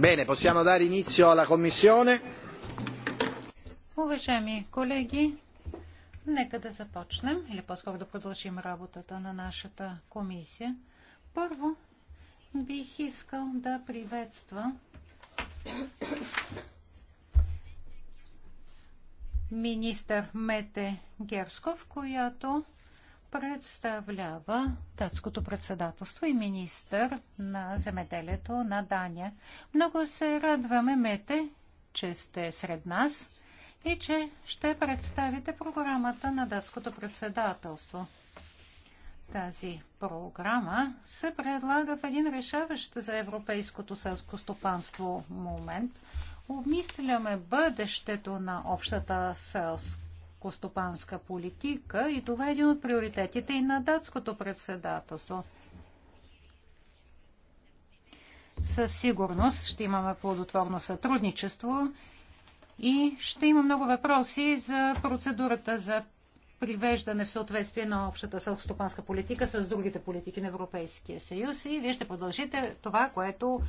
Bene, possiamo dare inizio alla Commissione. Уважаеми колеги, нека да започнем или по-скоро да продължим работата на нашата комисия. Първо бих искал да приветствам министър Мете Герсков, която представлява датското председателство и министър на земеделието на Дания. Много се радваме, Мете, че сте сред нас и че ще представите програмата на датското председателство. Тази програма се предлага в един решаващ за европейското селско стопанство момент. Обмисляме бъдещето на общата селска костопанска политика и това е един от приоритетите и на датското председателство. Със сигурност ще имаме плодотворно сътрудничество и ще има много въпроси за процедурата за привеждане в съответствие на общата селскостопанска политика с другите политики на Европейския съюз и вие ще продължите това, което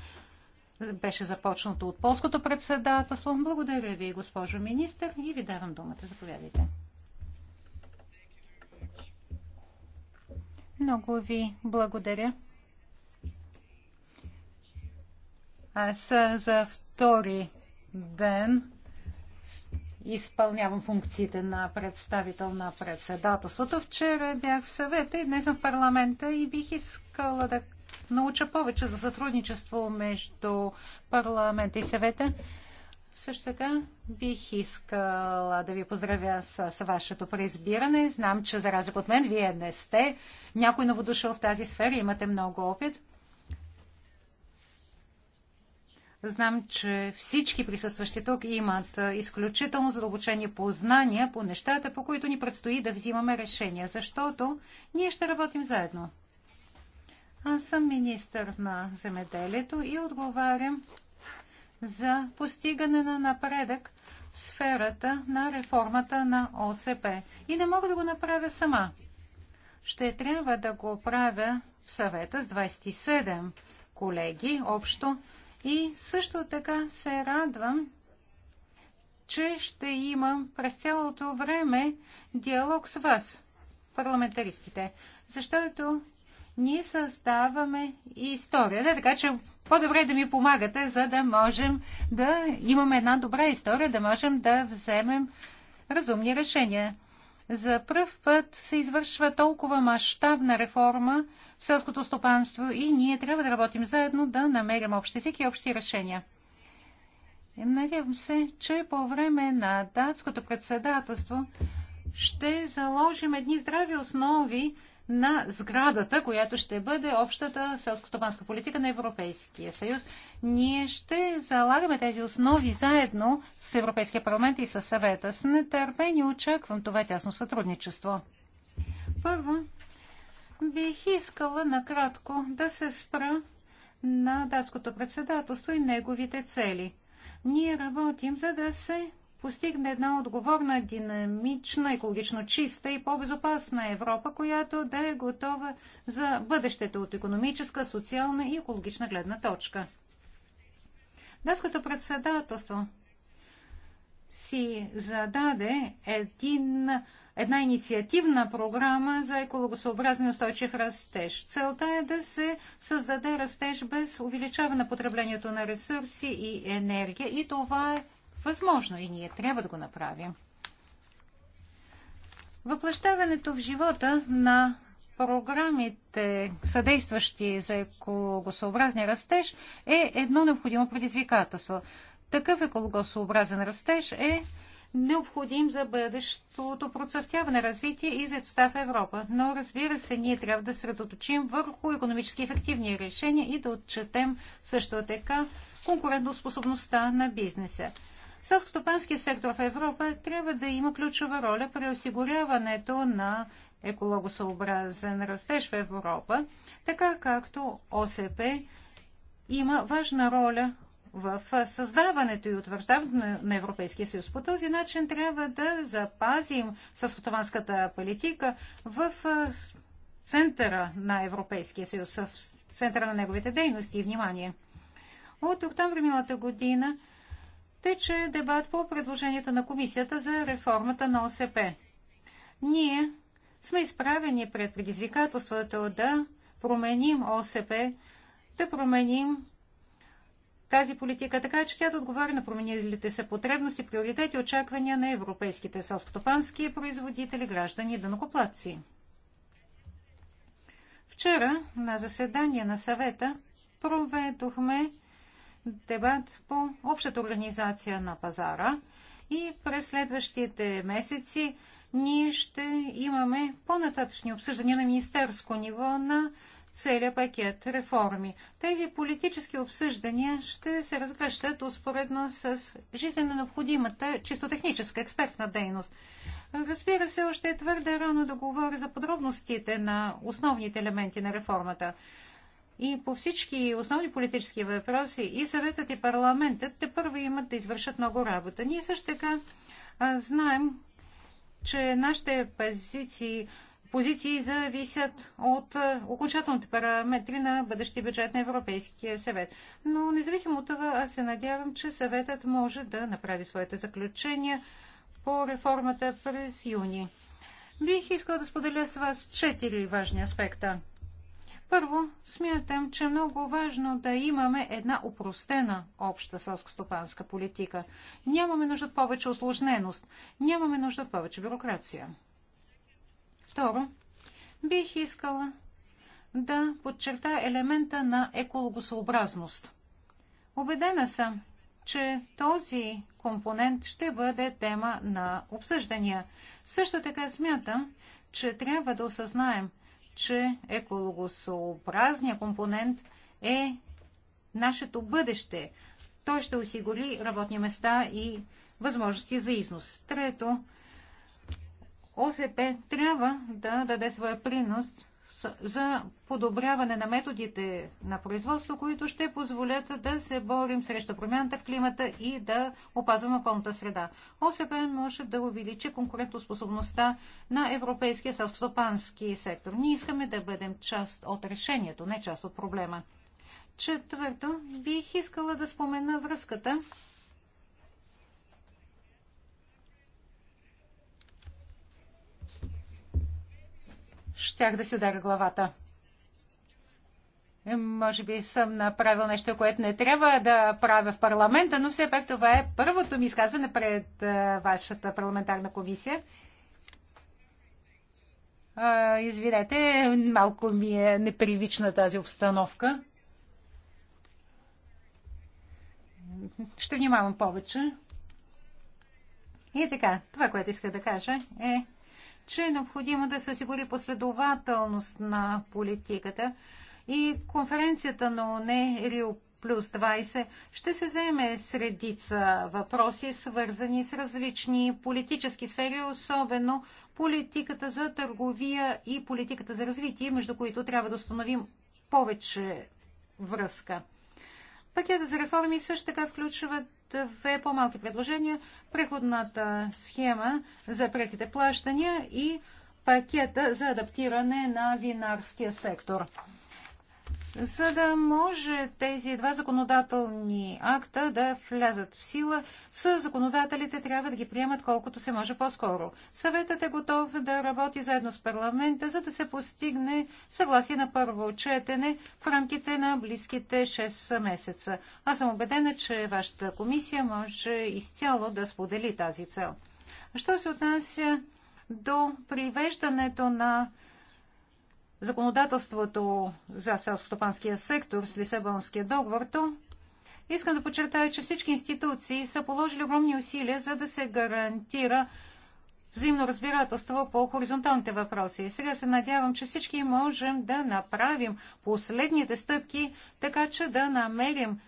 беше започнато от полското председателство. Благодаря ви, госпожо министр, и ви давам думата. Заповядайте. Много ви благодаря. Аз за втори ден изпълнявам функциите на представител на председателството. Вчера бях в съвета и днес съм в парламента и бих искала да науча повече за сътрудничество между парламента и съвета. Също така бих искала да ви поздравя с, с вашето преизбиране. Знам, че за разлика от мен, вие не сте някой новодушъл в тази сфера, имате много опит. Знам, че всички присъстващи тук имат изключително задълбочени познания по нещата, по които ни предстои да взимаме решения, защото ние ще работим заедно. Аз съм министър на земеделието и отговарям за постигане на напредък в сферата на реформата на ОСП. И не мога да го направя сама. Ще трябва да го правя в съвета с 27 колеги общо. И също така се радвам, че ще имам през цялото време диалог с вас, парламентаристите, защото ние създаваме история. Да, така че по-добре е да ми помагате, за да можем да имаме една добра история, да можем да вземем разумни решения. За пръв път се извършва толкова мащабна реформа в селското стопанство и ние трябва да работим заедно да намерим общи език и общи решения. Надявам се, че по време на датското председателство ще заложим едни здрави основи на сградата, която ще бъде общата селско-стопанска политика на Европейския съюз. Ние ще залагаме тези основи заедно с Европейския парламент и с съвета. С нетърпение очаквам това тясно сътрудничество. Първо, бих искала накратко да се спра на датското председателство и неговите цели. Ние работим, за да се постигне една отговорна, динамична, екологично чиста и по-безопасна Европа, която да е готова за бъдещето от економическа, социална и екологична гледна точка. Даското председателство си зададе един, една инициативна програма за екологосъобразен устойчив растеж. Целта е да се създаде растеж без увеличаване на потреблението на ресурси и енергия и това е възможно и ние трябва да го направим. Въплащаването в живота на програмите, съдействащи за екологосъобразния растеж, е едно необходимо предизвикателство. Такъв екологосъобразен растеж е необходим за бъдещото процъфтяване, развитие и заедостта в Европа. Но разбира се, ние трябва да средоточим върху економически ефективни решения и да отчетем също така конкурентоспособността на бизнеса. Селскостопанският сектор в Европа трябва да има ключова роля при осигуряването на екологосъобразен растеж в Европа, така както ОСП има важна роля в създаването и утвърждаването на Европейския съюз. По този начин трябва да запазим съсхотованската политика в центъра на Европейския съюз, в центъра на неговите дейности и внимание. От октомври миналата година тече дебат по предложенията на комисията за реформата на ОСП. Ние сме изправени пред предизвикателството да променим ОСП, да променим тази политика, така че тя да отговаря на променилите се потребности, приоритети и очаквания на европейските селскотопански производители, граждани и дънокоплатци. Вчера на заседание на съвета проведохме дебат по общата организация на пазара и през следващите месеци ние ще имаме по-нататъчни обсъждания на министерско ниво на целият пакет реформи. Тези политически обсъждания ще се разгръщат успоредно с жизненно необходимата чисто техническа експертна дейност. Разбира се, още е твърде рано да говоря за подробностите на основните елементи на реформата. И по всички основни политически въпроси и съветът и парламентът те първо имат да извършат много работа. Ние също така а, знаем, че нашите позиции, позиции зависят от а, окончателните параметри на бъдещия бюджет на Европейския съвет. Но независимо от това, аз се надявам, че съветът може да направи своите заключения по реформата през юни. Бих искал да споделя с вас четири важни аспекта. Първо, смятам, че е много важно да имаме една упростена обща селско-стопанска политика. Нямаме нужда от повече осложненост, нямаме нужда от повече бюрокрация. Второ, бих искала да подчерта елемента на екологосъобразност. Обедена съм, че този компонент ще бъде тема на обсъждания. Също така смятам, че трябва да осъзнаем, че екологосообразният компонент е нашето бъдеще. Той ще осигури работни места и възможности за износ. Трето, ОСП трябва да даде своя принос за подобряване на методите на производство, които ще позволят да се борим срещу промяната в климата и да опазваме околната среда. ОСП може да увеличи конкурентоспособността на европейския селскостопански сектор. Ние искаме да бъдем част от решението, не част от проблема. Четвърто, бих искала да спомена връзката щях да си ударя главата. Може би съм направил нещо, което не трябва да правя в парламента, но все пак това е първото ми изказване пред вашата парламентарна комисия. Извинете, малко ми е непривична тази обстановка. Ще внимавам повече. И така, това, което иска да кажа е, че е необходимо да се осигури последователност на политиката и конференцията на ОНЕ Рио плюс 20 ще се вземе с редица въпроси, свързани с различни политически сфери, особено политиката за търговия и политиката за развитие, между които трябва да установим повече връзка. Пакета за реформи също така включват две по-малки предложения. Преходната схема за преките плащания и пакета за адаптиране на винарския сектор за да може тези два законодателни акта да влязат в сила, с законодателите трябва да ги приемат колкото се може по-скоро. Съветът е готов да работи заедно с парламента, за да се постигне съгласие на първо четене в рамките на близките 6 месеца. Аз съм убедена, че вашата комисия може изцяло да сподели тази цел. Що се отнася до привеждането на законодателството за селскостопанския сектор с Лисабонския договор, то искам да подчертая, че всички институции са положили огромни усилия, за да се гарантира взаимно разбирателство по хоризонталните въпроси. Сега се надявам, че всички можем да направим последните стъпки, така че да намерим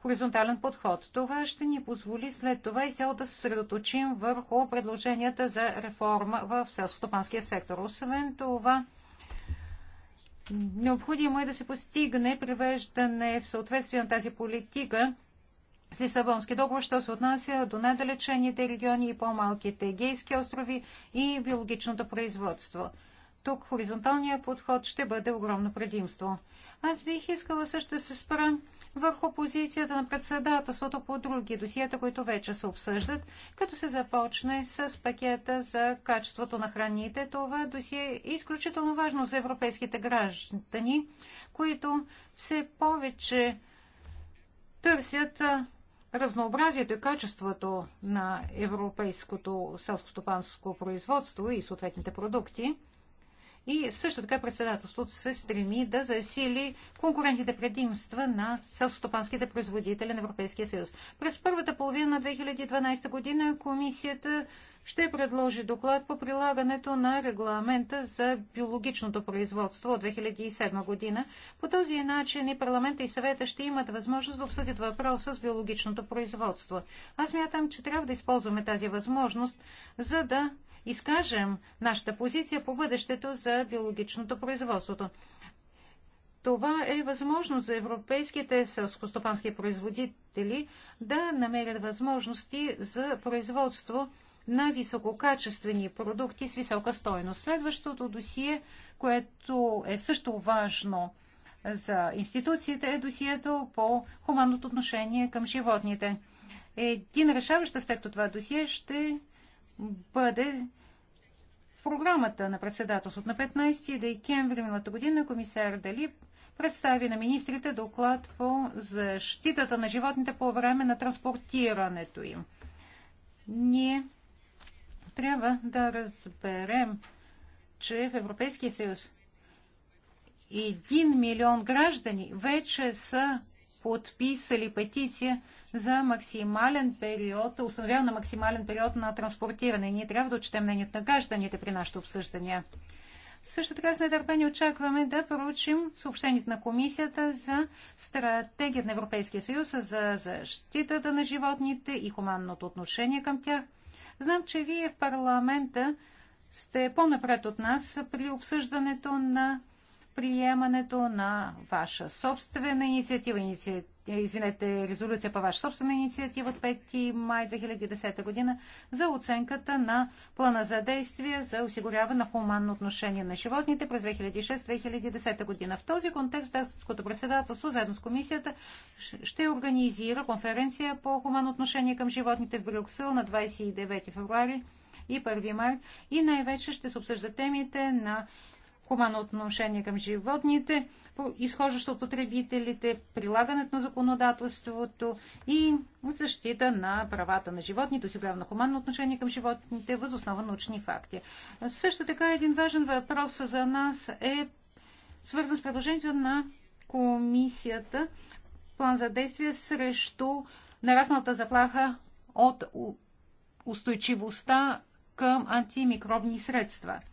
хоризонтален подход. Това ще ни позволи след това и цяло да се съсредоточим върху предложенията за реформа в селскостопанския сектор. Освен това, Необходимо е да се постигне превеждане в съответствие на тази политика с Лисабонски договор, що се отнася до най-далечените региони и по-малките гейски острови и биологичното производство. Тук хоризонталният подход ще бъде огромно предимство. Аз бих искала също да се спра върху позицията на председателството по други досиета, които вече се обсъждат, като се започне с пакета за качеството на храните. Това досие е изключително важно за европейските граждани, които все повече търсят разнообразието и качеството на европейското селско-стопанско производство и съответните продукти – и също така председателството се стреми да засили конкурентните предимства на селстопанските производители на Европейския съюз. През първата половина на 2012 година комисията ще предложи доклад по прилагането на регламента за биологичното производство от 2007 година. По този начин и парламента и съвета ще имат възможност да обсъдят въпроса с биологичното производство. Аз мятам, че трябва да използваме тази възможност, за да изкажем нашата позиция по бъдещето за биологичното производството. Това е възможно за европейските селскостопански производители да намерят възможности за производство на висококачествени продукти с висока стойност. Следващото досие, което е също важно за институциите, е досието по хуманното отношение към животните. Един решаващ аспект от това досие ще бъде в програмата на председателството на 15 декември миналата година комисар Дали представи на министрите доклад по защитата на животните по време на транспортирането им. Ние трябва да разберем, че в Европейския съюз 1 милион граждани вече са подписали петиция за максимален период, установяване на максимален период на транспортиране. Ние трябва да отчетем мнението на гражданите при нашите обсъждания. Също така с нетърпение очакваме да проучим съобщението на комисията за стратегията на Европейския съюз за защитата на животните и хуманното отношение към тях. Знам, че вие в парламента сте по-напред от нас при обсъждането на приемането на ваша собствена инициатива, инициатива извинете, резолюция по ваша собствена инициатива от 5 май 2010 година за оценката на плана за действие за осигуряване на хуманно отношение на животните през 2006-2010 година. В този контекст Датското председателство заедно с комисията ще организира конференция по хуманно отношение към животните в Брюксел на 29 февруари и 1 март и най-вече ще се обсъжда темите на хуманно отношение към животните, изхождащо от потребителите, прилагането на законодателството и защита на правата на животните, осигуряване на хуманно отношение към животните, възоснова научни факти. Също така един важен въпрос за нас е свързан с предложението на комисията план за действие срещу нарасналата заплаха от устойчивостта към антимикробни средства –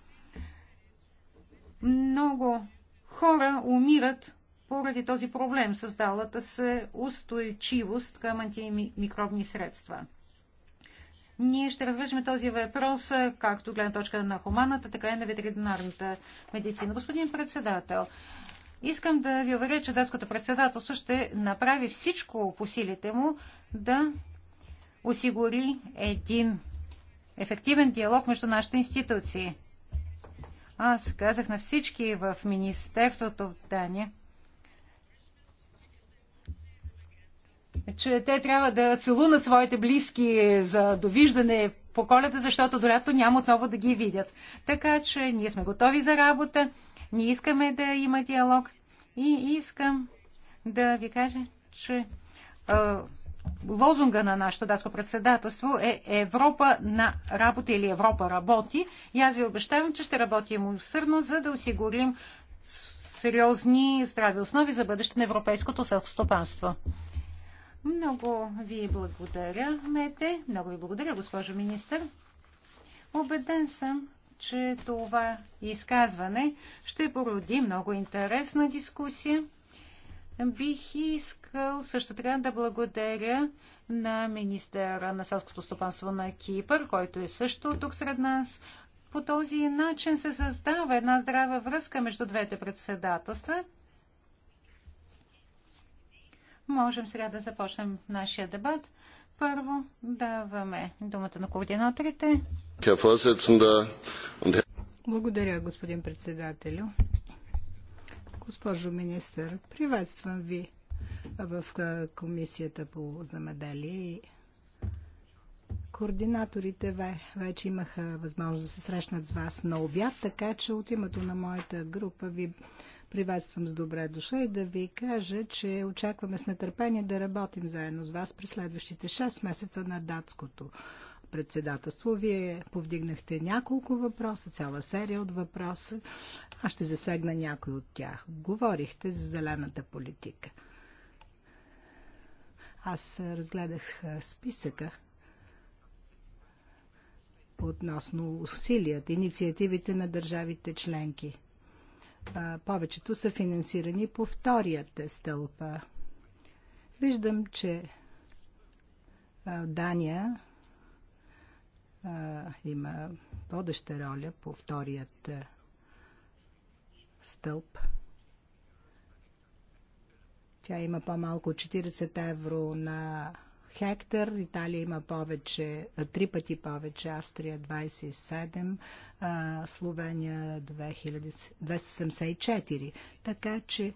много хора умират поради този проблем, създалата се устойчивост към антимикробни средства. Ние ще разглеждаме този въпрос както гледна точка на хуманната, така и на ветеринарната медицина. Господин председател, искам да ви уверя, че датското председателство ще направи всичко по силите му да осигури един ефективен диалог между нашите институции. Аз казах на всички в Министерството в Дания, че те трябва да целунат своите близки за довиждане по колята, защото до лято няма отново да ги видят. Така че ние сме готови за работа, ние искаме да има диалог и искам да ви кажа, че лозунга на нашето датско председателство е Европа на работа или Европа работи. И аз ви обещавам, че ще работим усърдно, за да осигурим сериозни здрави основи за бъдеще на европейското селскостопанство. Много ви благодаря, Мете. Много ви благодаря, госпожо министър. Обеден съм, че това изказване ще породи много интересна дискусия. Бих искал също така да благодаря на министъра на селското стопанство на Кипър, който е също тук сред нас. По този начин се създава една здрава връзка между двете председателства. Можем сега да започнем нашия дебат. Първо даваме думата на координаторите. Благодаря, господин председателю. Госпожо министър, приветствам ви в Комисията по замеделие. Координаторите вече имаха възможност да се срещнат с вас на обяд, така че от името на моята група ви приветствам с добре душа и да ви кажа, че очакваме с нетърпение да работим заедно с вас през следващите 6 месеца на датското председателство. Вие повдигнахте няколко въпроса, цяла серия от въпроса. Аз ще засегна някой от тях. Говорихте за зелената политика. Аз разгледах списъка относно усилията, инициативите на държавите членки. Повечето са финансирани по вторията стълб. Виждам, че Дания има водеща роля по вторият е, стълб. Тя има по-малко 40 евро на хектар, Италия има повече, е, три пъти повече, Австрия 27, Словения 2000, 274. Така че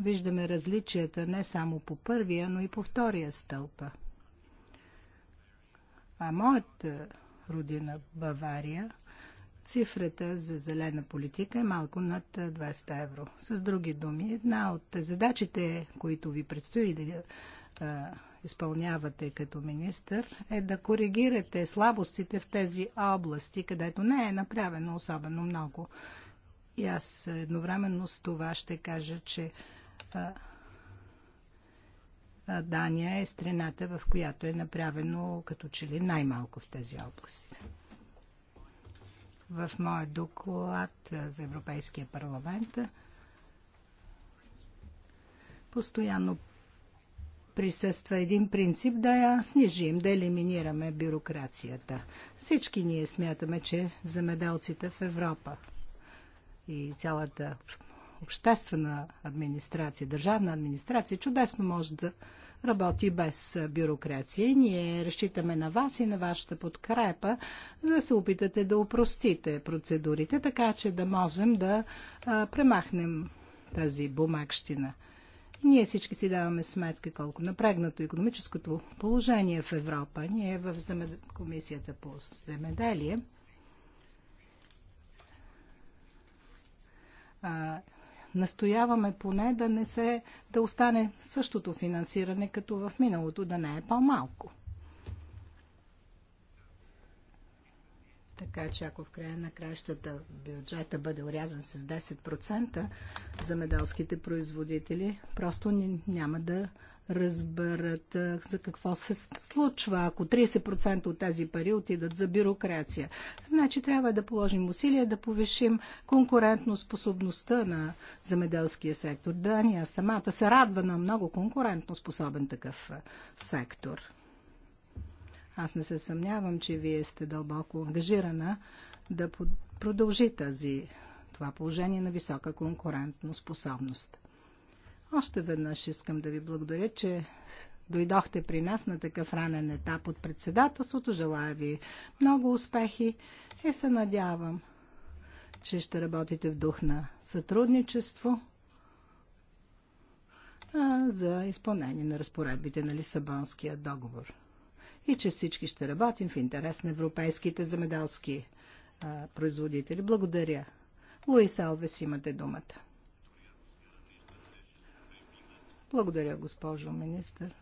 виждаме различията не само по първия, но и по втория стълпа. А моята родина Бавария, цифрата за зелена политика е малко над 200 евро. С други думи, една от задачите, които ви предстои да а, изпълнявате като министър, е да коригирате слабостите в тези области, където не е направено особено много. И аз едновременно с това ще кажа, че а, Дания е страната, в която е направено като че ли най-малко в тази област. В моя доклад за Европейския парламент постоянно присъства един принцип да я снижим, да елиминираме бюрокрацията. Всички ние смятаме, че замедалците в Европа и цялата обществена администрация, държавна администрация, чудесно може да работи без бюрокрация. Ние разчитаме на вас и на вашата подкрепа да се опитате да упростите процедурите, така че да можем да а, премахнем тази бумагщина. Ние всички си даваме сметка колко напрегнато економическото положение в Европа. Ние в замед... Комисията по земеделие а, Настояваме поне да не се, да остане същото финансиране, като в миналото, да не е по-малко. Така че ако в края на кращата бюджета бъде урязан с 10% за медалските производители, просто няма да разберат за какво се случва, ако 30% от тези пари отидат за бюрокрация. Значи трябва да положим усилия да повишим конкурентно способността на земеделския сектор. Дания самата се радва на много конкурентно способен такъв сектор. Аз не се съмнявам, че вие сте дълбоко ангажирана да продължи тази, това положение на висока конкурентно способност. Още веднъж искам да ви благодаря, че дойдохте при нас на такъв ранен етап от председателството. Желая ви много успехи и се надявам, че ще работите в дух на сътрудничество за изпълнение на разпоредбите на Лисабонския договор и че всички ще работим в интерес на европейските земеделски а, производители. Благодаря. Луис Алвес, имате думата. Благодаря, госпожо министър.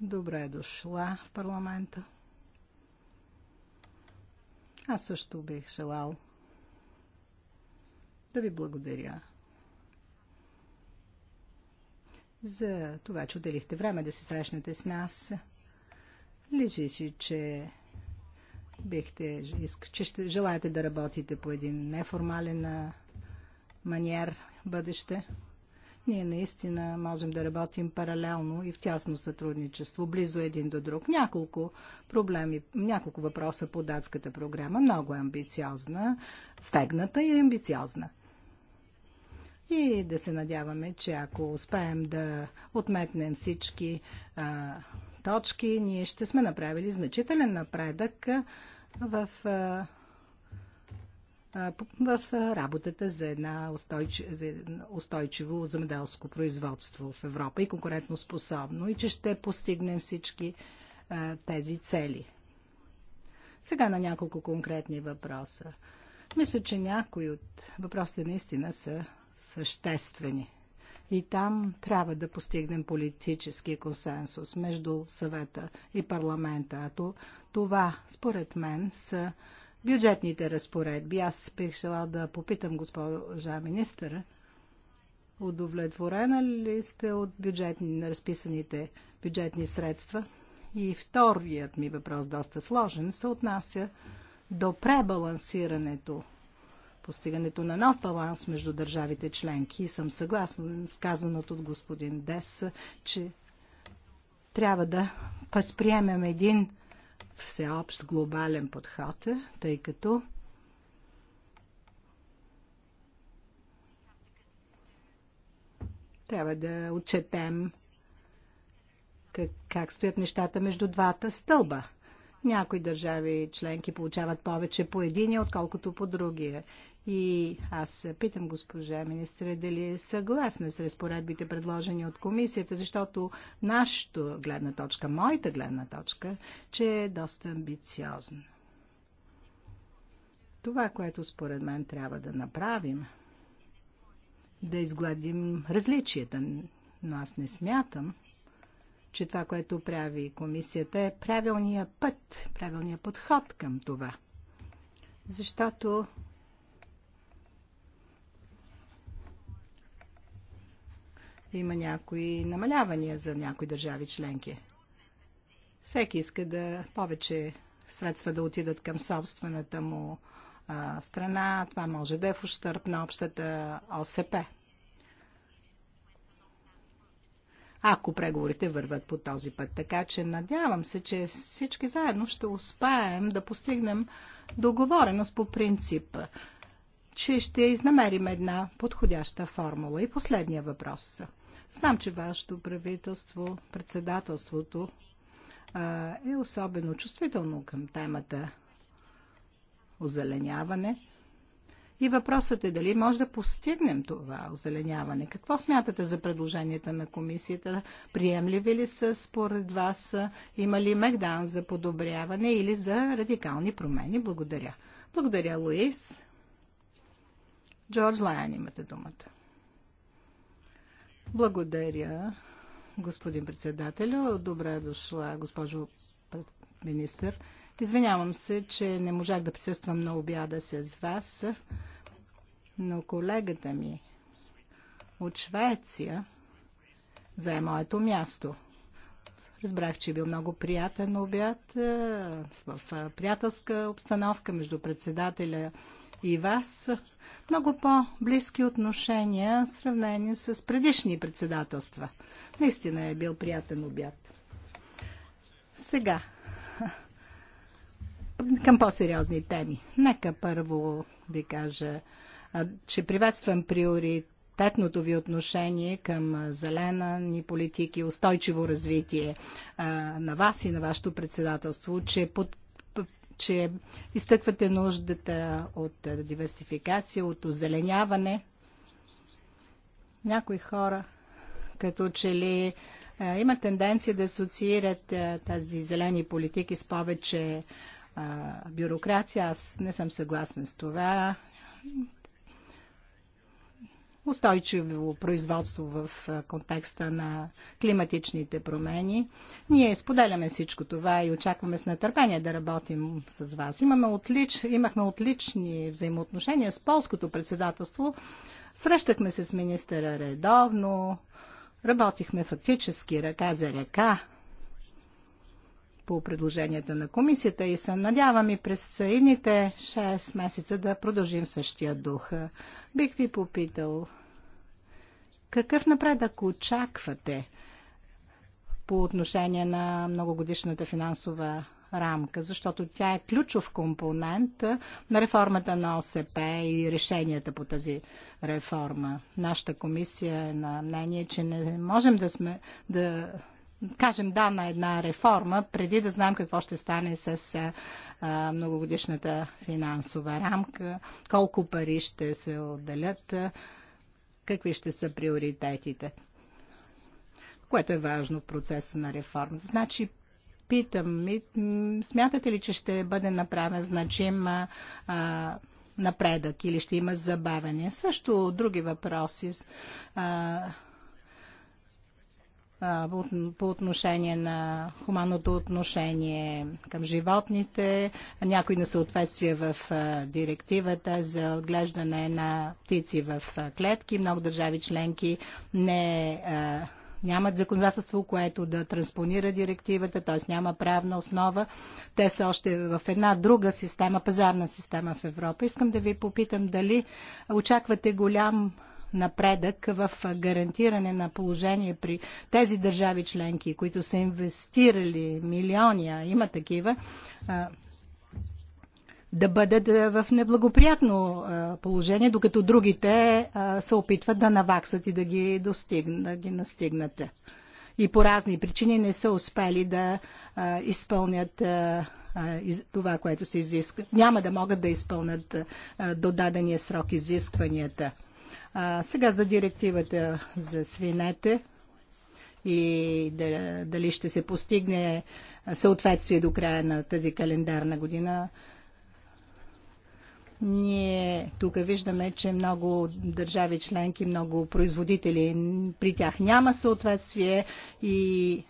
Добре е дошла в парламента. Аз също бих желал да ви благодаря за това, че отделихте време да се срещнете с нас. Лежи си, че бихте, че ще желаете да работите по един неформален маниер бъдеще. Ние наистина можем да работим паралелно и в тясно сътрудничество, близо един до друг. Няколко проблеми, няколко въпроса по датската програма. Много е амбициозна, стегната и амбициозна. И да се надяваме, че ако успеем да отметнем всички а, точки, ние ще сме направили значителен напредък в а, в работата за, една устойч... за едно устойчиво земеделско производство в Европа и конкурентоспособно и че ще постигнем всички а, тези цели. Сега на няколко конкретни въпроса. Мисля, че някои от въпросите наистина са съществени. И там трябва да постигнем политически консенсус между съвета и парламента. А това, според мен, са бюджетните разпоредби. Аз бих желал да попитам госпожа министъра. Удовлетворена ли сте от бюджетни, разписаните бюджетни средства? И вторият ми въпрос, доста сложен, се отнася до пребалансирането, постигането на нов баланс между държавите членки. И съм съгласна с казаното от господин Дес, че трябва да възприемем един всеобщ глобален подход, тъй като трябва да отчетем как, как стоят нещата между двата стълба. Някои държави членки получават повече по единия, отколкото по другия. И аз питам госпожа министра дали е съгласна с разпоредбите, предложени от комисията, защото нашата гледна точка, моята гледна точка, че е доста амбициозна. Това, което според мен трябва да направим, да изгладим различията. Но аз не смятам, че това, което прави комисията е правилният път, правилният подход към това. Защото има някои намалявания за някои държави членки. Всеки иска да повече средства да отидат към собствената му а, страна. Това може да е в ущърп на общата ОСП. Ако преговорите върват по този път. Така че надявам се, че всички заедно ще успеем да постигнем договореност по принцип, че ще изнамерим една подходяща формула. И последния въпрос – Знам, че вашето правителство, председателството е особено чувствително към темата озеленяване. И въпросът е дали може да постигнем това озеленяване. Какво смятате за предложенията на комисията? Приемливи ли са според вас? Има ли Мегдан за подобряване или за радикални промени? Благодаря. Благодаря, Луис. Джордж Лайан имате думата. Благодаря, господин председателю. Добре дошла, госпожо министър. Извинявам се, че не можах да присъствам на обяда с вас, но колегата ми от Швеция зае моето място. Разбрах, че е бил много приятен обяд е, в е, приятелска обстановка между председателя и вас много по-близки отношения в сравнение с предишни председателства. Наистина е бил приятен обяд. Сега, към по-сериозни теми. Нека първо ви кажа, че приветствам приоритетното ви отношение към зелена ни политики, устойчиво развитие на вас и на вашето председателство, че под че изтъквате нуждата от диверсификация, от озеленяване. Някои хора като че ли е, има тенденция да асоциират е, тази зелени политики с повече бюрокрация. Аз не съм съгласен с това устойчиво производство в контекста на климатичните промени. Ние споделяме всичко това и очакваме с нетърпение да работим с вас. Имаме отлич, имахме отлични взаимоотношения с полското председателство. Срещахме се с министъра редовно, работихме фактически ръка за ръка по предложенията на комисията и се надявам и през едните 6 месеца да продължим същия дух. Бих ви попитал, какъв напредък очаквате по отношение на многогодишната финансова рамка, защото тя е ключов компонент на реформата на ОСП и решенията по тази реформа. Нашата комисия е на мнение, че не можем да, сме, да кажем да на една реформа, преди да знаем какво ще стане с а, многогодишната финансова рамка, колко пари ще се отделят, какви ще са приоритетите, което е важно в процеса на реформа. Значи, питам, смятате ли, че ще бъде направен значим а, напредък или ще има забавене? Също други въпроси. А, по отношение на хуманното отношение към животните, някои несъответствия в директивата за отглеждане на птици в клетки. Много държави членки не нямат законодателство, което да транспонира директивата, т.е. няма правна основа. Те са още в една друга система, пазарна система в Европа. Искам да ви попитам дали очаквате голям напредък в гарантиране на положение при тези държави членки, които са инвестирали милиони, а има такива, да бъдат в неблагоприятно положение, докато другите се опитват да наваксат и да ги, достигна, да ги настигнат. И по разни причини не са успели да изпълнят това, което се изисква. Няма да могат да изпълнят до дадения срок изискванията. А, сега за директивата за свинете и дали ще се постигне съответствие до края на тази календарна година. Ние тук виждаме, че много държави членки, много производители, при тях няма съответствие и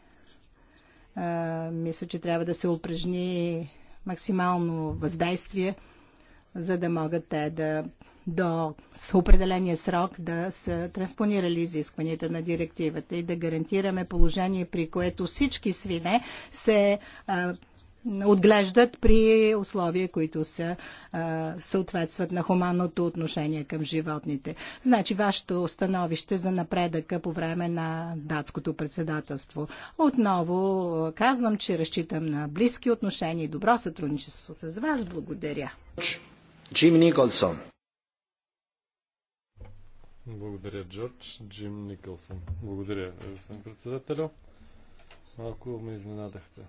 а, мисля, че трябва да се упражни максимално въздействие, за да могат те да до с определения срок да са транспонирали изискванията на директивата и да гарантираме положение, при което всички свине се а, отглеждат при условия, които са, а, съответстват на хуманното отношение към животните. Значи, вашето становище за напредъка по време на датското председателство. Отново казвам, че разчитам на близки отношения и добро сътрудничество с вас. Благодаря. Джим Николсон. Благодаря, Джордж. Джим Никълсън. Благодаря, господин председателю. Малко ме изненадахте.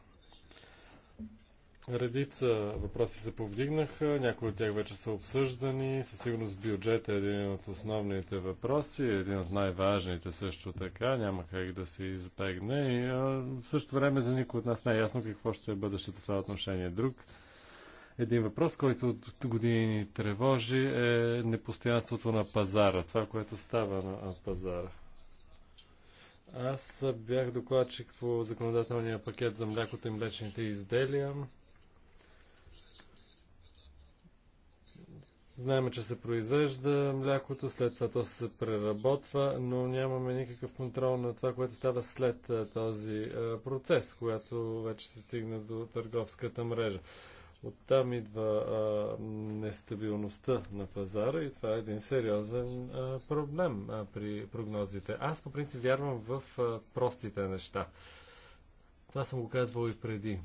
Редица въпроси се повдигнаха, някои от тях вече са обсъждани. Със сигурност бюджет е един от основните въпроси, един от най-важните също така, няма как да се избегне. И а, в същото време за никой от нас не е ясно какво ще е бъдещето в това отношение. Друг един въпрос, който от години тревожи е непостоянството на пазара, това, което става на пазара. Аз бях докладчик по законодателния пакет за млякото и млечните изделия. Знаем, че се произвежда млякото, след това то се преработва, но нямаме никакъв контрол на това, което става след е, този е, процес, когато вече се стигне до търговската мрежа. Оттам идва а, нестабилността на пазара и това е един сериозен а, проблем а, при прогнозите. Аз по принцип вярвам в а, простите неща. Това съм го казвал и преди.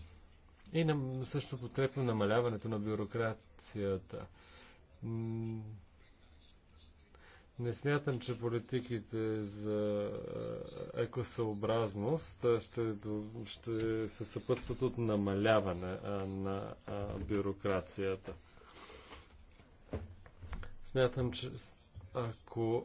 И на, също подкрепям намаляването на бюрокрацията не смятам, че политиките за е, екосъобразност ще, ще се съпътстват от намаляване на бюрокрацията. Смятам, че ако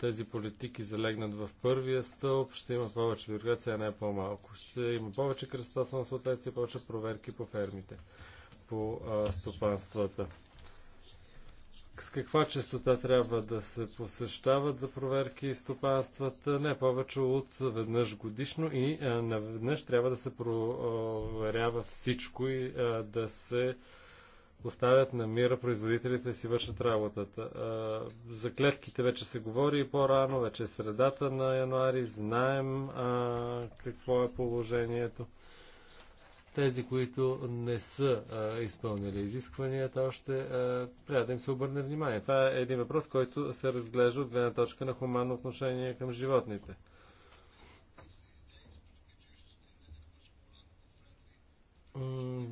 тези политики залегнат в първия стълб, ще има повече бюрокрация, а не по-малко. Ще има повече кръстосно съответствие, повече проверки по фермите, по стопанствата с каква частота трябва да се посещават за проверки и стопанствата, не повече от веднъж годишно и наведнъж трябва да се проверява всичко и да се оставят на мира производителите да си вършат работата. за клетките вече се говори и по-рано, вече е средата на януари, знаем какво е положението. Тези, които не са а, изпълнили изискванията, още а, трябва да им се обърне внимание. Това е един въпрос, който се разглежда от гледна точка на хуманно отношение към животните.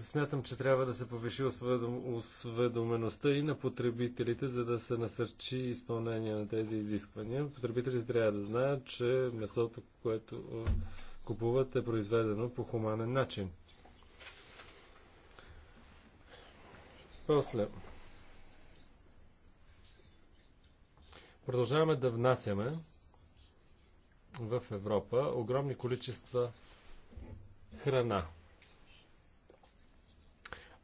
Смятам, че трябва да се повиши осведомеността и на потребителите, за да се насърчи изпълнение на тези изисквания. Потребителите трябва да знаят, че месото, което купуват, е произведено по хуманен начин. После. Продължаваме да внасяме в Европа огромни количества храна.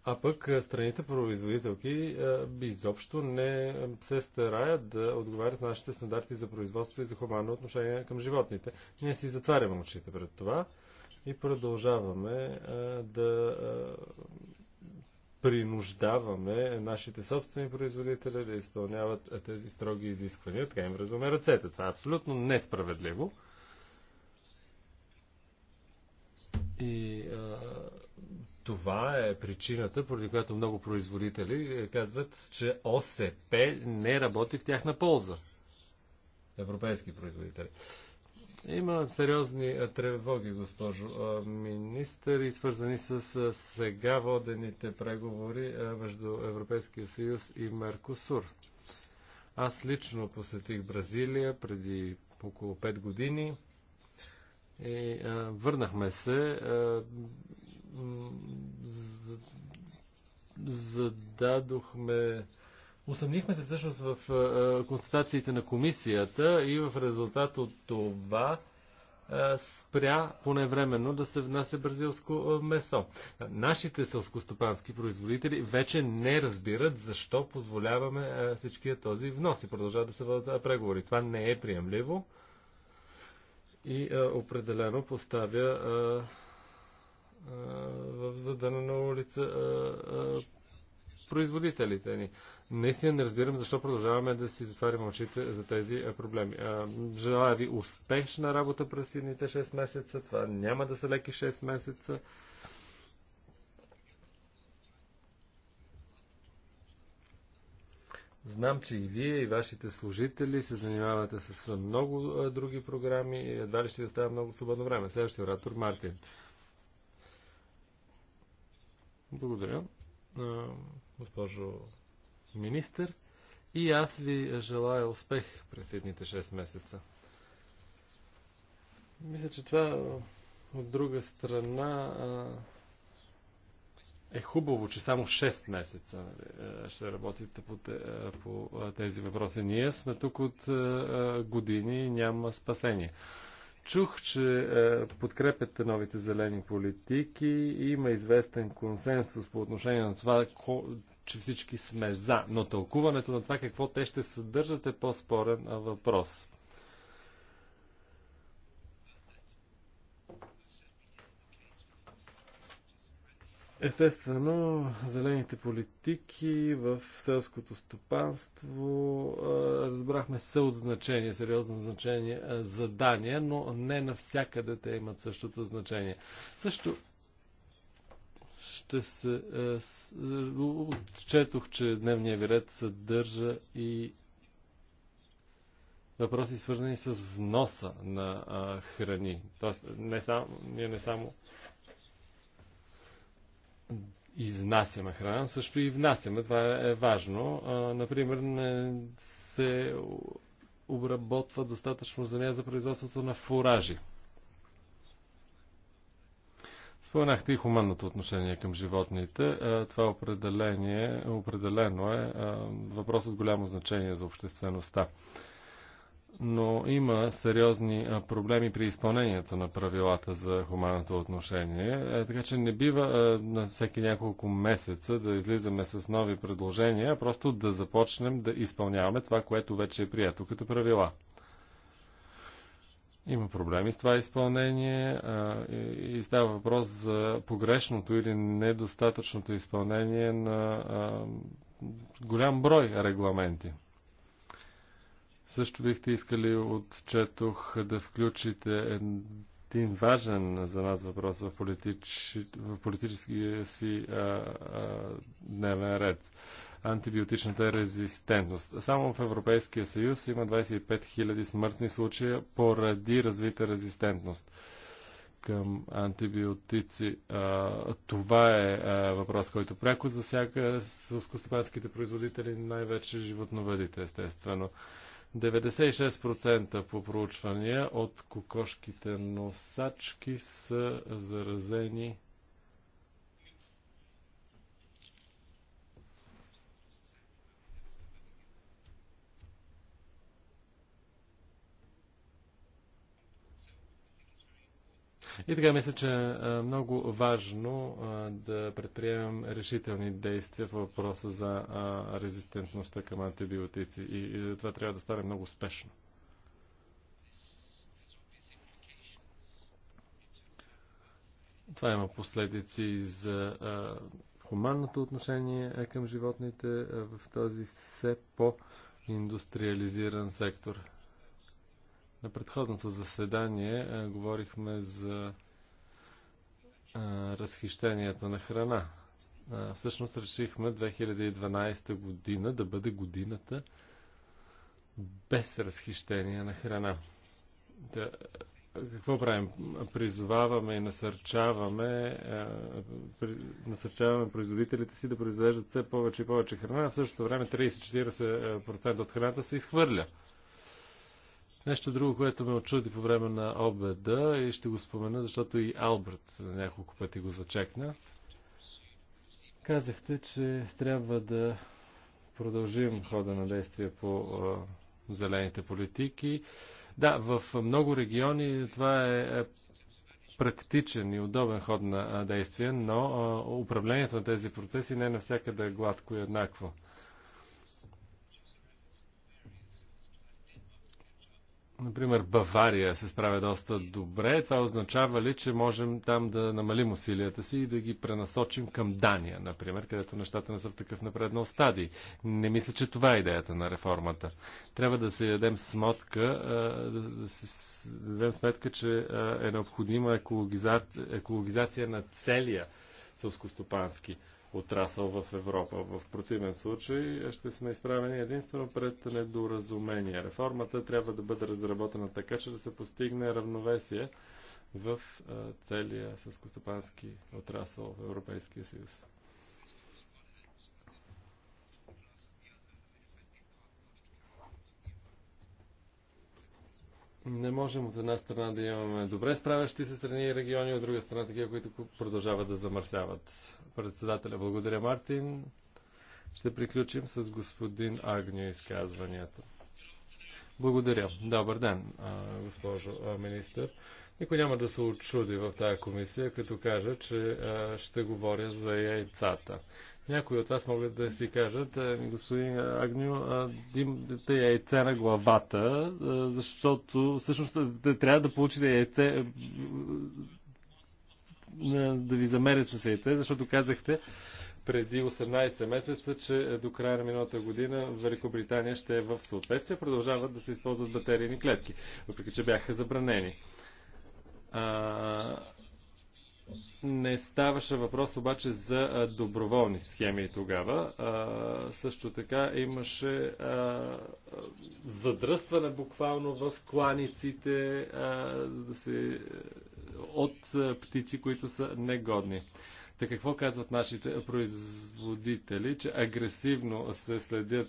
А пък е, страните производителки е, изобщо не се стараят да отговарят на нашите стандарти за производство и за хуманно отношение към животните. Ние си затваряме очите пред това и продължаваме е, да принуждаваме нашите собствени производители да изпълняват тези строги изисквания. Така им връзваме ръцете. Това е абсолютно несправедливо. И а, това е причината, поради която много производители е, казват, че ОСП не работи в тяхна полза. Европейски производители. Има сериозни тревоги, госпожо министър, и свързани с сега водените преговори между Европейския съюз и Меркосур. Аз лично посетих Бразилия преди около 5 години и върнахме се зададохме Усъмнихме се всъщност в е, е, констатациите на комисията и в резултат от това е, спря поне временно да се внася бразилско месо. Нашите селскостопански производители вече не разбират защо позволяваме всичкия този внос и продължават да се водят преговори. Това не е приемливо и определено поставя в задънена улица производителите ни. Наистина не разбирам защо продължаваме да си затваряме очите за тези проблеми. Желая ви успешна работа през едните 6 месеца. Това няма да са леки 6 месеца. Знам, че и вие, и вашите служители се занимавате с много други програми и едва ли ще ви оставя много свободно време. Следващия оратор Мартин. Благодаря госпожо министър. И аз ви желая успех през следните 6 месеца. Мисля, че това от друга страна е хубаво, че само 6 месеца ще работите по, тези въпроси. Ние сме тук от години няма спасение. Чух, че е, подкрепяте новите зелени политики и има известен консенсус по отношение на това, че всички сме за. Но тълкуването на това какво те ще съдържат е по-спорен въпрос. Естествено, зелените политики в селското стопанство разбрахме са от значение, сериозно значение за Дания, но не навсякъде те имат същото значение. Също ще се... Отчетох, че дневния ви ред съдържа и въпроси свързани с вноса на храни. Тоест, не само, ние не само изнасяме храна, също и внасяме. Това е важно. А, например, не се обработва достатъчно земя за производството на фуражи. Споменахте и хуманното отношение към животните. Това определение определено е въпрос от голямо значение за обществеността но има сериозни проблеми при изпълнението на правилата за хуманното отношение. Е, така че не бива на всеки няколко месеца да излизаме с нови предложения, а просто да започнем да изпълняваме това, което вече е прието като правила. Има проблеми с това изпълнение и става въпрос за погрешното или недостатъчното изпълнение на голям брой регламенти. Също бихте искали, отчетох, да включите един важен за нас въпрос в, политич... в политическия си а, а, дневен ред антибиотичната резистентност. Само в Европейския съюз има 25 000 смъртни случая поради развита резистентност към антибиотици. А, това е а, въпрос, който пряко засяга сълскостопанските производители, най-вече животновъдите, естествено. 96% по проучвания от кокошките носачки са заразени И така мисля, че е много важно да предприемем решителни действия по въпроса за резистентността към антибиотици. И, това трябва да стане много успешно. Това има последици за хуманното отношение е, към животните в този все по-индустриализиран сектор. На предходното заседание а, е, говорихме за а, е, разхищението на храна. А, е, всъщност решихме 2012 година да бъде годината без разхищение на храна. Да, какво правим? Призоваваме и насърчаваме, при, насърчаваме производителите си да произвеждат все повече и повече храна, а в същото време 30-40% от храната се изхвърля. Нещо друго, което ме очуди по време на обеда и ще го спомена, защото и Алберт няколко пъти го зачекна. Казахте, че трябва да продължим хода на действие по а, зелените политики. Да, в много региони това е, е практичен и удобен ход на действие, но а, управлението на тези процеси не е навсякъде гладко и еднакво. Например, Бавария се справя доста добре. Това означава ли, че можем там да намалим усилията си и да ги пренасочим към Дания, например, където нещата не са в такъв напреднал стадий? Не мисля, че това е идеята на реформата. Трябва да се дадем смотка, да се дадем сметка, че е необходима екологизация на целия сълскостопански отрасъл в Европа. В противен случай ще сме изправени единствено пред недоразумение. Реформата трябва да бъде разработена така, че да се постигне равновесие в целия съскостопански отрасъл в Европейския съюз. не можем от една страна да имаме добре справящи се страни и региони, от друга страна такива, които продължават да замърсяват. Председателя, благодаря Мартин. Ще приключим с господин Агнио изказванията. Благодаря. Добър ден, госпожо министър. Никой няма да се очуди в тази комисия, като кажа, че ще говоря за яйцата. Някои от вас могат да си кажат, господин Агню, имате яйце на главата, защото всъщност трябва да получите яйце е, да ви замерят съседите, защото казахте преди 18 месеца, че е до края на миналата година Великобритания ще е в съответствие. Продължават да се използват батерийни клетки, въпреки че бяха забранени. А, не ставаше въпрос обаче за доброволни схеми тогава. А, също така имаше а, задръстване буквално в кланиците, а, да се от е, птици, които са негодни. Така, какво казват нашите производители, че агресивно се следят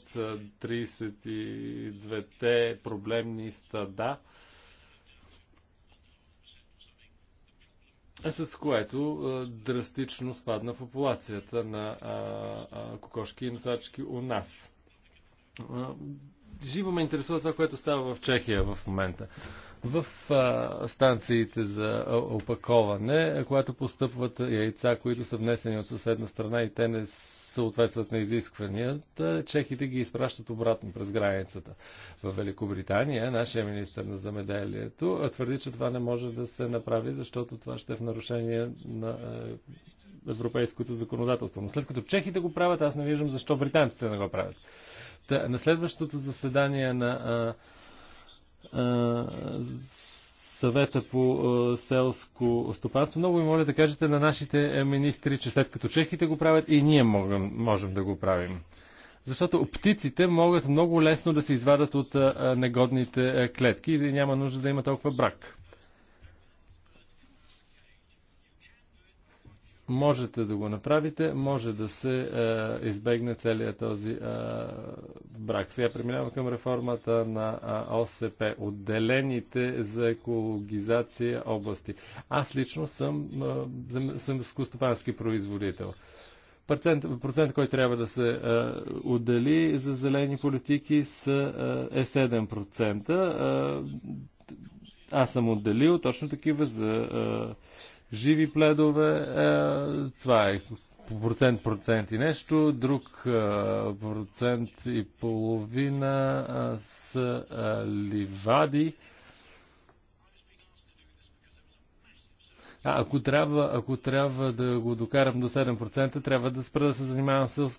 32-те е, проблемни стада, с което е, драстично спадна популацията на кокошки и носачки у нас живо ме интересува това, което става в Чехия в момента в а, станциите за опаковане, когато постъпват яйца, които са внесени от съседна страна и те не съответстват на изискванията, чехите ги изпращат обратно през границата. В Великобритания нашия министр на замеделието твърди, че това не може да се направи, защото това ще е в нарушение на европейското законодателство. Но след като чехите го правят, аз не виждам защо британците не го правят. Та, на следващото заседание на а, съвета по селско стопанство. Много ви моля да кажете на нашите е, министри, че след като чехите го правят, и ние можем, можем да го правим. Защото птиците могат много лесно да се извадат от негодните клетки и няма нужда да има толкова брак. можете да го направите, може да се е, избегне целият този е, брак. Сега преминавам към реформата на е, ОСП, отделените за екологизация области. Аз лично съм, е, съм скостопански производител. Процент, процент, който трябва да се е, отдели за зелени политики са, е 7%. Е, е, аз съм отделил точно такива за е, живи пледове. Е, това е процент, процент и нещо. Друг е, процент и половина е, с е, ливади. А, ако, трябва, ако трябва да го докарам до 7%, трябва да спра да се занимавам с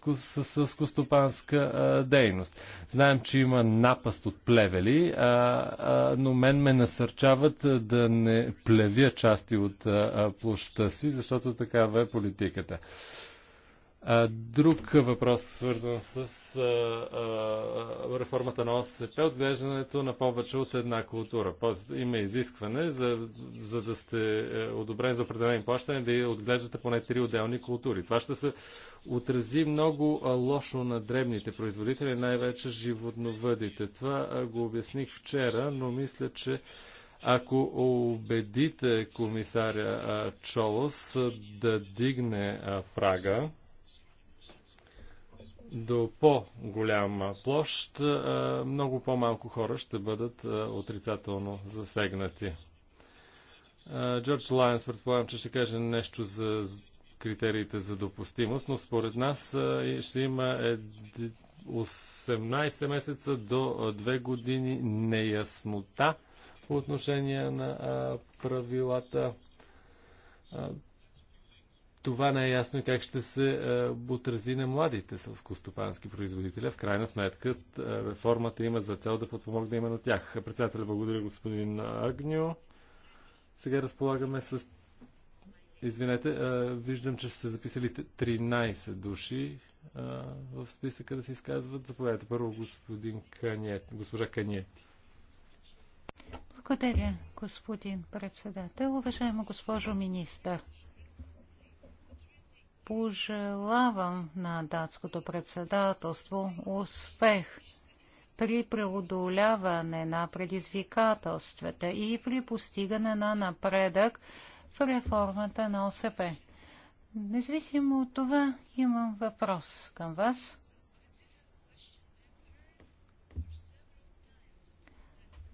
сълскостопанска дейност. Знаем, че има напаст от плевели, а, а, но мен ме насърчават да не плевя части от а, площа си, защото такава е политиката. А, друг въпрос, свързан с а, а, реформата на ОСП, отглеждането на повече от една култура. Има изискване, за, за да сте е, одобрен за определени плащане, да отглеждате поне три отделни култури. Това ще се отрази много лошо на дребните производители, най-вече животновъдите. Това го обясних вчера, но мисля, че ако убедите комисаря Чолос да дигне прага, до по-голяма площ, много по-малко хора ще бъдат отрицателно засегнати. Джордж Лайенс предполагам, че ще каже нещо за критериите за допустимост, но според нас ще има 18 месеца до 2 години неяснота по отношение на правилата това не е ясно как ще се е, отрази на младите селскостопански производители. В крайна сметка е, реформата има за цел да подпомогне именно тях. Председателя, благодаря господин Агню. Сега разполагаме с... Извинете, е, виждам, че са се записали 13 души в списъка да се изказват. Заповядайте първо господин Каньет, госпожа Каньети. Благодаря, господин председател. Уважаема госпожо министър, пожелавам на датското председателство успех при преодоляване на предизвикателствата и при постигане на напредък в реформата на ОСП. Независимо от това, имам въпрос към вас.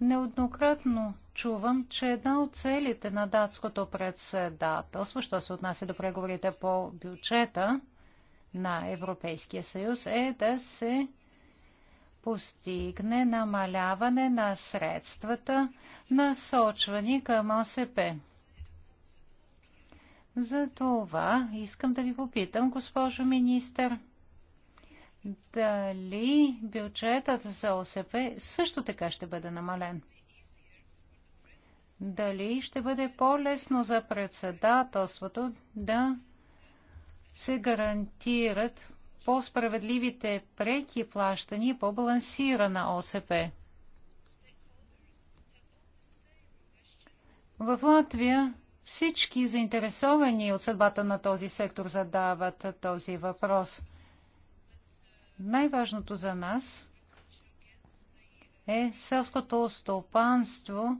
Неоднократно чувам, че една от целите на датското председателство, що се отнася до преговорите по бюджета на Европейския съюз, е да се постигне намаляване на средствата, насочвани към ОСП. За това искам да ви попитам, госпожо министър, дали бюджетът за ОСП също така ще бъде намален. Дали ще бъде по-лесно за председателството да се гарантират по-справедливите преки плащания и по-балансирана ОСП. В Латвия всички заинтересовани от съдбата на този сектор задават този въпрос – най-важното за нас е селското стопанство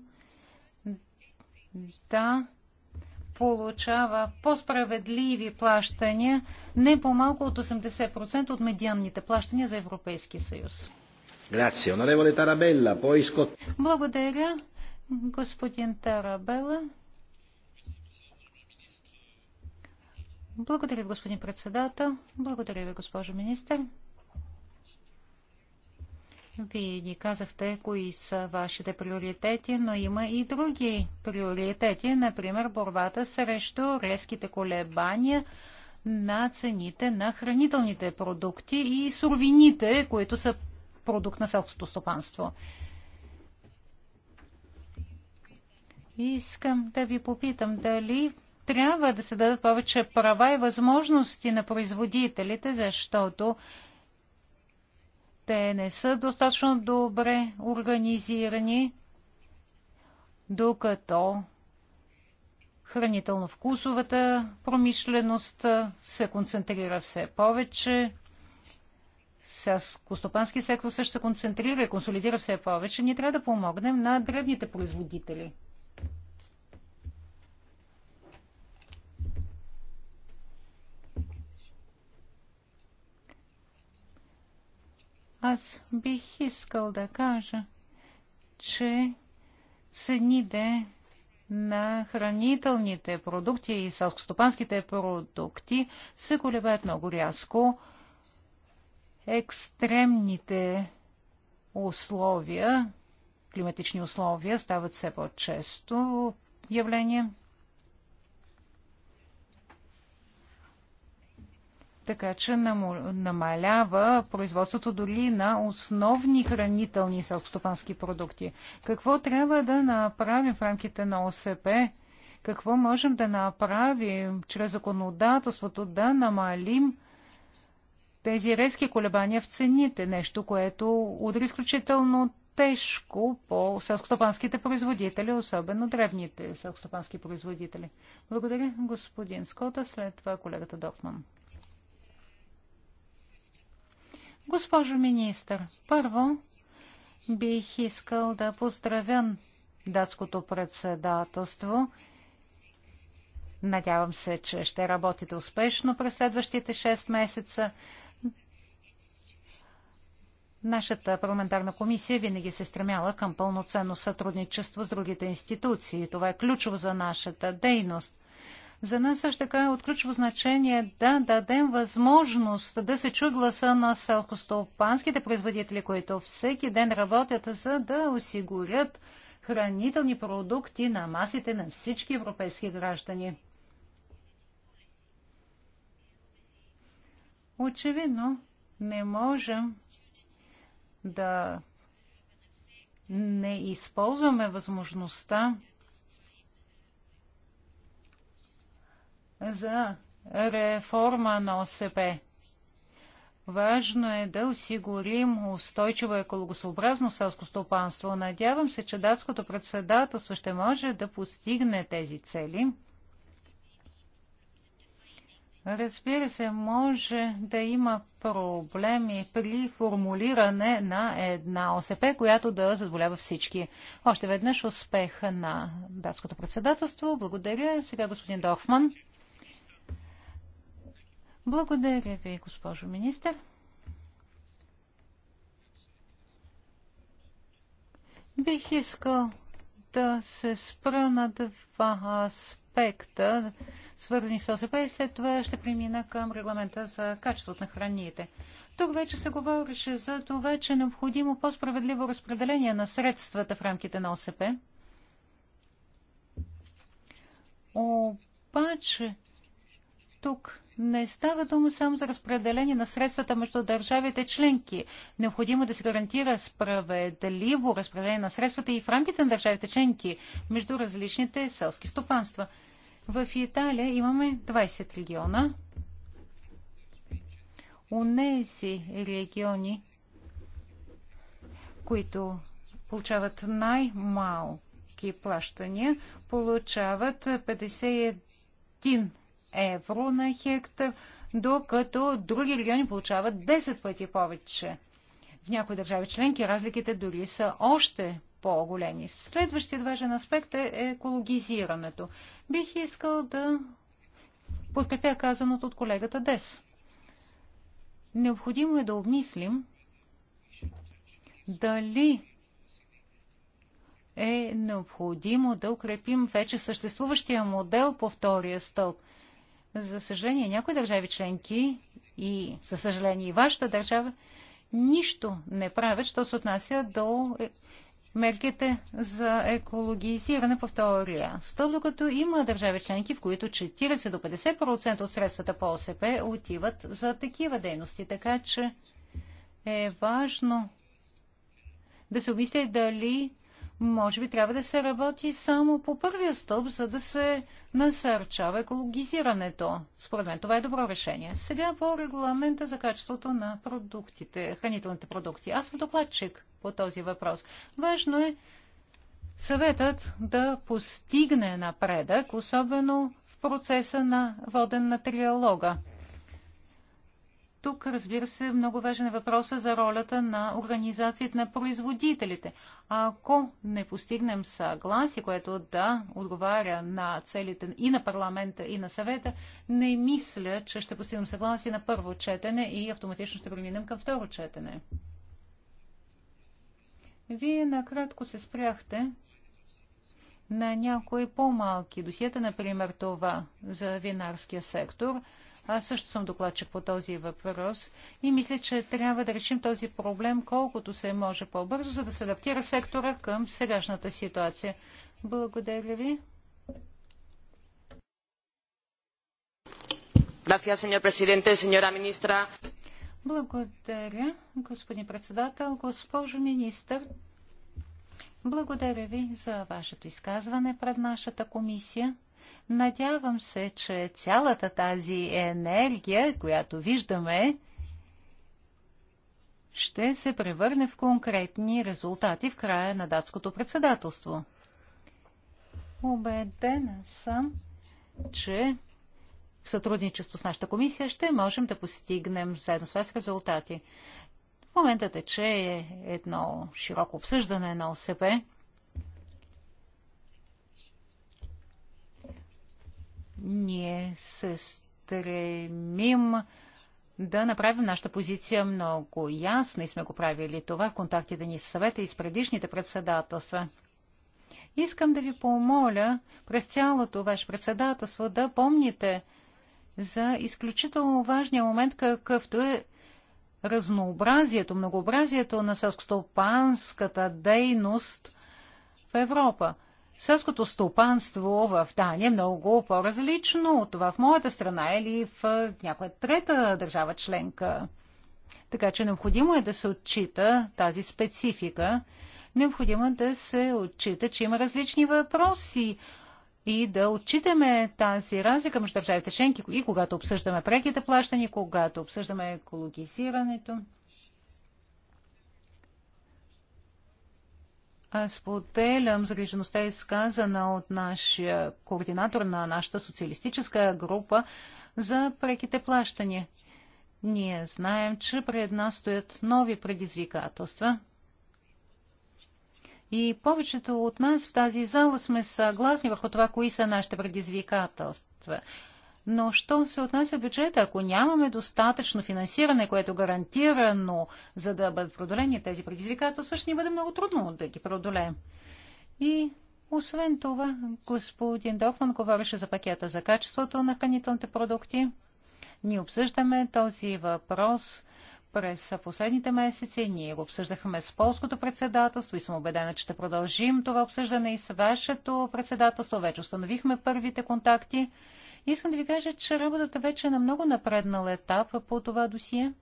да получава по-справедливи плащания, не по-малко от 80% от медианните плащания за Европейски съюз. Благодаря, господин Тарабела. Благодаря, господин председател. Благодаря ви, госпожо министър. Вие ни казахте кои са вашите приоритети, но има и други приоритети, например борбата срещу резките колебания на цените на хранителните продукти и суровините, които са продукт на селското стопанство. Искам да ви попитам дали трябва да се дадат повече права и възможности на производителите, защото те не са достатъчно добре организирани, докато хранително-вкусовата промишленост се концентрира все повече. Костопански сектор също се концентрира и консолидира все повече. Ние трябва да помогнем на древните производители – Аз бих искал да кажа, че цените на хранителните продукти и селскостопанските продукти се колебаят много рязко. Екстремните условия, климатични условия стават все по-често явление. така че намалява производството дори на основни хранителни селскостопански продукти. Какво трябва да направим в рамките на ОСП? Какво можем да направим чрез законодателството да намалим тези резки колебания в цените? Нещо, което удари изключително тежко по селскостопанските производители, особено древните селскостопански производители. Благодаря, господин Скота. След това колегата Дофман. Госпожо министър, първо бих искал да поздравя датското председателство. Надявам се, че ще работите успешно през следващите 6 месеца. Нашата парламентарна комисия винаги се стремяла към пълноценно сътрудничество с другите институции. Това е ключово за нашата дейност. За нас също така е от ключово значение да дадем възможност да се чу гласа на селхостопанските производители, които всеки ден работят, за да осигурят хранителни продукти на масите на всички европейски граждани. Очевидно, не можем да не използваме възможността за реформа на ОСП. Важно е да осигурим устойчиво екологосъобразно селско стопанство. Надявам се, че датското председателство ще може да постигне тези цели. Разбира се, може да има проблеми при формулиране на една ОСП, която да задоволява всички. Още веднъж успех на датското председателство. Благодаря. Сега господин Дорфман. Благодаря ви, госпожо министър. Бих искал да се спра на два аспекта, свързани с ОСП и след това ще премина към регламента за качеството на храните. Тук вече се говореше за това, че е необходимо по-справедливо разпределение на средствата в рамките на ОСП. Обаче тук не става дума само за разпределение на средствата между държавите членки. Необходимо е да се гарантира справедливо разпределение на средствата и в рамките на държавите членки между различните селски стопанства. В Италия имаме 20 региона. у нези региони, които получават най-малки плащания, получават 51 евро на хектар, докато други региони получават 10 пъти повече. В някои държави членки разликите дори са още по-големи. Следващият важен аспект е екологизирането. Бих искал да подкрепя казаното от колегата Дес. Необходимо е да обмислим дали е необходимо да укрепим вече съществуващия модел по втория стълб – за съжаление, някои държави членки и, за съжаление, и вашата държава нищо не правят, що се отнася до е, мерките за екологизиране по втория стълб, докато има държави членки, в които 40 до 50% от средствата по ОСП отиват за такива дейности. Така че е важно да се обмисли дали може би трябва да се работи само по първия стълб, за да се насърчава екологизирането. Според мен това е добро решение. Сега по регламента за качеството на продуктите, хранителните продукти. Аз съм докладчик по този въпрос. Важно е съветът да постигне напредък, особено в процеса на воден на триалога. Тук, разбира се, много важен е въпроса за ролята на организацията на производителите. Ако не постигнем съгласие, което да отговаря на целите и на парламента, и на съвета, не мисля, че ще постигнем съгласие на първо четене и автоматично ще преминем към второ четене. Вие накратко се спряхте на някои по-малки досиета, например това за винарския сектор – аз също съм докладчик по този въпрос и мисля, че трябва да решим този проблем колкото се може по-бързо, за да се адаптира сектора към сегашната ситуация. Благодаря ви. Благодаря, господин председател, госпожо министър. Благодаря ви за вашето изказване пред нашата комисия. Надявам се, че цялата тази енергия, която виждаме, ще се превърне в конкретни резултати в края на датското председателство. Убедена съм, че в сътрудничество с нашата комисия ще можем да постигнем заедно с вас резултати. В момента тече е едно широко обсъждане на ОСП. Ние се стремим да направим нашата позиция много ясна и сме го правили това в контактите ни с съвета и с предишните председателства. Искам да ви помоля през цялото ваше председателство да помните за изключително важния момент, какъвто е разнообразието, многообразието на селскостопанската дейност в Европа. Селското стопанство в Дания е много по-различно от това в моята страна или в някоя трета държава членка. Така че необходимо е да се отчита тази специфика. Необходимо е да се отчита, че има различни въпроси и да отчитаме тази разлика между държавите членки и когато обсъждаме преките плащания, когато обсъждаме екологизирането. споделям поделям загрижеността изказана от нашия координатор на нашата социалистическа група за преките плащания. Ние знаем, че пред нас стоят нови предизвикателства. И повечето от нас в тази зала сме съгласни върху това, кои са нашите предизвикателства. Но що се отнася бюджета, ако нямаме достатъчно финансиране, което е гарантирано, за да бъдат продолени тези предизвикателства, ще ни бъде много трудно да ги продолеем. И освен това, господин Дофман говореше за пакета за качеството на хранителните продукти. Ние обсъждаме този въпрос през последните месеци. Ние го обсъждахме с полското председателство и съм убедена, че ще продължим това обсъждане и с вашето председателство. Вече установихме първите контакти. Искам да ви кажа, че работата вече е на много напреднал етап по това досие.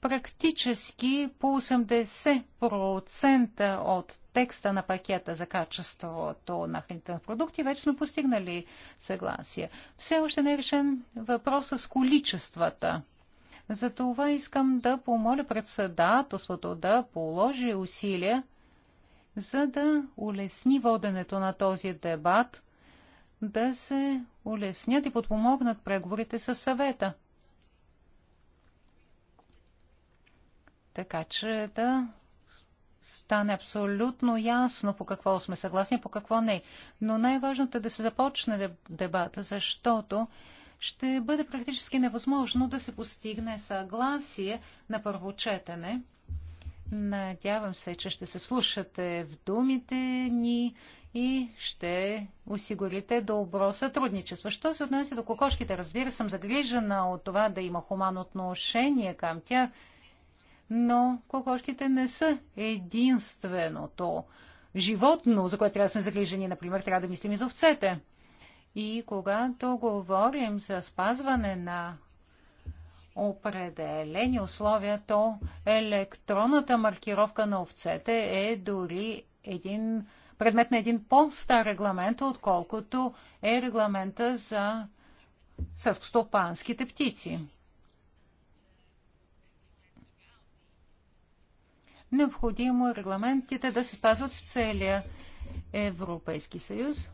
Практически по 80% от текста на пакета за качеството на хранителни продукти вече сме постигнали съгласие. Все още не е решен въпроса с количествата. Затова искам да помоля председателството да положи усилия за да улесни воденето на този дебат, да се улеснят и подпомогнат преговорите с съвета. Така че да стане абсолютно ясно по какво сме съгласни, по какво не. Но най-важното е да се започне дебата, защото ще бъде практически невъзможно да се постигне съгласие на първо четене Надявам се, че ще се слушате в думите ни и ще осигурите добро сътрудничество. Що се отнася до кокошките, разбира, съм загрижена от това да има хуманно отношение към тях, но кокошките не са единственото животно, за което трябва да сме загрижени. Например, трябва да мислим и за овцете. И когато говорим за спазване на определени условия, то електронната маркировка на овцете е дори един предмет на един по-стар регламент, отколкото е регламента за сълскостопанските птици. Необходимо е регламентите да се спазват в целия Европейски съюз.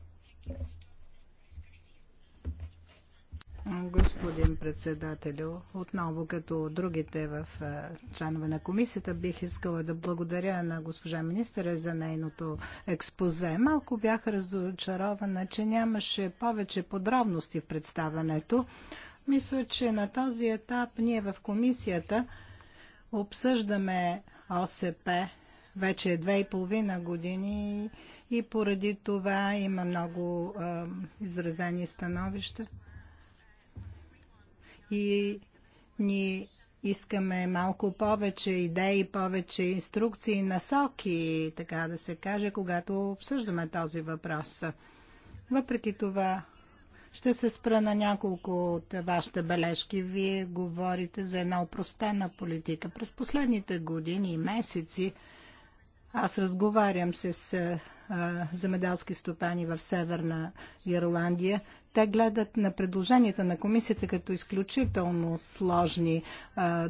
Господин председателю, отново като другите в членове на комисията, бих искала да благодаря на госпожа министъра за нейното експозе. Малко бях разочарована, че нямаше повече подробности в представянето. Мисля, че на този етап ние в комисията обсъждаме ОСП вече две и половина години и поради това има много е, изразени становища и ни искаме малко повече идеи, повече инструкции, насоки, така да се каже, когато обсъждаме този въпрос. Въпреки това, ще се спра на няколко от вашите бележки. Вие говорите за една упростена политика. През последните години и месеци аз разговарям с а, земеделски стопани в Северна Ирландия. Те гледат на предложенията на комисията като изключително сложни,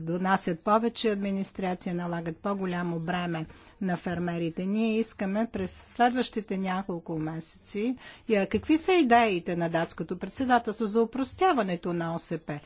донасят повече администрация, налагат по-голямо бреме на фермерите. Ние искаме през следващите няколко месеци. Какви са идеите на датското председателство за упростяването на ОСП?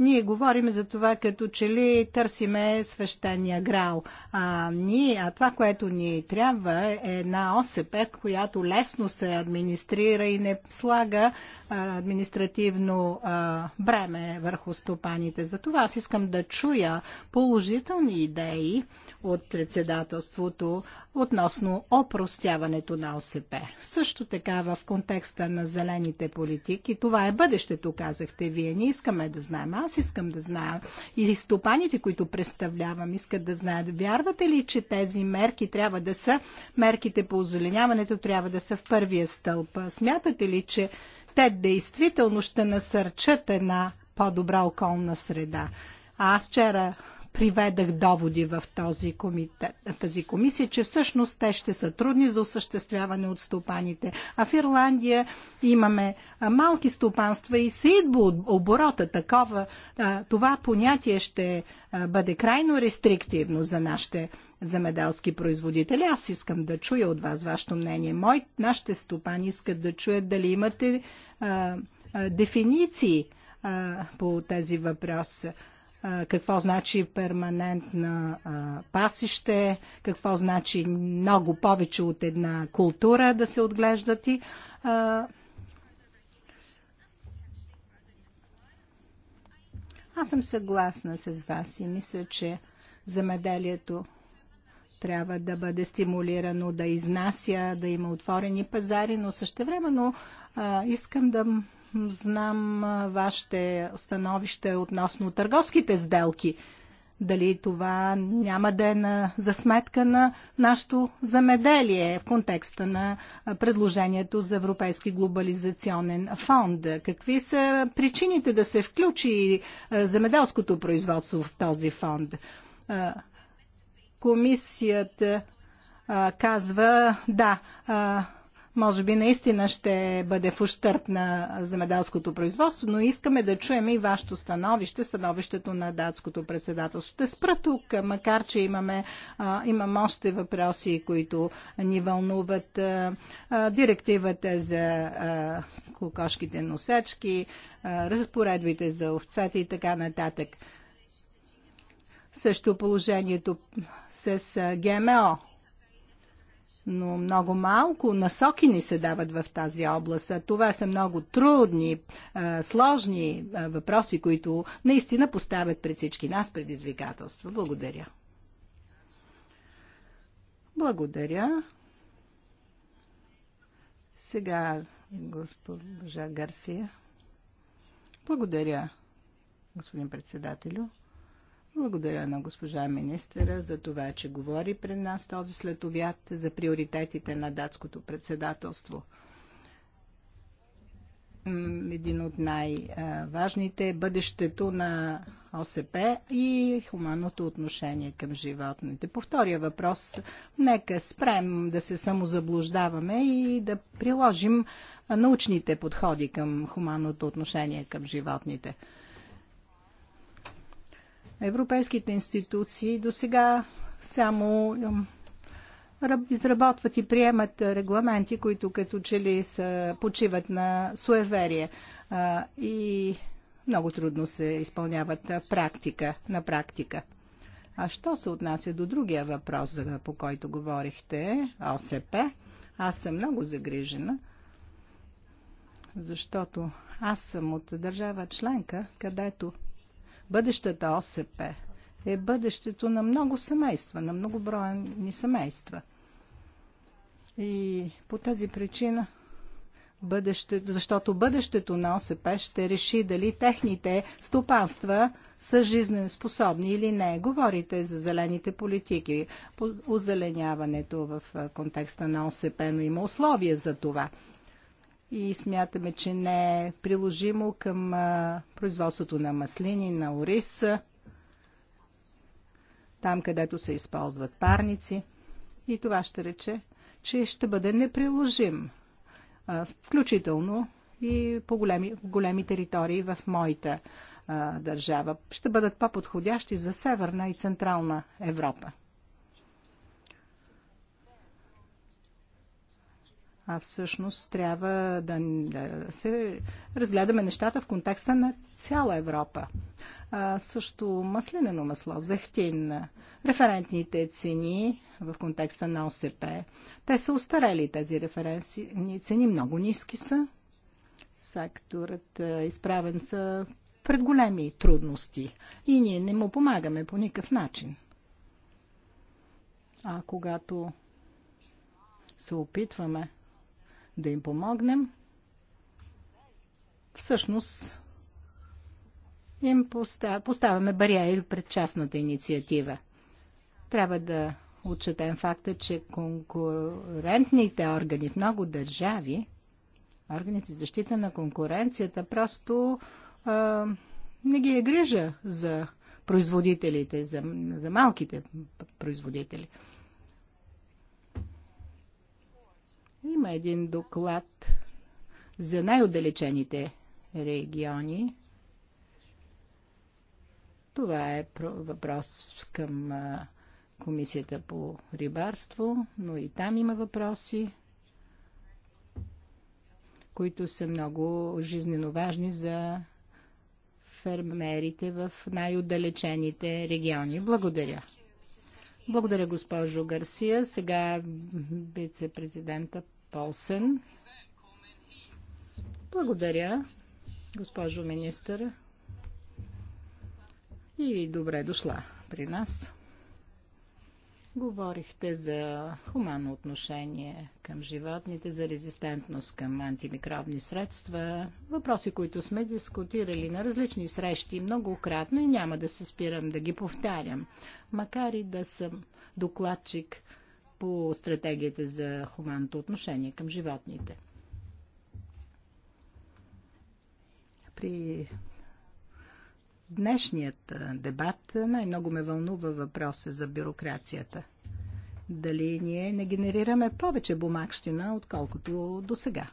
Ние говорим за това, като че ли търсиме свещения грал. А, ние, а това, което ни трябва е една ОСП, която лесно се администрира и не слага а, административно а, бреме върху стопаните. За това аз искам да чуя положителни идеи от председателството относно опростяването на ОСП. Също така в контекста на зелените политики, това е бъдещето, казахте вие. Не искаме да знаем. Аз искам да знам. И стопаните, които представлявам, искат да знаят. Вярвате ли, че тези мерки трябва да са, мерките по озеленяването трябва да са в първия стълб? Смятате ли, че те действително ще насърчат една по-добра околна среда? аз вчера приведах доводи в този комитет, тази комисия, че всъщност те ще са трудни за осъществяване от стопаните. А в Ирландия имаме малки стопанства и се идва от оборота такова. Това понятие ще бъде крайно рестриктивно за нашите земеделски производители. Аз искам да чуя от вас вашето мнение. Мой, нашите стопани искат да чуят дали имате а, а, дефиниции а, по тези въпроси какво значи перманентно пасище, какво значи много повече от една култура да се отглеждат и Аз съм съгласна с вас и мисля, че замеделието трябва да бъде стимулирано да изнася, да има отворени пазари, но същевременно а, искам да знам вашите становище относно търговските сделки. Дали това няма да е на, за сметка на нашето замеделие в контекста на предложението за Европейски глобализационен фонд? Какви са причините да се включи замеделското производство в този фонд? Комисията казва, да, може би наистина ще бъде в ущърп на земеделското производство, но искаме да чуем и вашето становище, становището на датското председателство. Ще спра тук, макар че имаме, а, имам още въпроси, които ни вълнуват. А, а, директивата за а, кокошките носечки, а, разпоредбите за овцата и така нататък. Също положението с ГМО но много малко насоки ни се дават в тази област. А това са много трудни, сложни въпроси, които наистина поставят пред всички нас предизвикателства. Благодаря. Благодаря. Сега госпожа Гарсия. Благодаря, господин председателю. Благодаря на госпожа министъра за това, че говори пред нас този следовят за приоритетите на датското председателство. Един от най-важните е бъдещето на ОСП и хуманното отношение към животните. По втория въпрос, нека спрем да се самозаблуждаваме и да приложим научните подходи към хуманното отношение към животните. Европейските институции до сега само изработват и приемат регламенти, които като че ли са, почиват на суеверие а, и много трудно се изпълняват практика, на практика. А що се отнася до другия въпрос, по който говорихте, ОСП, аз съм много загрижена, защото аз съм от държава членка, където бъдещата ОСП е бъдещето на много семейства, на много многобройни семейства. И по тази причина бъдеще, защото бъдещето на ОСП ще реши дали техните стопанства са жизнеспособни или не. Говорите за зелените политики, озеленяването в контекста на ОСП, но има условия за това – и смятаме, че не е приложимо към а, производството на маслини, на ориз, там където се използват парници. И това ще рече, че ще бъде неприложим, а, включително и по големи, големи територии в моята а, държава. Ще бъдат по-подходящи за Северна и Централна Европа. а всъщност трябва да, да се разгледаме нещата в контекста на цяла Европа. А, също маслинено масло, зехтин, референтните цени в контекста на ОСП. Те са устарели, тези референтни цени много ниски са. Секторът е изправен са пред големи трудности и ние не му помагаме по никакъв начин. А когато се опитваме да им помогнем, всъщност им поставяме бариери пред частната инициатива. Трябва да отчетем факта, че конкурентните органи в много държави, органите за защита на конкуренцията, просто а, не ги е грижа за производителите, за, за малките производители. Има един доклад за най-отдалечените региони. Това е въпрос към Комисията по рибарство, но и там има въпроси, които са много жизнено важни за фермерите в най-отдалечените региони. Благодаря. Благодаря, госпожо Гарсия. Сега вице-президента Полсен. Благодаря, госпожо министър. И добре дошла при нас. Говорихте за хуманно отношение към животните, за резистентност към антимикробни средства, въпроси, които сме дискутирали на различни срещи многократно и няма да се спирам да ги повтарям, макар и да съм докладчик по стратегията за хуманното отношение към животните. При днешният дебат най-много ме вълнува въпроса за бюрокрацията. Дали ние не генерираме повече бумагщина, отколкото до сега?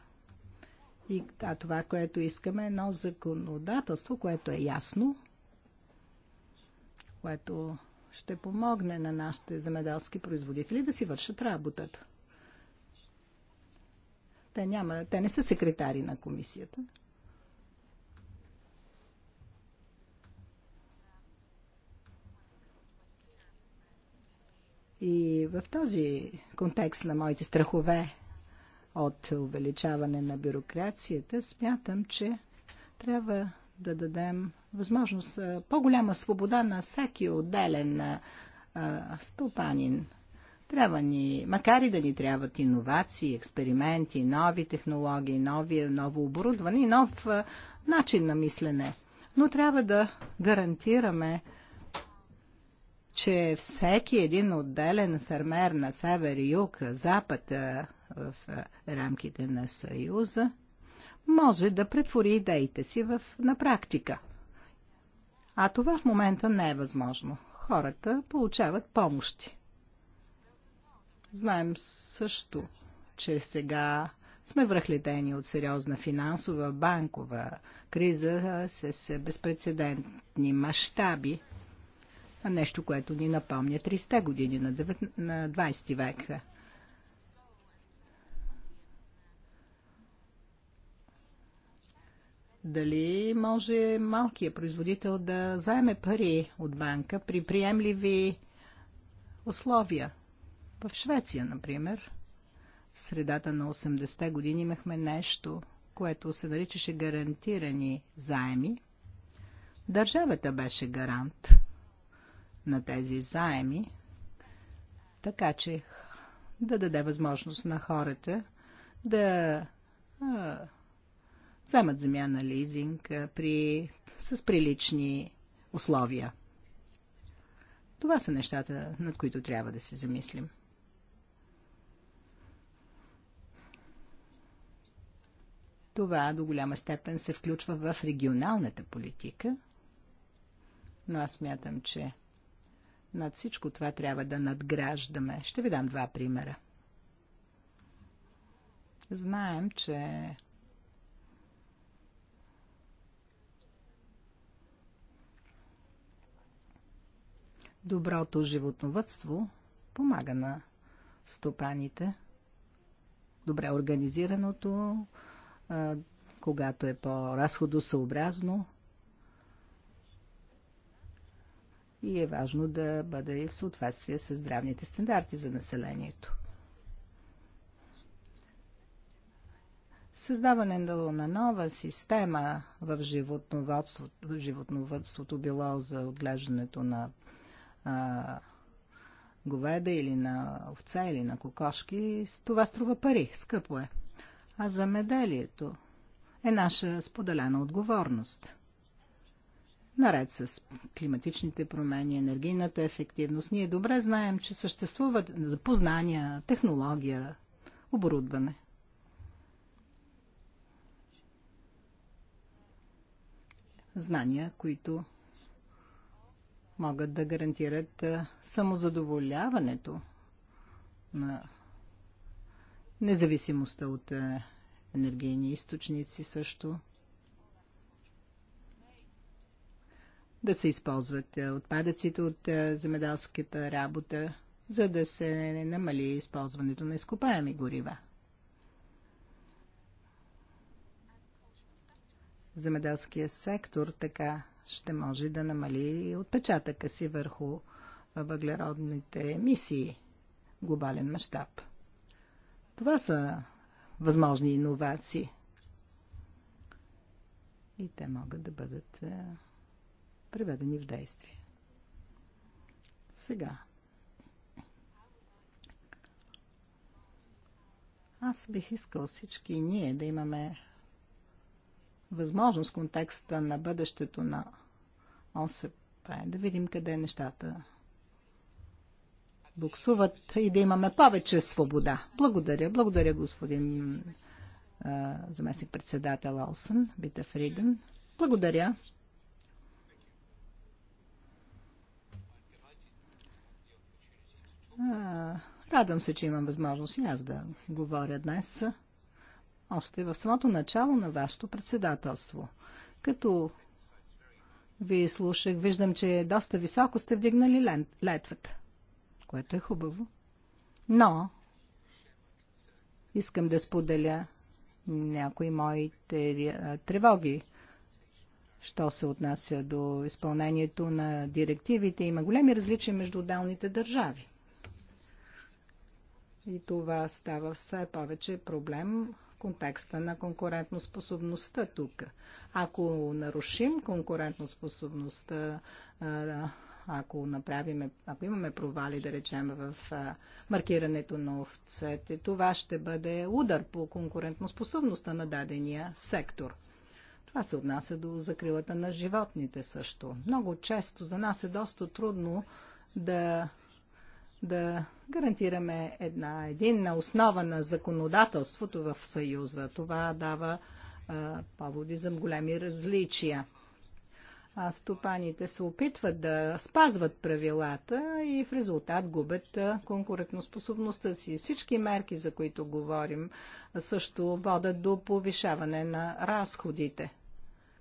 И а това, което искаме, е едно законодателство, което е ясно, което ще помогне на нашите земеделски производители да си вършат работата. Те, няма, те не са секретари на комисията. И в този контекст на моите страхове от увеличаване на бюрокрацията, смятам, че трябва да дадем възможност по-голяма свобода на всеки отделен стопанин. Трябва ни, макар и да ни трябват иновации, експерименти, нови технологии, нови, ново оборудване и нов а, начин на мислене. Но трябва да гарантираме че всеки един отделен фермер на север, юг, запад в рамките на Съюза може да претвори идеите си в, на практика. А това в момента не е възможно. Хората получават помощи. Знаем също, че сега сме връхлетени от сериозна финансова банкова криза с безпредседентни мащаби нещо, което ни напомня 300 години на, 9, на 20 век. Дали може малкият производител да заеме пари от банка при приемливи условия? В Швеция, например, в средата на 80-те години имахме нещо, което се наричаше гарантирани заеми. Държавата беше гарант – на тези заеми, така че да даде възможност на хората да вземат земя на лизинг при, с прилични условия. Това са нещата, над които трябва да се замислим. Това до голяма степен се включва в регионалната политика, но аз смятам, че над всичко това трябва да надграждаме. Ще ви дам два примера. Знаем, че доброто животновътство помага на стопаните. Добре организираното, когато е по-разходосъобразно – и е важно да бъде в съответствие с здравните стандарти за населението. Създаване на нова система в животновътството, в животновътството било за отглеждането на а, говеда или на овца или на кокошки, това струва пари, скъпо е. А за меделието е наша споделена отговорност наред с климатичните промени, енергийната ефективност. Ние добре знаем, че съществуват познания, технология, оборудване. Знания, които могат да гарантират самозадоволяването на независимостта от енергийни източници също. да се използват отпадъците от земеделската работа, за да се намали използването на изкопаеми горива. Земеделския сектор така ще може да намали отпечатъка си върху въглеродните емисии в глобален мащаб. Това са възможни иновации. И те могат да бъдат Приведени в действие. Сега. Аз бих искал всички ние да имаме възможност в контекста на бъдещето на ОСП да видим къде нещата буксуват и да имаме повече свобода. Благодаря. Благодаря, господин заместник-председател Олсен, Бита Фриден. Благодаря. Радвам се, че имам възможност и аз да говоря днес, още в самото начало на вашето председателство. Като ви слушах, виждам, че доста високо сте вдигнали летвата, което е хубаво. Но искам да споделя някои моите тревоги, що се отнася до изпълнението на директивите. Има големи различия между отделните държави. И това става все повече проблем в контекста на конкурентоспособността тук. Ако нарушим конкурентоспособността, ако направим, ако имаме провали, да речем, в маркирането на овцете, това ще бъде удар по конкурентоспособността на дадения сектор. Това се отнася до закрилата на животните също. Много често за нас е доста трудно да, да гарантираме една единна основа на законодателството в Съюза. Това дава а, поводи за големи различия. А стопаните се опитват да спазват правилата и в резултат губят конкурентоспособността си. Всички мерки, за които говорим, също водят до повишаване на разходите.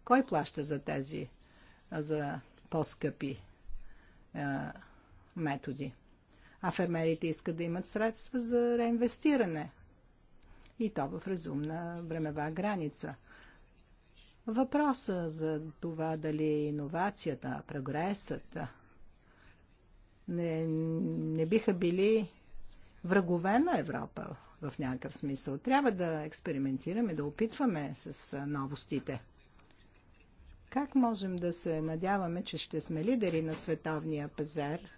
Кой плаща за тези, за по-скъпи е, методи? а фермерите искат да имат средства за реинвестиране. И то в разумна времева граница. Въпроса за това дали е иновацията, прогресът не, не биха били врагове на Европа в някакъв смисъл. Трябва да експериментираме, да опитваме с новостите. Как можем да се надяваме, че ще сме лидери на световния пазар –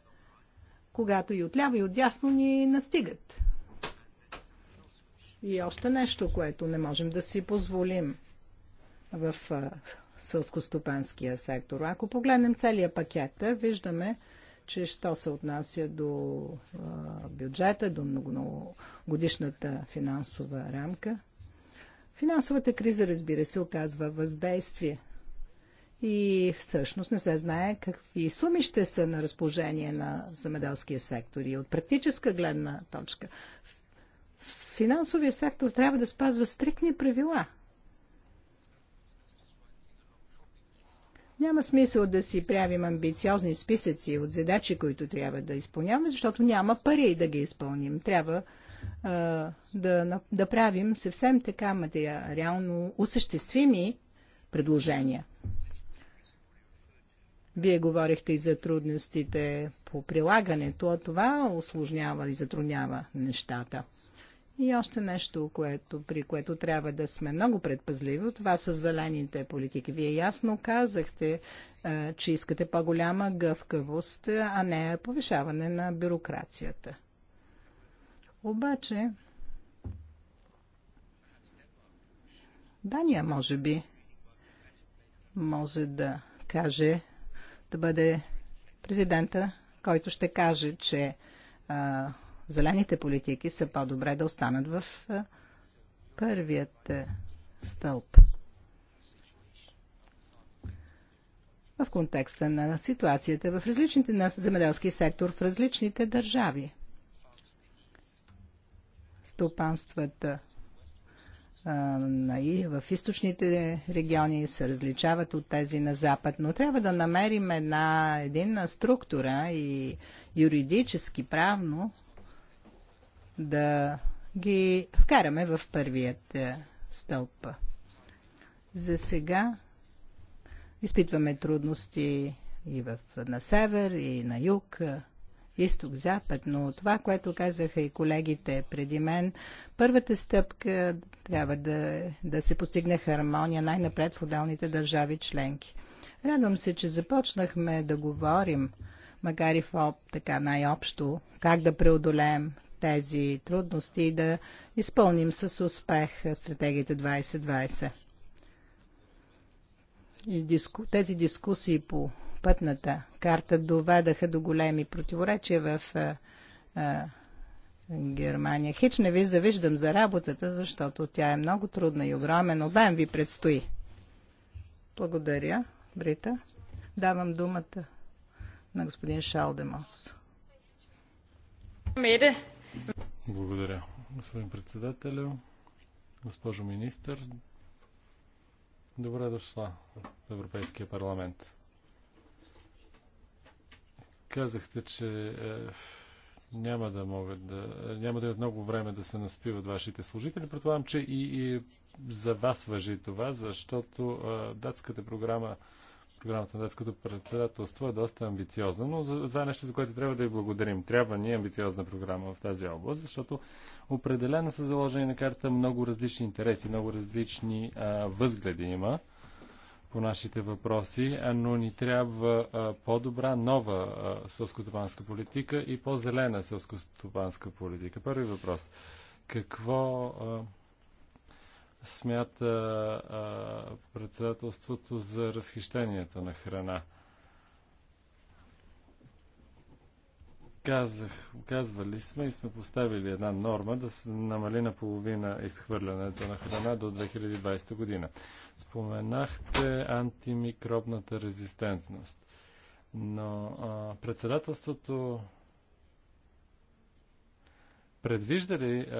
когато и отляво, и отдясно ни настигат. И още нещо, което не можем да си позволим в сълскостопанския сектор. Ако погледнем целия пакет, виждаме, че що се отнася до бюджета, до многогодишната финансова рамка, финансовата криза, разбира се, оказва въздействие и всъщност не се знае какви суми ще са на разположение на замеделския сектор и от практическа гледна точка. Финансовия сектор трябва да спазва стрикни правила. Няма смисъл да си правим амбициозни списъци от задачи, които трябва да изпълняваме, защото няма пари да ги изпълним. Трябва а, да, да правим съвсем така материално осъществими предложения. Вие говорихте и за трудностите по прилагането, а това осложнява и затруднява нещата. И още нещо, което, при което трябва да сме много предпазливи, това са зелените политики. Вие ясно казахте, че искате по-голяма гъвкавост, а не повишаване на бюрокрацията. Обаче, Дания, може би, може да каже да бъде президента, който ще каже, че а, зелените политики са по-добре да останат в а, първият а, е, стълб. В контекста на ситуацията в различните на земеделски сектор в различните държави. Стопанствата а, и в източните региони се различават от тези на Запад, но трябва да намерим една единна структура и юридически, правно да ги вкараме в първият е, стълб. За сега изпитваме трудности и в, на север, и на юг. Е, изток-запад, но това, което казаха и колегите преди мен, първата стъпка трябва да, да се постигне хармония най-напред в отделните държави членки. Радвам се, че започнахме да говорим, макар и в така най-общо, как да преодолеем тези трудности и да изпълним с успех стратегията 2020. И диску... тези дискусии по пътната карта доведаха до големи противоречия в а, а, Германия. Хич не ви завиждам за работата, защото тя е много трудна и огромен обем ви предстои. Благодаря, Брита. Давам думата на господин Шалдемос. Благодаря, господин председателю, госпожо министър. Добре дошла в Европейския парламент. Казахте, че е, няма да могат да, няма да имат много време да се наспиват вашите служители. Предполагам, че и, и за вас въжи това, защото а, е, датската програма, програмата на датското председателство е доста амбициозна, но за, това е нещо, за което трябва да ви благодарим. Трябва ни амбициозна програма в тази област, защото определено са заложени на карта много различни интереси, много различни а, е, възгледи има по нашите въпроси, но ни трябва по-добра нова сълскостопанска политика и по-зелена сълскостопанска политика. Първи въпрос. Какво смята председателството за разхищението на храна? казах, казвали сме и сме поставили една норма да се намали наполовина изхвърлянето на храна до 2020 година. Споменахте антимикробната резистентност. Но а, председателството предвижда ли а,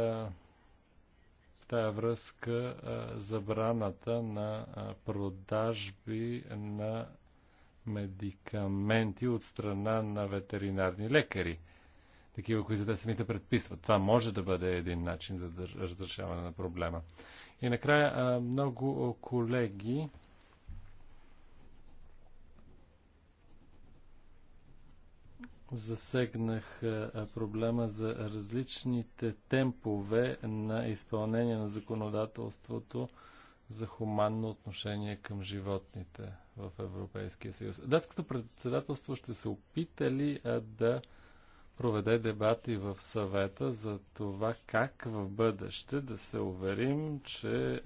в тая връзка а, забраната на а, продажби на медикаменти от страна на ветеринарни лекари? такива, които те самите предписват. Това може да бъде един начин за разрешаване на проблема. И накрая много колеги засегнах проблема за различните темпове на изпълнение на законодателството за хуманно отношение към животните в Европейския съюз. Датското председателство ще се опита ли да проведе дебати в съвета за това как в бъдеще да се уверим, че е,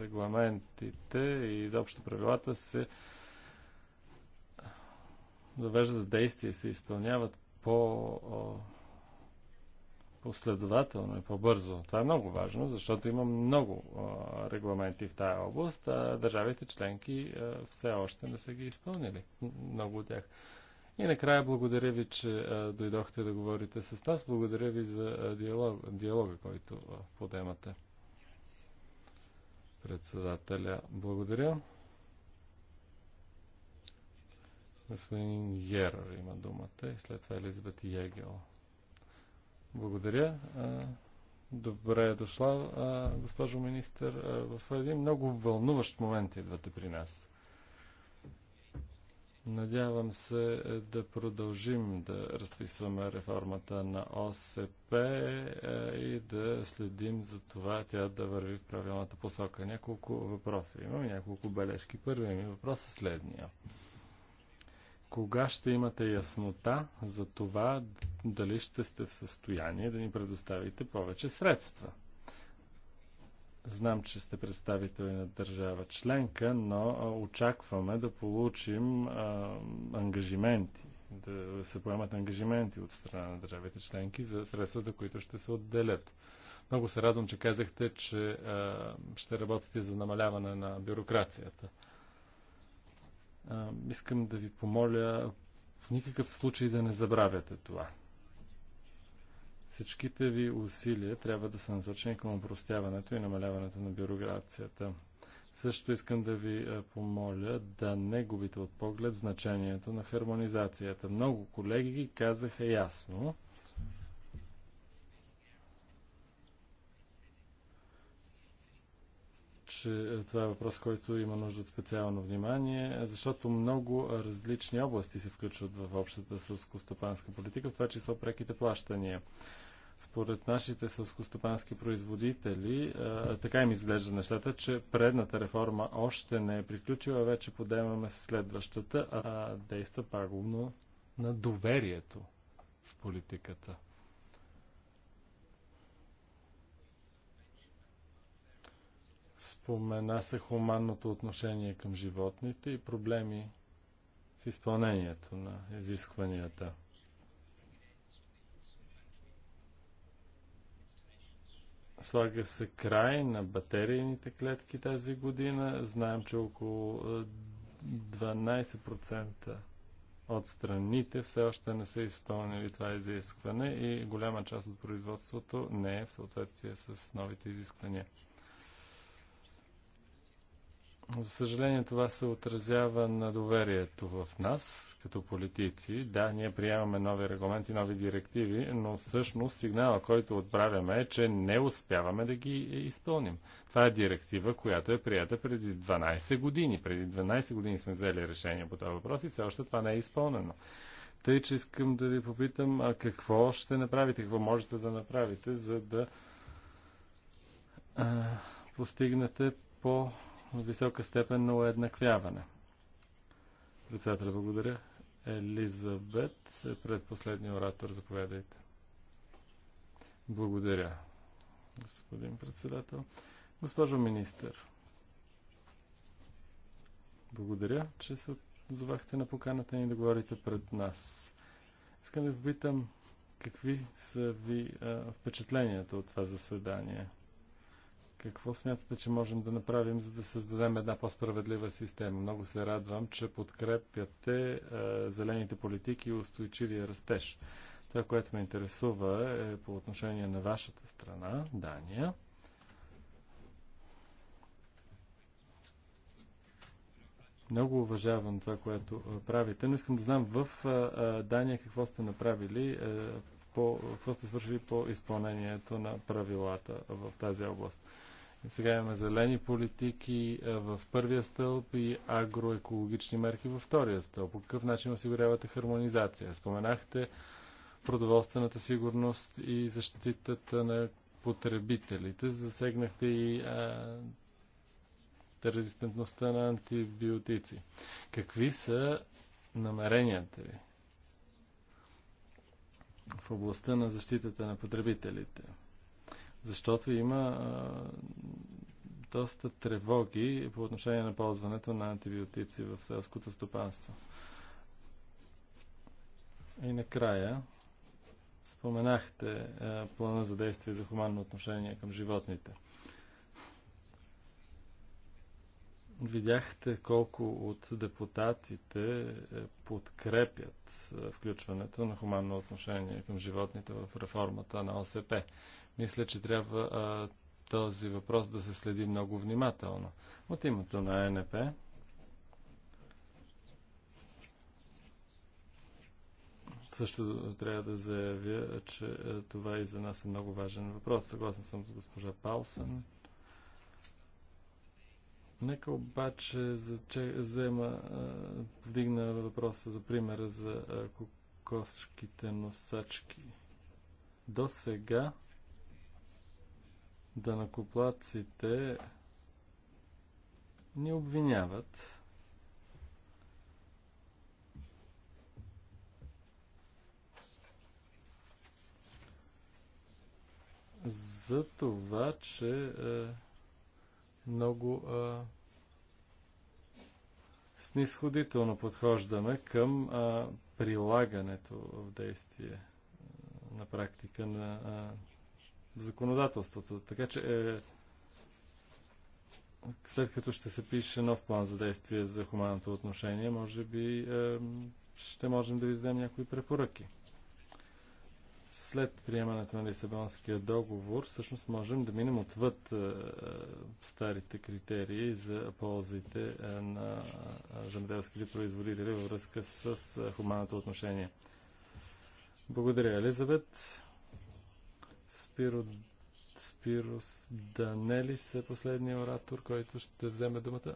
регламентите и изобщо правилата се довеждат в действие, се изпълняват по последователно и по-бързо. Това е много важно, защото има много а, регламенти в тая област, а държавите членки а, е, все още не са ги изпълнили. Много от тях. И накрая благодаря ви, че а, дойдохте да говорите с нас. Благодаря ви за а, диалог, диалога, който а, подемате. Председателя, благодаря. Господин Гер има думата и след това Елизабет Егел. Благодаря. Добре е дошла, госпожо министър. В един много вълнуващ момент идвате при нас. Надявам се е, да продължим да разписваме реформата на ОСП е, и да следим за това тя да върви в правилната посока. Няколко въпроса имам, няколко бележки. Първият ми въпрос е следния. Кога ще имате яснота за това дали ще сте в състояние да ни предоставите повече средства? Знам, че сте представители на държава членка, но очакваме да получим а, ангажименти, да се поемат ангажименти от страна на държавите членки за средствата, които ще се отделят. Много се радвам, че казахте, че а, ще работите за намаляване на бюрокрацията. А, искам да ви помоля в никакъв случай да не забравяте това. Всичките ви усилия трябва да са насочени към опростяването и намаляването на бюрокрацията. Също искам да ви помоля да не губите от поглед значението на хармонизацията. Много колеги ги казаха ясно, че е, това е въпрос, който има нужда от специално внимание, защото много различни области се включват в общата сълскостопанска политика, в това число преките плащания. Според нашите сълскостопански производители, е, така им изглежда нещата, че предната реформа още не е приключила, вече подемаме следващата, а действа пагубно на доверието в политиката. Спомена се хуманното отношение към животните и проблеми в изпълнението на изискванията. Слага се край на батерийните клетки тази година. Знаем, че около 12% от страните все още не са изпълнили това изискване и голяма част от производството не е в съответствие с новите изисквания. За съжаление, това се отразява на доверието в нас, като политици. Да, ние приемаме нови регламенти, нови директиви, но всъщност сигнала, който отправяме е, че не успяваме да ги изпълним. Това е директива, която е прията преди 12 години. Преди 12 години сме взели решение по този въпрос и все още това не е изпълнено. Тъй, че искам да ви попитам а какво ще направите, какво можете да направите, за да а, постигнете по висока степен на уеднаквяване. Председателя, благодаря. Елизабет е предпоследния оратор. Заповядайте. Благодаря, господин председател. Госпожо министър, благодаря, че се отзовахте на поканата ни да говорите пред нас. Искам да попитам какви са ви а, впечатленията от това заседание – какво смятате, че можем да направим, за да създадем една по-справедлива система? Много се радвам, че подкрепяте е, зелените политики и устойчивия растеж. Това, което ме интересува е по отношение на вашата страна, Дания. Много уважавам това, което е, правите, но искам да знам в е, е, Дания какво сте направили, какво сте свършили по изпълнението на правилата в тази област сега имаме зелени политики в първия стълб и агроекологични мерки във втория стълб. По какъв начин осигурявате хармонизация? Споменахте продоволствената сигурност и защитата на потребителите. Засегнахте и а, резистентността на антибиотици. Какви са намеренията ви в областта на защитата на потребителите? защото има доста тревоги по отношение на ползването на антибиотици в селското стопанство. И накрая споменахте плана за действие за хуманно отношение към животните. Видяхте колко от депутатите е, подкрепят включването на хуманно отношение към животните в реформата на ОСП. Мисля, че трябва а, този въпрос да се следи много внимателно. От името на е НП. Също трябва да заявя, че това и за нас е много важен въпрос. Съгласен съм с госпожа Паусън. Нека обаче за, че, взема, вдигна въпроса за примера за кокошките носачки. До сега данакоплаците ни обвиняват за това, че е, много е, снисходително подхождаме към е, прилагането в действие е, на практика на е, законодателството. Така че е, след като ще се пише нов план за действие за хуманното отношение, може би е, ще можем да издадем някои препоръки. След приемането на Лисабонския договор, всъщност можем да минем отвъд е, старите критерии за ползите е, на е, земеделските производители във връзка с е, хуманното отношение. Благодаря, Елизабет. Спиро, Спирос Данелис е последния оратор, който ще вземе думата.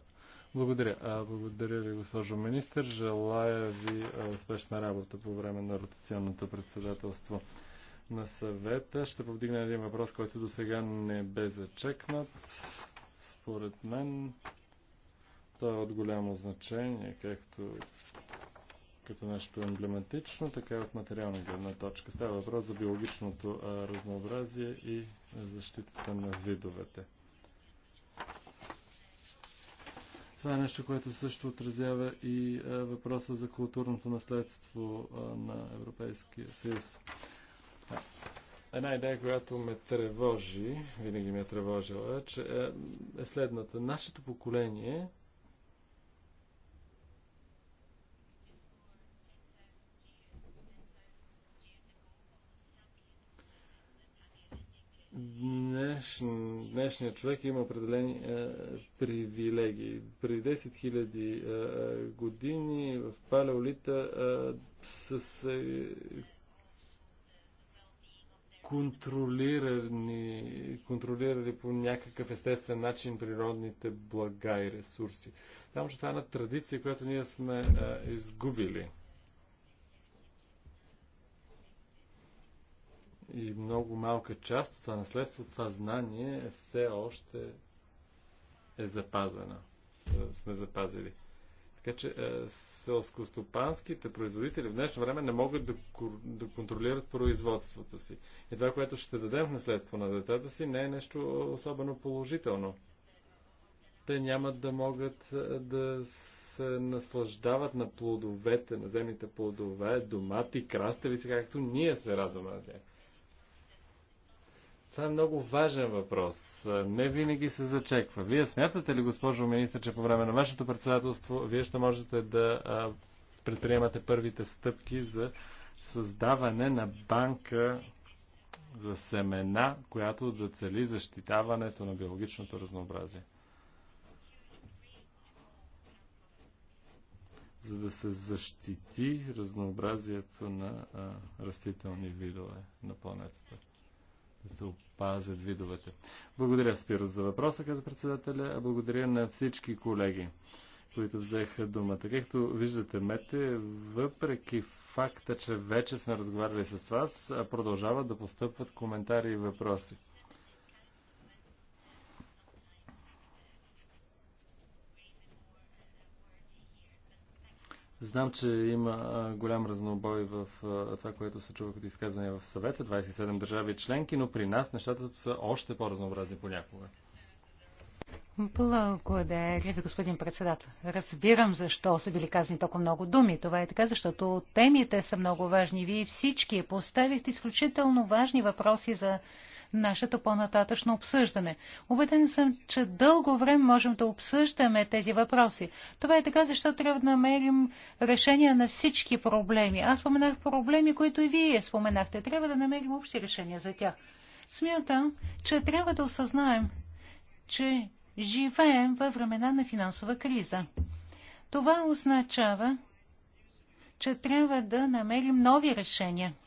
Благодаря. А, благодаря ви, госпожо министр. Желая ви успешна работа по време на ротационното председателство на съвета. Ще повдигна един въпрос, който до сега не бе зачекнат. Според мен той е от голямо значение, както като нещо емблематично, така и от материална гледна точка. Става въпрос за биологичното а, разнообразие и защитата на видовете. Това е нещо, което също отразява и а, въпроса за културното наследство а, на Европейския съюз. Една идея, която ме тревожи, винаги ме е тревожила, че е, е следната. Нашето поколение днеш, днешният човек има определени е, привилегии. При 10 000 е, години в палеолита е, са се контролирани, контролирали по някакъв естествен начин природните блага и ресурси. Само, че това е една традиция, която ние сме е, изгубили. И много малка част от това наследство, това знание е все още е запазена. Сме запазили. Така че е, селскостопанските производители в днешно време не могат да, да контролират производството си. И това, което ще дадем в наследство на децата си, не е нещо особено положително. Те няма да могат е, да се наслаждават на плодовете, на земните плодове, домати, краставици, както ние се радваме на тях. Това е много важен въпрос. Не винаги се зачеква. Вие смятате ли, госпожо министр, че по време на вашето председателство вие ще можете да предприемате първите стъпки за създаване на банка за семена, която да цели защитаването на биологичното разнообразие? за да се защити разнообразието на а, растителни видове на планетата. Да се пазят видовете. Благодаря, Спирос, за въпроса, каза председателя, а благодаря на всички колеги, които взеха думата. Както виждате, Мете, въпреки факта, че вече сме разговаряли с вас, продължават да постъпват коментари и въпроси. Знам, че има голям разнобой в това, което се чува като изказване в съвета, 27 държави членки, но при нас нещата са още по-разнообразни понякога. Благодаря ви, господин председател. Разбирам защо са били казани толкова много думи. Това е така, защото темите са много важни. Вие всички поставихте изключително важни въпроси за нашето по-нататъчно обсъждане. Обеден съм, че дълго време можем да обсъждаме тези въпроси. Това е така, защото трябва да намерим решение на всички проблеми. Аз споменах проблеми, които и вие споменахте. Трябва да намерим общи решения за тях. Смятам, че трябва да осъзнаем, че живеем във времена на финансова криза. Това означава, че трябва да намерим нови решения –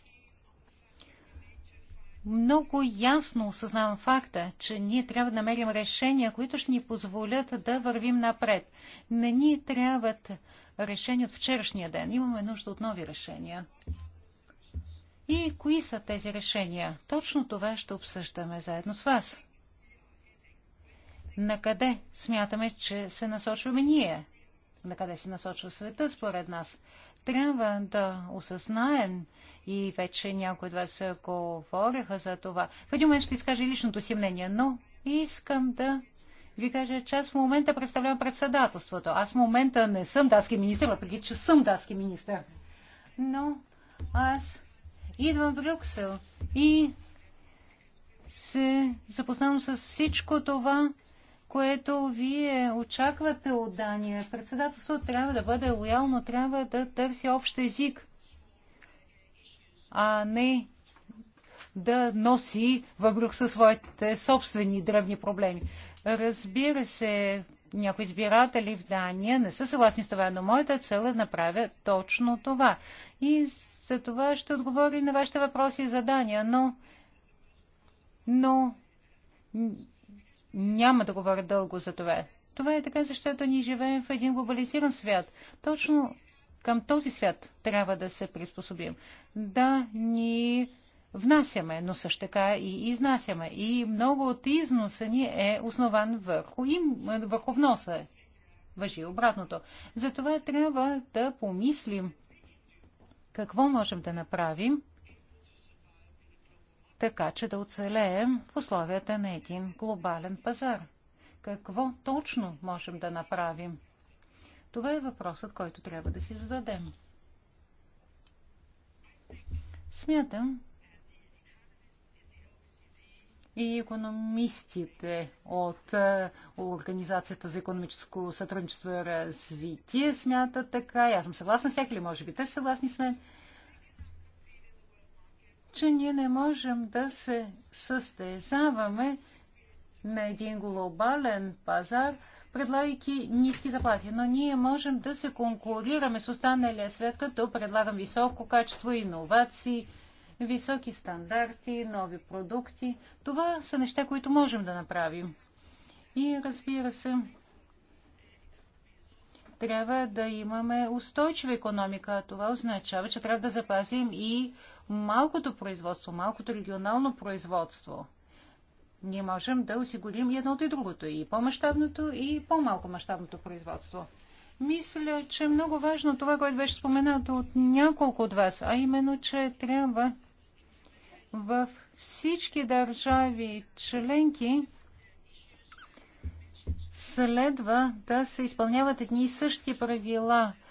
много ясно осъзнавам факта, че ние трябва да намерим решения, които ще ни позволят да вървим напред. Не ни трябват решения от вчерашния ден. Имаме нужда от нови решения. И кои са тези решения? Точно това ще обсъждаме заедно с вас. На къде смятаме, че се насочваме ние? На къде се насочва света според нас? Трябва да осъзнаем, и вече някои от вас говореха за това. В един момент ще изкажа личното си мнение, но искам да ви кажа, че аз в момента представлявам председателството. Аз в момента не съм датски министр, въпреки че съм датски министр. Но аз идвам в Брюксел и се запознавам с всичко това, което вие очаквате от Дания. Председателството трябва да бъде лоялно, трябва да търси общ език а не да носи във в със своите собствени древни проблеми. Разбира се, някои избиратели в Дания не са съгласни с това, но моята цел е да направя точно това. И за това ще отговоря на вашите въпроси и задания, но, но няма да говоря дълго за това. Това е така, защото ние живеем в един глобализиран свят. Точно към този свят трябва да се приспособим. Да, ни внасяме, но също така и изнасяме. И много от износа ни е основан върху, им, върху вноса. Въжи обратното. Затова трябва да помислим какво можем да направим, така че да оцелеем в условията на един глобален пазар. Какво точно можем да направим? Това е въпросът, който трябва да си зададем. Смятам, и економистите от Организацията за економическо сътрудничество и развитие смятат така. И аз съм съгласна с тях, или може би те са съгласни с мен, че ние не можем да се състезаваме на един глобален пазар – предлагайки ниски заплати. Но ние можем да се конкурираме с останалия свет, като предлагам високо качество, иновации, високи стандарти, нови продукти. Това са неща, които можем да направим. И разбира се, трябва да имаме устойчива економика. Това означава, че трябва да запазим и малкото производство, малкото регионално производство – ние можем да осигурим едното и другото, и по-масштабното, и по-малко масштабното производство. Мисля, че е много важно това, което беше споменато от няколко от вас, а именно, че трябва в всички държави членки следва да се изпълняват едни и същи правила –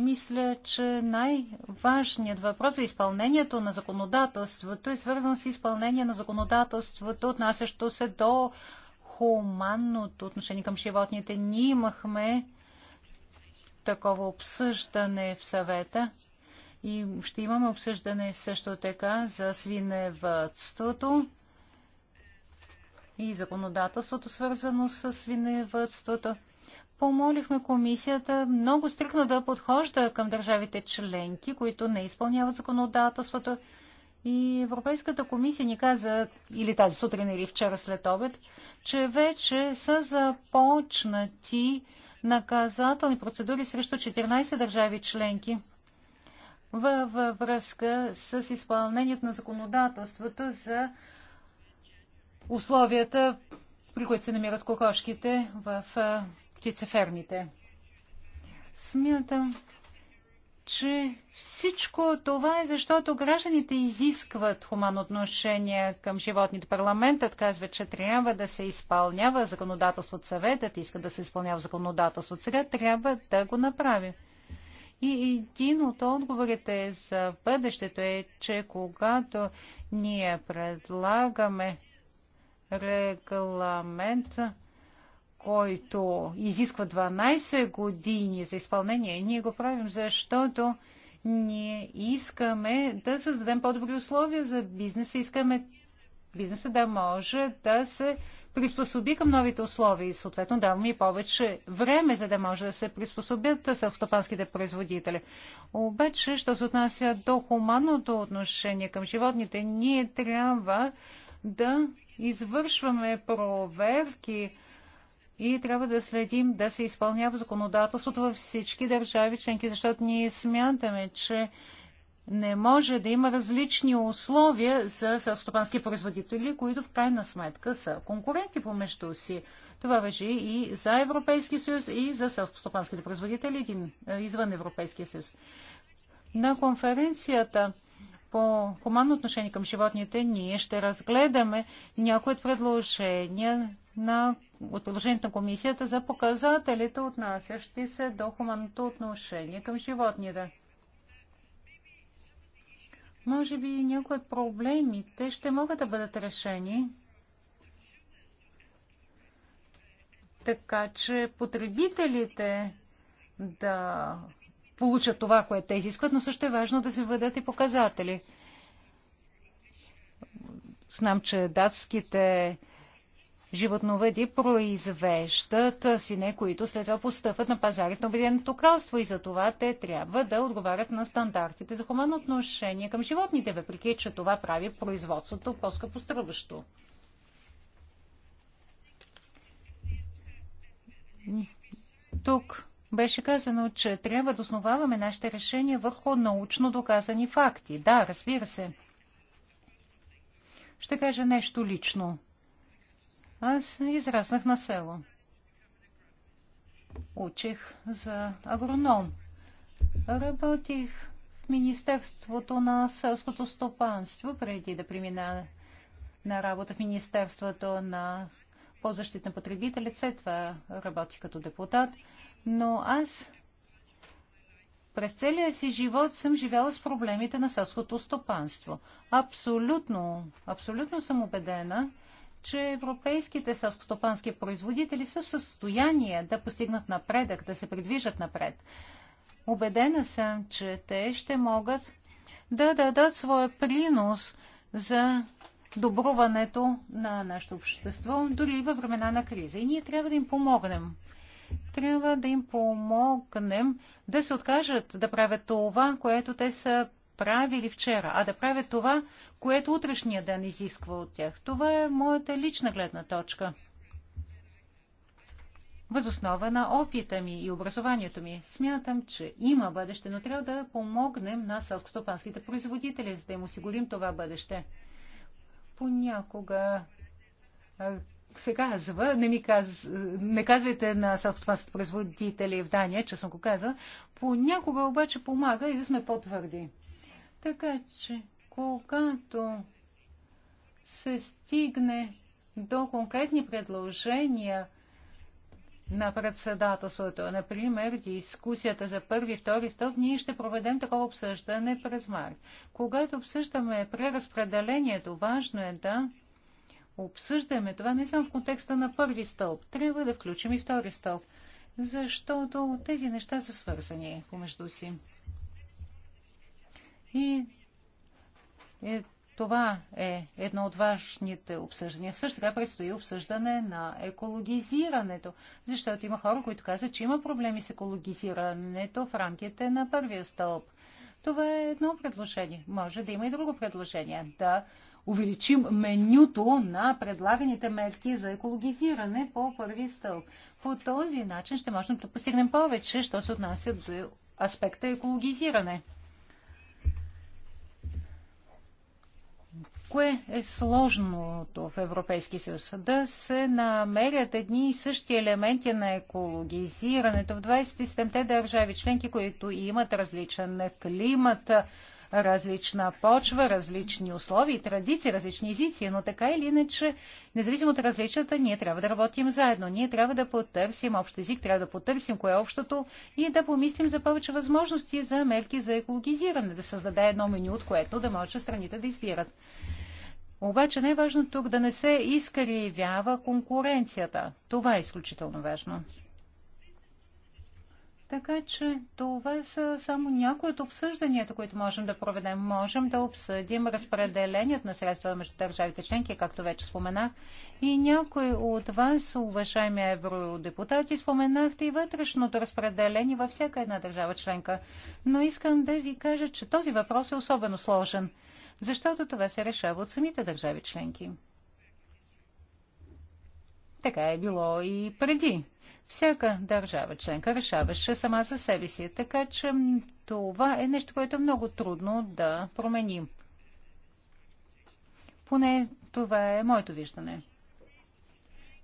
мисля, че най-важният въпрос за е изпълнението на законодателството е свързан с изпълнение на законодателството, отнасящо се до хуманното отношение към животните. Ние имахме такова обсъждане в съвета и ще имаме обсъждане също така за свиневътството и законодателството, свързано с свиневътството помолихме комисията много стрикно да подхожда към държавите членки, които не изпълняват законодателството. И Европейската комисия ни каза, или тази сутрин, или вчера след обед, че вече са започнати наказателни процедури срещу 14 държави членки във връзка с изпълнението на законодателството за условията, при които се намират кокошките в птицефермите. Смятам, че всичко това е защото гражданите изискват хуманно отношение към животните. Парламентът казва, че трябва да се изпълнява законодателството. Съветът иска да се изпълнява законодателството. Сега трябва да го направим. И един от отговорите за бъдещето е, че когато ние предлагаме регламент, който изисква 12 години за изпълнение, ние го правим, защото ние искаме да създадем по-добри условия за бизнеса. Искаме бизнеса да може да се приспособи към новите условия и съответно даваме и повече време, за да може да се приспособят селстопанските производители. Обаче, що се отнася до хуманното отношение към животните, ние трябва да извършваме проверки и трябва да следим да се изпълнява законодателството във всички държави членки, защото ние смятаме, че не може да има различни условия за селскостопански производители, които в крайна сметка са конкуренти помежду си. Това въжи и за Европейския съюз, и за селскостопанските производители е, извън Европейския съюз. На конференцията по хуманно отношение към животните ние ще разгледаме някои от предложения на от предложението на комисията за показателите, отнасящи се до хуманното отношение към животните. Може би някои от проблемите ще могат да бъдат решени, така че потребителите да получат това, което те изискват, но също е важно да се въдат и показатели. Знам, че датските животновъди произвеждат свине, които след това постъпват на пазарите на Обединеното кралство и за това те трябва да отговарят на стандартите за хуманно отношение към животните, въпреки че това прави производството по скъпоструващо Тук беше казано, че трябва да основаваме нашите решения върху научно доказани факти. Да, разбира се. Ще кажа нещо лично. Аз израснах на село. Учих за агроном. Работих в Министерството на селското стопанство, преди да премина на работа в Министерството на по защита на потребителите. След това работих като депутат. Но аз през целия си живот съм живяла с проблемите на селското стопанство. Абсолютно, абсолютно съм убедена, че европейските селскостопански производители са в състояние да постигнат напредък, да се придвижат напред. Обедена съм, че те ще могат да дадат своя принос за добруването на нашето общество, дори и във времена на криза. И ние трябва да им помогнем. Трябва да им помогнем да се откажат да правят това, което те са правили вчера, а да правят това, което утрешния ден изисква от тях. Това е моята лична гледна точка. Възоснова на опита ми и образованието ми смятам, че има бъдеще, но трябва да помогнем на селскостопанските производители, за да им осигурим това бъдеще. Понякога се казва, не, ми каз... не казвайте на селскостопанските производители в Дания, че съм го казал, понякога обаче помага и да сме по-твърди. Така че, когато се стигне до конкретни предложения на председателството, например дискусията за първи и втори стълб, ние ще проведем такова обсъждане през март. Когато обсъждаме преразпределението, важно е да обсъждаме това не само в контекста на първи стълб, трябва да включим и втори стълб, защото тези неща са свързани помежду си. И е, това е едно от важните обсъждания. Също така предстои обсъждане на екологизирането, защото има хора, които казват, че има проблеми с екологизирането в рамките на първия стълб. Това е едно предложение. Може да има и друго предложение. Да увеличим менюто на предлаганите мерки за екологизиране по първи стълб. По този начин ще можем да постигнем повече, що се отнася до аспекта екологизиране. Кое е сложното в Европейския съюз? Да се намерят едни и същи елементи на екологизирането в 27-те държави членки, които имат различен климат, различна почва, различни условия и традиции, различни езици, но така или иначе, независимо от различията, ние трябва да работим заедно. Ние трябва да потърсим общ език, трябва да потърсим кое е общото и да помислим за повече възможности за мерки за екологизиране, да създаде едно меню, от което да може страните да избират. Обаче най-важно тук да не се изкривява конкуренцията. Това е изключително важно. Така че това са само някои от обсъжданията, които можем да проведем. Можем да обсъдим разпределението на средства между държавите членки, както вече споменах. И някои от вас, уважаеми евродепутати, споменахте и вътрешното разпределение във всяка една държава членка. Но искам да ви кажа, че този въпрос е особено сложен защото това се решава от самите държави членки. Така е било и преди. Всяка държава членка решаваше сама за себе си, така че това е нещо, което е много трудно да променим. Поне това е моето виждане.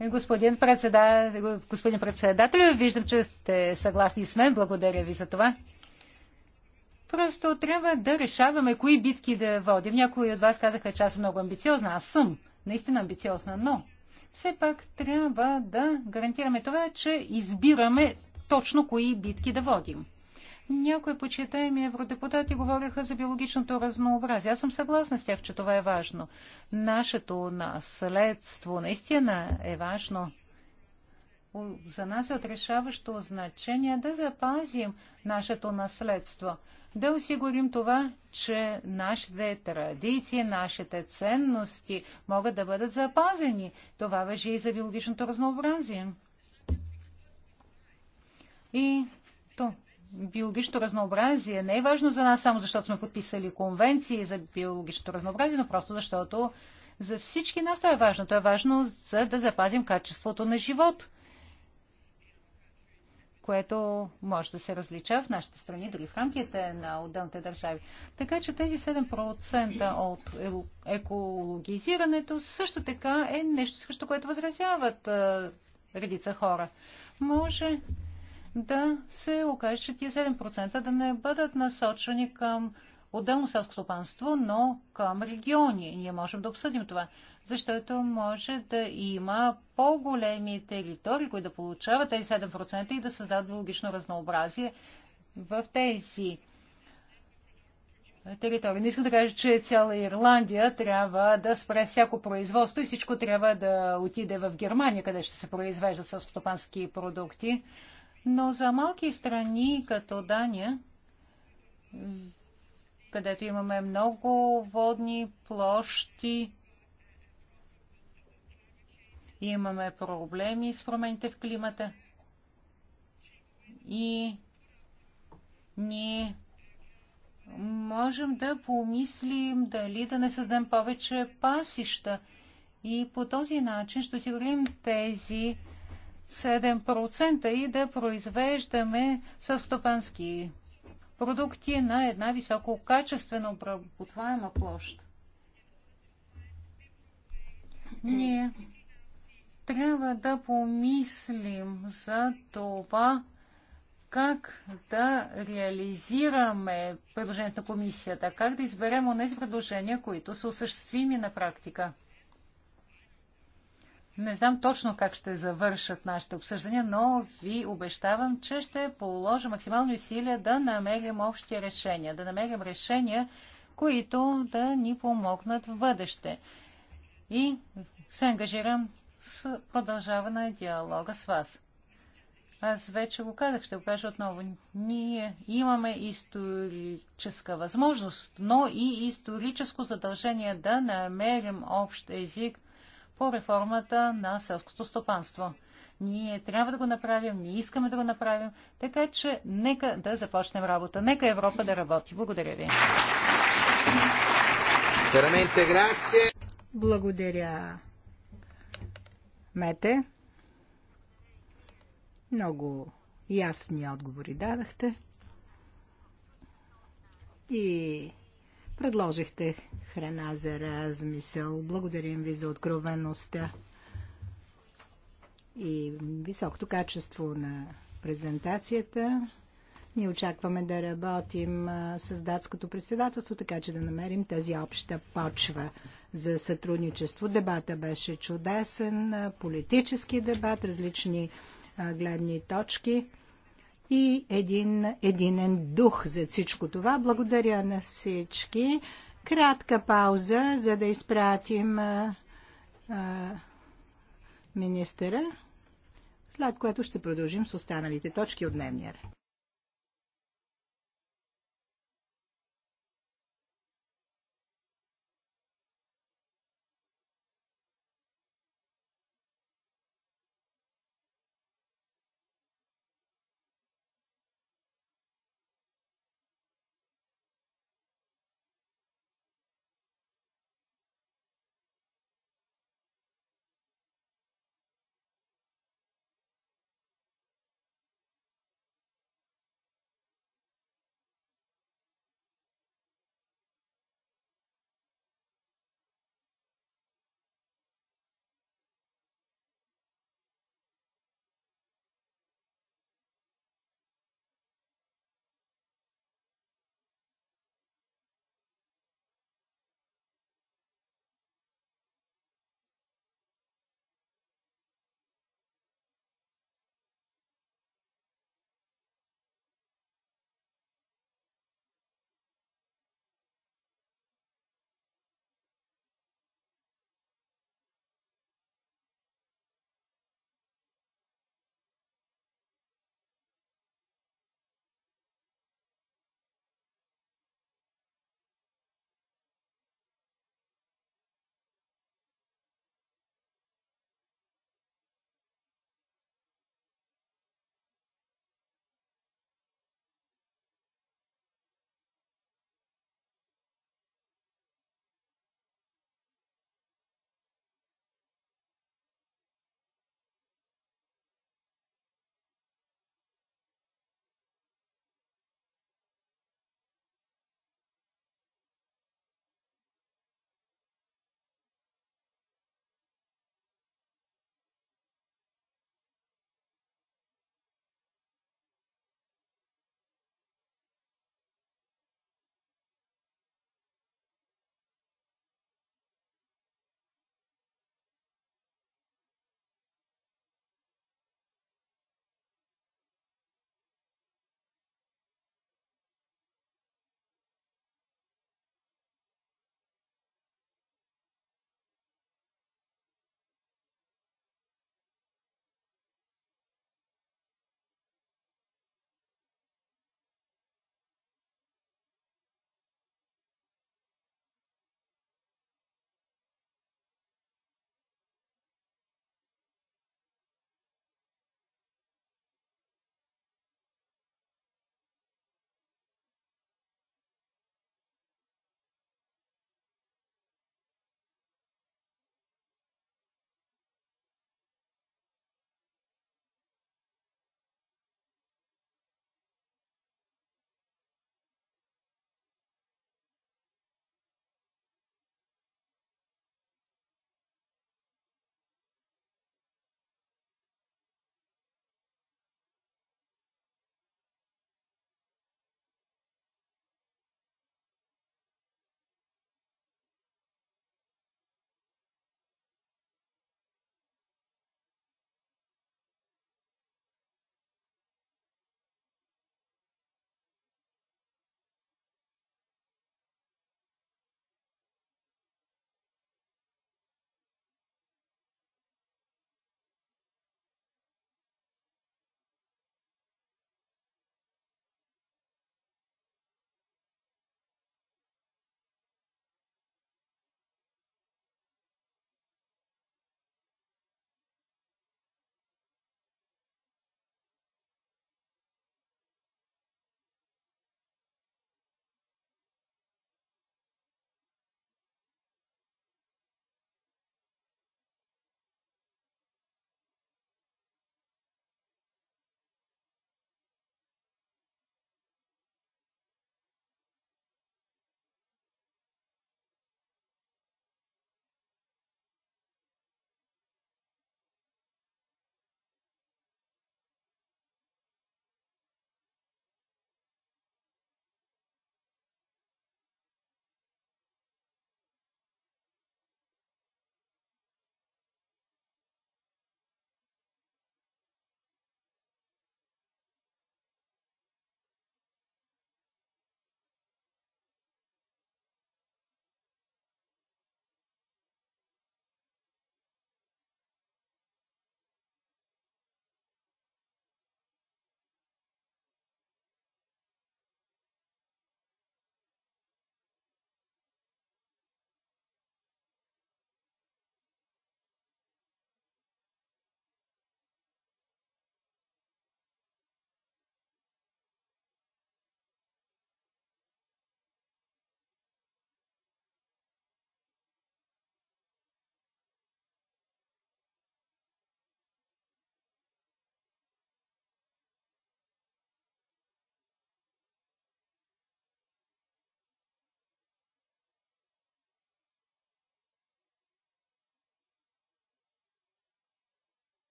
Е, господин, председател, господин председател, виждам, че сте съгласни с мен. Благодаря ви за това. Просто трябва да решаваме кои битки да водим. Някои от вас казаха, че аз съм много амбициозна. Аз съм наистина амбициозна, но все пак трябва да гарантираме това, че избираме точно кои битки да водим. Някои почитаеми евродепутати говориха за биологичното разнообразие. Аз съм съгласна с тях, че това е важно. Нашето наследство наистина е важно. За нас е отрешаващо значение да запазим нашето наследство да осигурим това, че нашите традиции, нашите ценности могат да бъдат запазени. Това въжи и за биологичното разнообразие. И то, биологичното разнообразие не е важно за нас само защото сме подписали конвенции за биологичното разнообразие, но просто защото за всички нас то е важно. То е важно за да запазим качеството на живот което може да се различа в нашите страни, дори в рамките на отделните държави. Така че тези 7% от екологизирането също така е нещо, срещу което възразяват редица хора. Може да се окаже, че тия 7% да не бъдат насочени към отделно селско стопанство, но към региони. Ние можем да обсъдим това защото може да има по-големи територии, които да получават тези 7% и да създадат биологично разнообразие в тези територии. Не искам да кажа, че цяла Ирландия трябва да спре всяко производство и всичко трябва да отиде в Германия, къде ще се произвеждат стопански продукти. Но за малки страни, като Дания, където имаме много водни площи, Имаме проблеми с промените в климата. И ние можем да помислим дали да не създадем повече пасища. И по този начин ще осигурим тези 7% и да произвеждаме съвстопански продукти на една висококачествена обработваема площ. Ние трябва да помислим за това, как да реализираме предложението на комисията, как да изберем онези предложения, които са осъществими на практика. Не знам точно как ще завършат нашите обсъждания, но ви обещавам, че ще положа максимални усилия да намерим общи решения, да намерим решения, които да ни помогнат в бъдеще. И се ангажирам с продължаване на диалога с вас. Аз вече го казах, ще го кажа отново. Ние имаме историческа възможност, но и историческо задължение да намерим общ език по реформата на селското стопанство. Ние трябва да го направим, ние искаме да го направим, така че нека да започнем работа. Нека Европа да работи. Благодаря ви. Благодаря. Мете. Много ясни отговори дадахте. И предложихте храна за размисъл. Благодарим ви за откровеността и високото качество на презентацията. Ние очакваме да работим с датското председателство, така че да намерим тази обща почва за сътрудничество. Дебата беше чудесен, политически дебат, различни гледни точки и един единен дух за всичко това. Благодаря на всички. Кратка пауза, за да изпратим а, а, министера, след което ще продължим с останалите точки от дневния ред.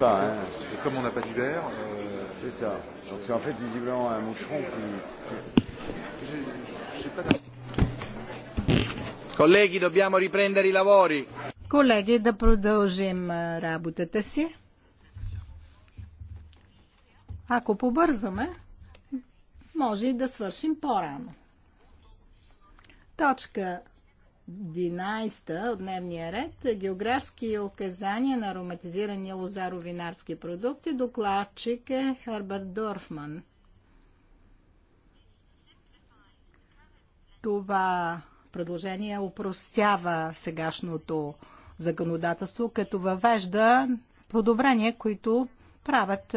Ça, hein. Parce que comme on n'a pas d'hiver. Euh... C'est ça. Donc c'est en fait visiblement un moucheron qui. J'ai pas Колеги, dobbiamo riprendere i lavori. Колеги, да продължим работата си. Ако побързаме, може и да свършим по-рано. Точка 11 от дневния ред географски указания на ароматизирани лозаровинарски продукти. Докладчик е Херберт Дорфман. Това предложение упростява сегашното законодателство, като въвежда подобрения, които правят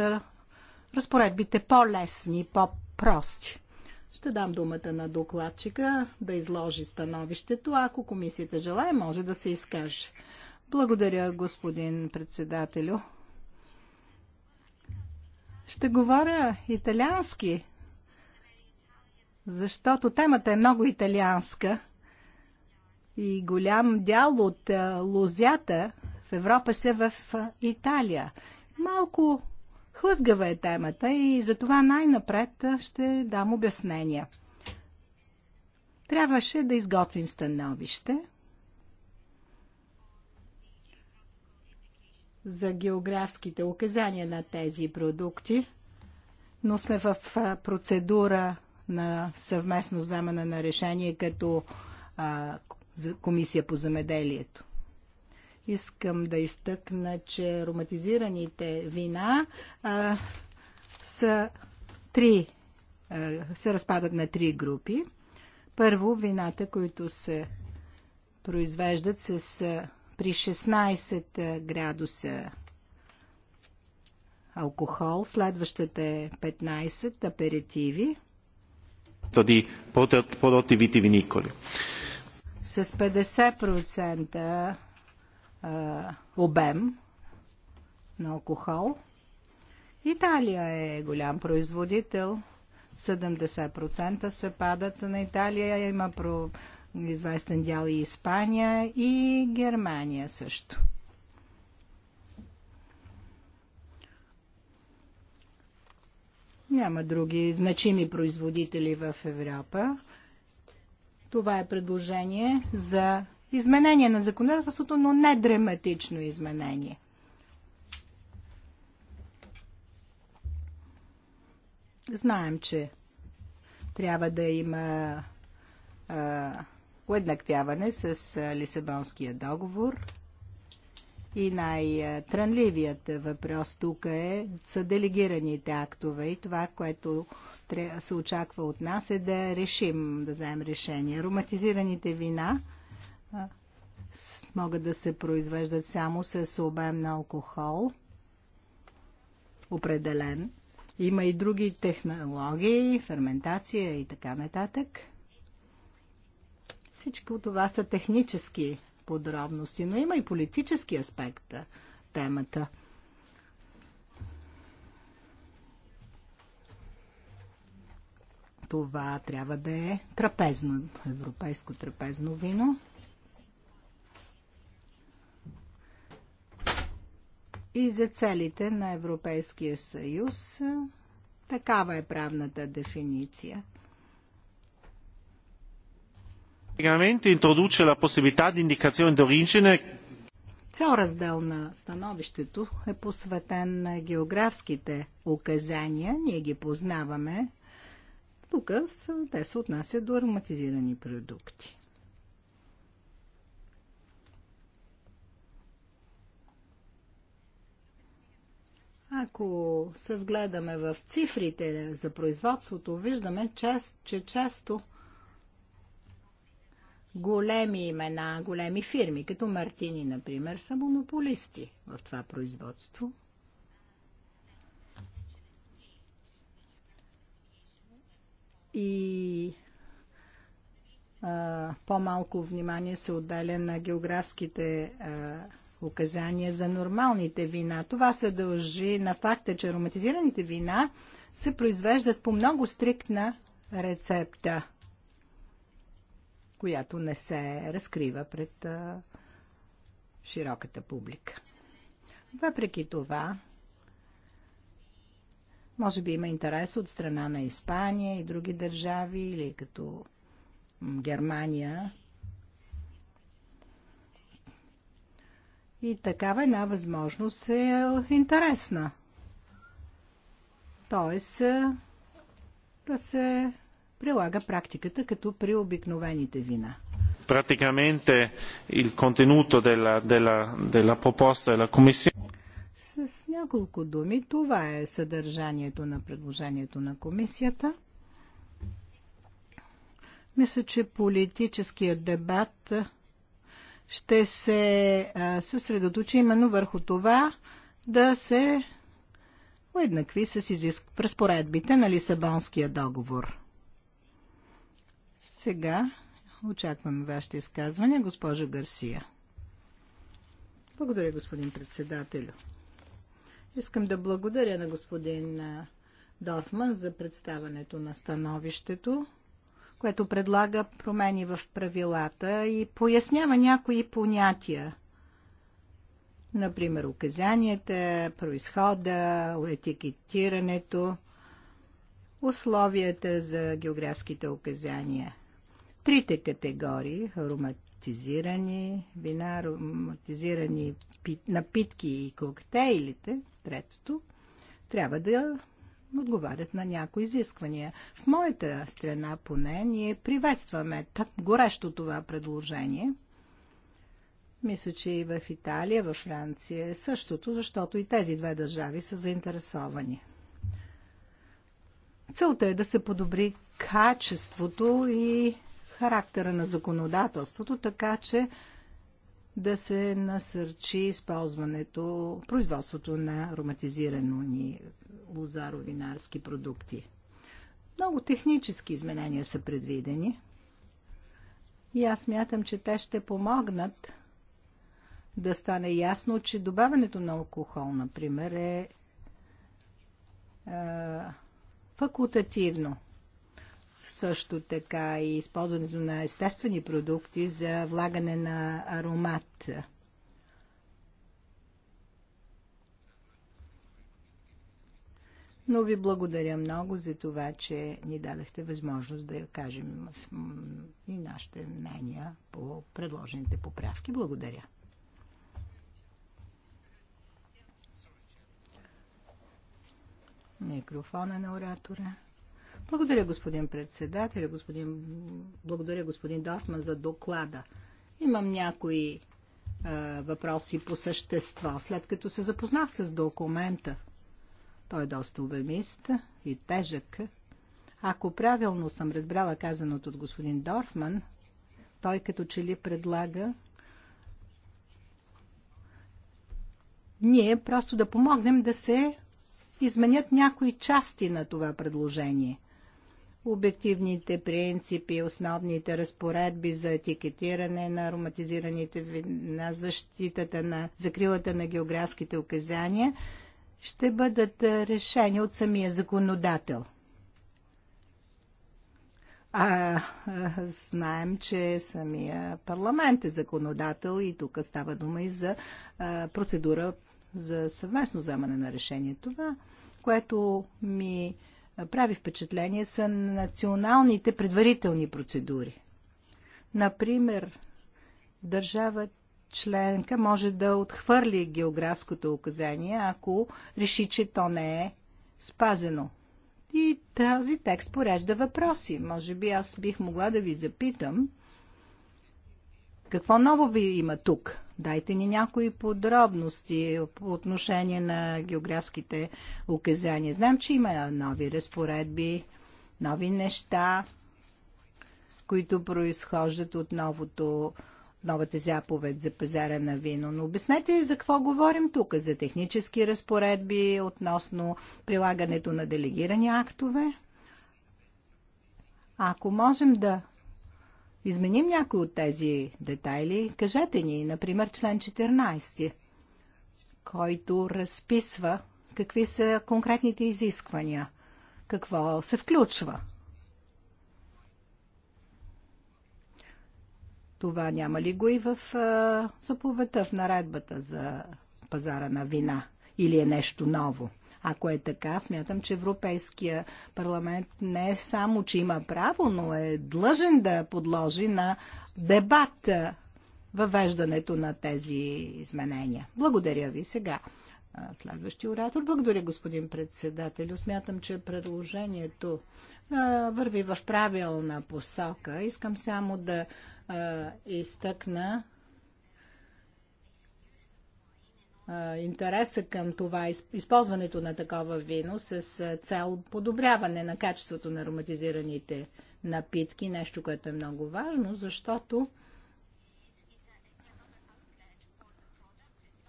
разпоредбите по-лесни, по-прости. Ще дам думата на докладчика да изложи становището. Ако комисията желая, може да се изкаже. Благодаря, господин председателю. Ще говоря италиански, защото темата е много италианска и голям дял от лозята в Европа се в Италия. Малко Хлъзгава е темата и за това най-напред ще дам обяснения. Трябваше да изготвим становище за географските указания на тези продукти, но сме в процедура на съвместно вземане на решение като а, Комисия по замеделието. Искам да изтъкна, че ароматизираните вина а, са три, а, се разпадат на три групи. Първо, вината, които се произвеждат с, а, при 16 градуса алкохол, следващата е 15 аперитиви. Тоди подативите виниколи. С 50% обем на алкохол. Италия е голям производител. 70% се падат на Италия. Има про известен дял и Испания и Германия също. Няма други значими производители в Европа. Това е предложение за изменение на законодателството, но не драматично изменение. Знаем, че трябва да има а, уеднаквяване с а, Лисабонския договор. И най-трънливият въпрос тук е са делегираните актове и това, което се очаква от нас е да решим, да вземем решение. Ароматизираните вина – могат да се произвеждат само с обем на алкохол. Определен. Има и други технологии, ферментация и така нататък. Всичко това са технически подробности, но има и политически аспект темата. Това трябва да е трапезно, европейско трапезно вино. и за целите на Европейския съюз. Такава е правната дефиниция. Цял раздел на становището е посветен на географските указания. Ние ги познаваме. Тук те се отнасят до ароматизирани продукти. Ако се вгледаме в цифрите за производството, виждаме, част, че често големи имена, големи фирми, като Мартини, например, са монополисти в това производство. И по-малко внимание се отделя на географските а, указания за нормалните вина. Това се дължи на факта, че ароматизираните вина се произвеждат по много стриктна рецепта, която не се разкрива пред а, широката публика. Въпреки това, може би има интерес от страна на Испания и други държави, или като Германия, И такава една възможност е, е интересна. Тоест е, да се прилага практиката като при обикновените вина. Практикаменте il contenuto della, della, della proposta della Commissione. С няколко думи, това е съдържанието на предложението на комисията. Мисля, че политическият дебат ще се съсредоточи именно върху това да се уеднакви с изиск... разпоредбите на Лисабонския договор. Сега очакваме вашите изказвания, госпожа Гарсия. Благодаря, господин председателю. Искам да благодаря на господин Дорфман за представането на становището което предлага промени в правилата и пояснява някои понятия. Например, указанията, происхода, етикетирането, условията за географските указания. Трите категории – ароматизирани вина, ароматизирани напитки и коктейлите, третото, трябва да отговарят на някои изисквания. В моята страна поне ние приветстваме так горещо това предложение. Мисля, че и в Италия, в Франция е същото, защото и тези две държави са заинтересовани. Целта е да се подобри качеството и характера на законодателството, така че да се насърчи използването, производството на ароматизирани лузаро-винарски продукти. Много технически изменения са предвидени и аз мятам, че те ще помогнат да стане ясно, че добавянето на алкохол, например, е, е факултативно също така и използването на естествени продукти за влагане на аромат. Но ви благодаря много за това, че ни дадахте възможност да кажем и нашите мнения по предложените поправки. Благодаря. Микрофона на оратора. Благодаря, господин председател, господин... благодаря, господин Дорфман, за доклада. Имам някои е, въпроси по същество. След като се запознах с документа, той е доста обемист и тежък. Ако правилно съм разбрала казаното от господин Дорфман, той като че ли предлага ние просто да помогнем да се изменят някои части на това предложение – обективните принципи, основните разпоредби за етикетиране на ароматизираните вина, защитата на закрилата на географските указания, ще бъдат решени от самия законодател. А, знаем, че самия парламент е законодател и тук става дума и за а, процедура за съвместно вземане на решение. Това, което ми прави впечатление, са националните предварителни процедури. Например, държава членка може да отхвърли географското указание, ако реши, че то не е спазено. И този текст порежда въпроси. Може би аз бих могла да ви запитам, какво ново ви има тук? Дайте ни някои подробности по отношение на географските указания. Знам, че има нови разпоредби, нови неща, които произхождат от новото, новата заповед за пазара на вино. Но обяснете за какво говорим тук, за технически разпоредби относно прилагането на делегирани актове. Ако можем да изменим някои от тези детайли, кажете ни, например, член 14, който разписва какви са конкретните изисквания, какво се включва. Това няма ли го и в заповедта, в наредбата за пазара на вина? Или е нещо ново? Ако е така, смятам, че Европейския парламент не е само, че има право, но е длъжен да подложи на дебат въвеждането на тези изменения. Благодаря ви сега. Следващия оратор. Благодаря, господин председател. Смятам, че предложението върви в правилна посока. Искам само да изтъкна интереса към това, използването на такова вино с цел подобряване на качеството на ароматизираните напитки, нещо, което е много важно, защото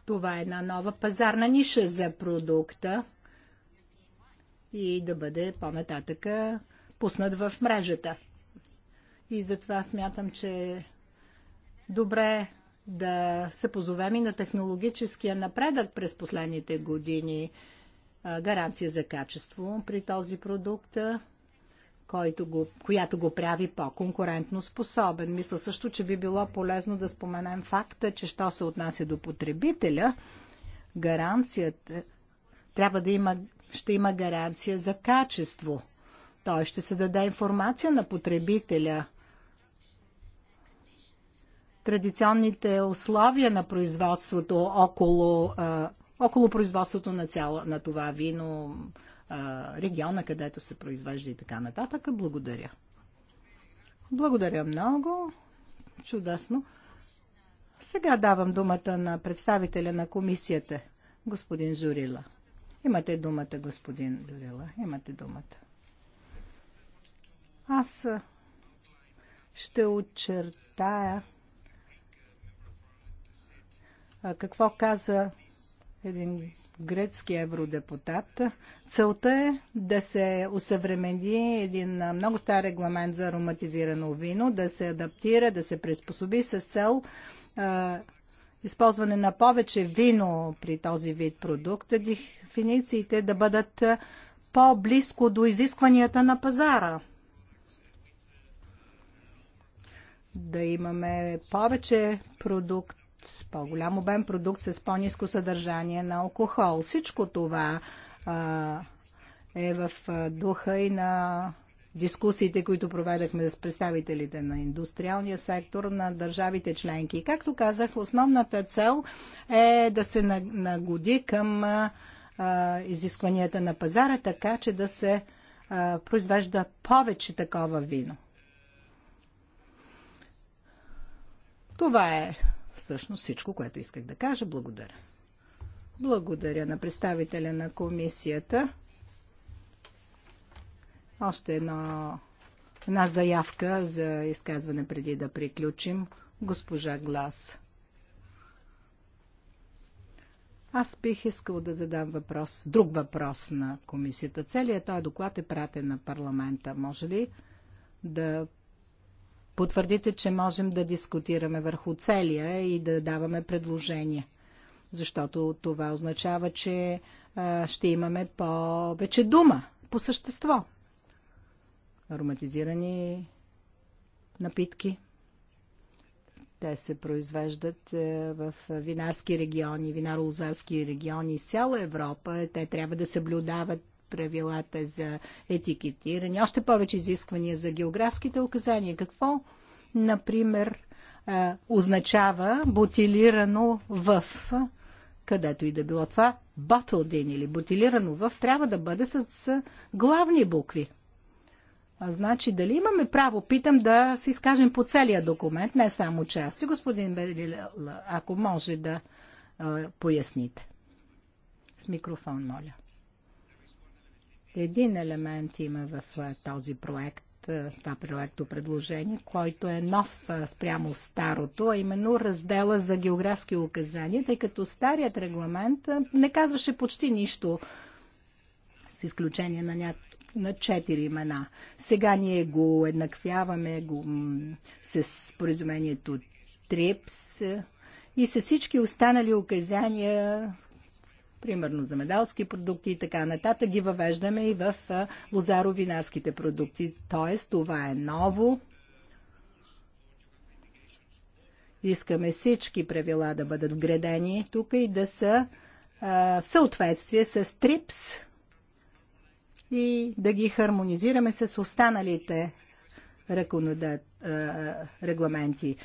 това е една нова пазарна ниша за продукта и да бъде по-нататъка пуснат в мрежата. И затова смятам, че добре да се позовем и на технологическия напредък през последните години. Гаранция за качество при този продукт, който го, която го прави по-конкурентно способен. Мисля също, че би било полезно да споменем факта, че що се отнася до потребителя, гаранцията трябва да има, ще има гаранция за качество. Той ще се даде информация на потребителя традиционните условия на производството около, около производството на, цяло, на това вино, региона, където се произвежда и така нататък. Благодаря. Благодаря много. Чудесно. Сега давам думата на представителя на комисията, господин Журила. Имате думата, господин Журила. Имате думата. Аз ще очертая какво каза един гръцки евродепутат? Целта е да се усъвремени един много стар регламент за ароматизирано вино, да се адаптира, да се приспособи с цел използване на повече вино при този вид продукт, дефинициите да бъдат по-близко до изискванията на пазара. Да имаме повече продукт, по-голям обем продукт с по-низко съдържание на алкохол. Всичко това а, е в духа и на дискусиите, които проведахме с представителите на индустриалния сектор на държавите членки. И както казах, основната цел е да се нагоди към а, изискванията на пазара, така че да се а, произвежда повече такова вино. Това е всъщност всичко, което исках да кажа. Благодаря. Благодаря на представителя на комисията. Още едно, една заявка за изказване преди да приключим. Госпожа Глас. Аз бих искал да задам въпрос, друг въпрос на комисията. Целият този доклад е пратен на парламента. Може ли да потвърдите, че можем да дискутираме върху целия и да даваме предложения. Защото това означава, че а, ще имаме повече дума по същество. Ароматизирани напитки. Те се произвеждат е, в винарски региони, винаролозарски региони из цяла Европа. Те трябва да съблюдават правилата за етикетиране, още повече изисквания за географските указания. Какво, например, означава бутилирано в, където и да било това, bottled ден или бутилирано в, трябва да бъде с, с главни букви. А, значи, дали имаме право, питам, да се изкажем по целия документ, не само части. Господин Берил, ако може да а, поясните. С микрофон, моля. Един елемент има в е, този проект, е, това проекто предложение, който е нов е, спрямо старото, а именно раздела за географски указания, тъй като старият регламент не казваше почти нищо, с изключение на някакъв на четири имена. Сега ние го еднаквяваме го, с споразумението ТРИПС и с всички останали указания примерно замедалски продукти и така нататък, ги въвеждаме и в лозаровинарските продукти. Тоест, това е ново. Искаме всички правила да бъдат вградени тук и да са в съответствие с ТРИПС и да ги хармонизираме с останалите регламенти.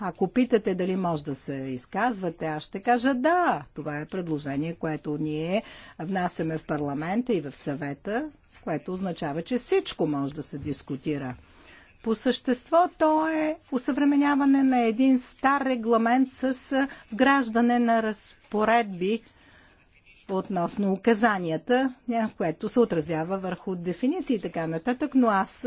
Ако питате дали може да се изказвате, аз ще кажа да. Това е предложение, което ние внасяме в парламента и в съвета, което означава, че всичко може да се дискутира. По същество то е усъвременяване на един стар регламент с вграждане на разпоредби относно указанията, което се отразява върху дефиниции и така нататък, но аз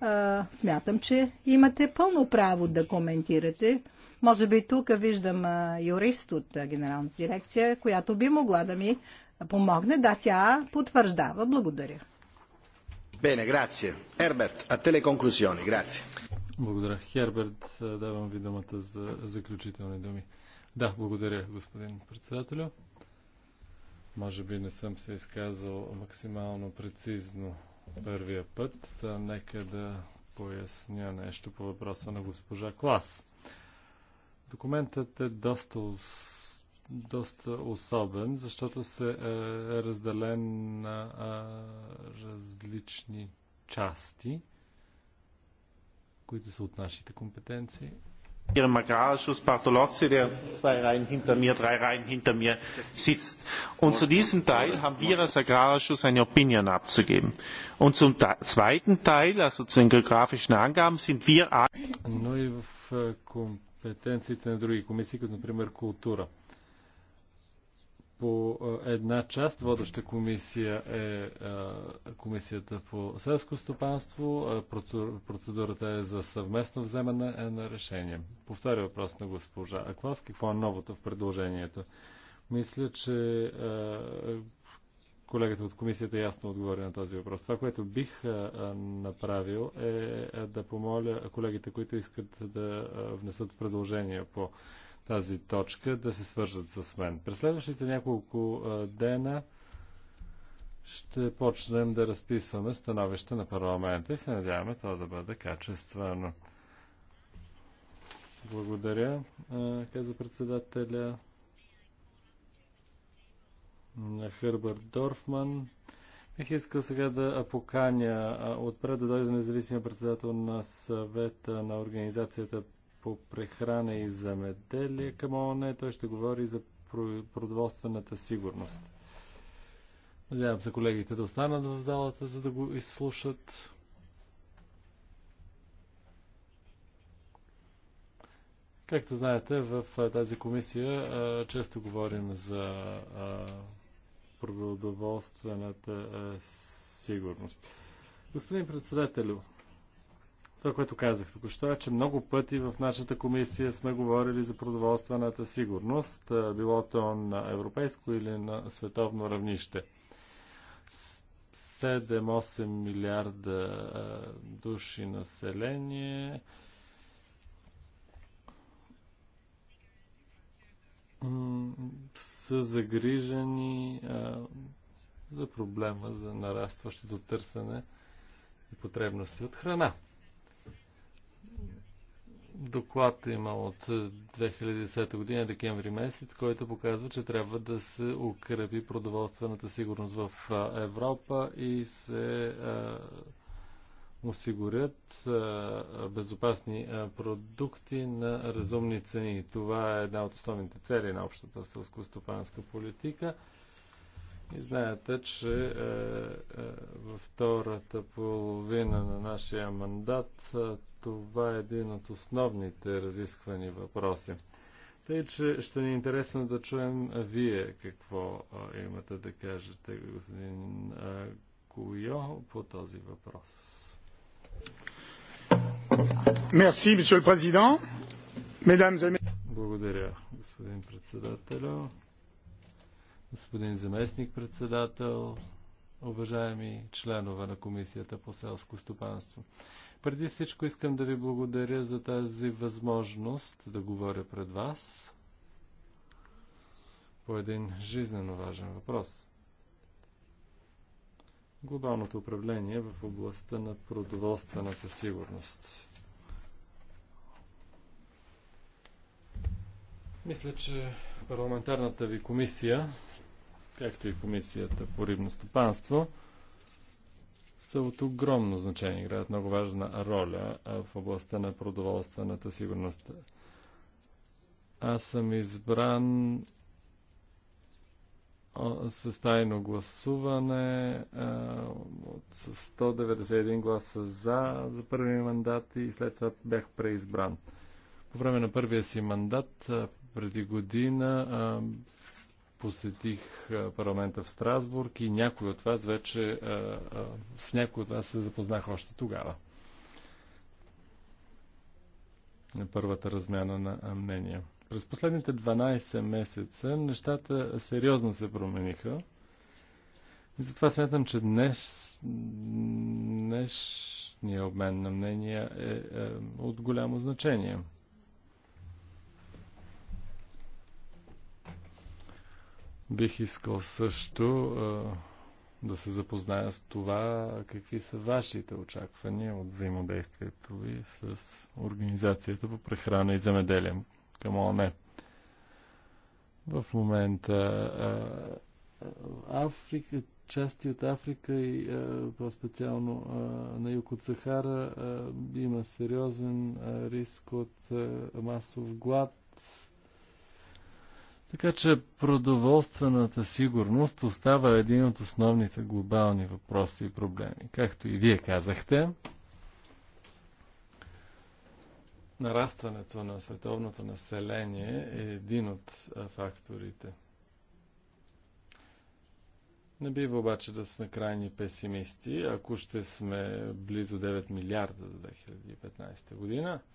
а, смятам, че имате пълно право да коментирате. Може би тук виждам а, юрист от а, Генералната дирекция, която би могла да ми помогне. Да, тя потвърждава. Благодаря. Бене, грация. Ерберт, а te le Благодаря. Херберт, давам ви думата за заключителни думи. Да, благодаря, господин председателю. Може би не съм се изказал максимално прецизно първия път, нека да поясня нещо по въпроса на госпожа Клас. Документът е доста, доста особен, защото се е, е разделен на е, различни части, които са от нашите компетенции. Ihrem Agrarausschuss Bartolozzi, der zwei Reihen hinter mir, drei Reihen hinter mir sitzt. Und zu diesem Teil haben wir als Agrarausschuss eine Opinion abzugeben. Und zum zweiten Teil, also zu den geografischen Angaben, sind wir... Но и в компетенциите на по една част. Водеща комисия е комисията по селско стопанство. Процедурата е за съвместно вземане е на решение. Повтаря въпрос на госпожа Аквас. Какво е новото в предложението? Мисля, че колегата от комисията ясно отговори на този въпрос. Това, което бих направил е, е да помоля колегите, които искат да внесат предложения по тази точка да се свържат с мен. През следващите няколко дена ще почнем да разписваме становище на парламента и се надяваме това да бъде качествено. Благодаря, казва председателя на Хърбърт Дорфман. Бих искал сега да поканя отпред да дойде независимия председател на съвета на организацията по прехрана и замеделие към ООН. Той ще говори за продоволствената сигурност. Надявам се колегите да останат в залата, за да го изслушат. Както знаете, в тази комисия често говорим за продоволствената сигурност. Господин председателю, това, което казах току-що е, че много пъти в нашата комисия сме говорили за продоволствената сигурност, било то на европейско или на световно равнище. 7-8 милиарда души население. са загрижени а, за проблема за нарастващото търсене и потребности от храна. Доклад е има от 2010 година, декември месец, който показва, че трябва да се укрепи продоволствената сигурност в Европа и се а, осигурят а, безопасни а, продукти на разумни цени. Това е една от основните цели на общата сълско-стопанска политика. И знаете, че е, е, във втората половина на нашия мандат това е един от основните разисквани въпроси. Тъй, че ще ни е интересно да чуем вие какво а, имате да кажете, господин а, Куйо, по този въпрос. Мерси, месье президент. Благодаря, господин председател, господин заместник председател, уважаеми членове на Комисията по селско стопанство. Преди всичко искам да ви благодаря за тази възможност да говоря пред вас по един жизненно важен въпрос. Глобалното управление в областта на продоволствената сигурност. Мисля, че парламентарната ви комисия, както и комисията по рибно стопанство, са от огромно значение, играят много важна роля в областта на продоволствената сигурност. Аз съм избран с тайно гласуване, с 191 гласа за за първи мандат и след това бях преизбран. По време на първия си мандат преди година посетих парламента в Страсбург и някой от вас вече, с някой от вас се запознах още тогава. На първата размяна на мнения. През последните 12 месеца нещата сериозно се промениха. И затова смятам, че днес, днешният обмен на мнения е, е от голямо значение. Бих искал също да се запозная с това, какви са вашите очаквания от взаимодействието ви с Организацията по прехрана и земеделие към ООН. В момента Африка, части от Африка и по-специално на юг от Сахара има сериозен риск от масов глад така че продоволствената сигурност остава един от основните глобални въпроси и проблеми. Както и вие казахте, нарастването на световното население е един от факторите. Не бива обаче да сме крайни песимисти, ако ще сме близо 9 милиарда до 2015 година –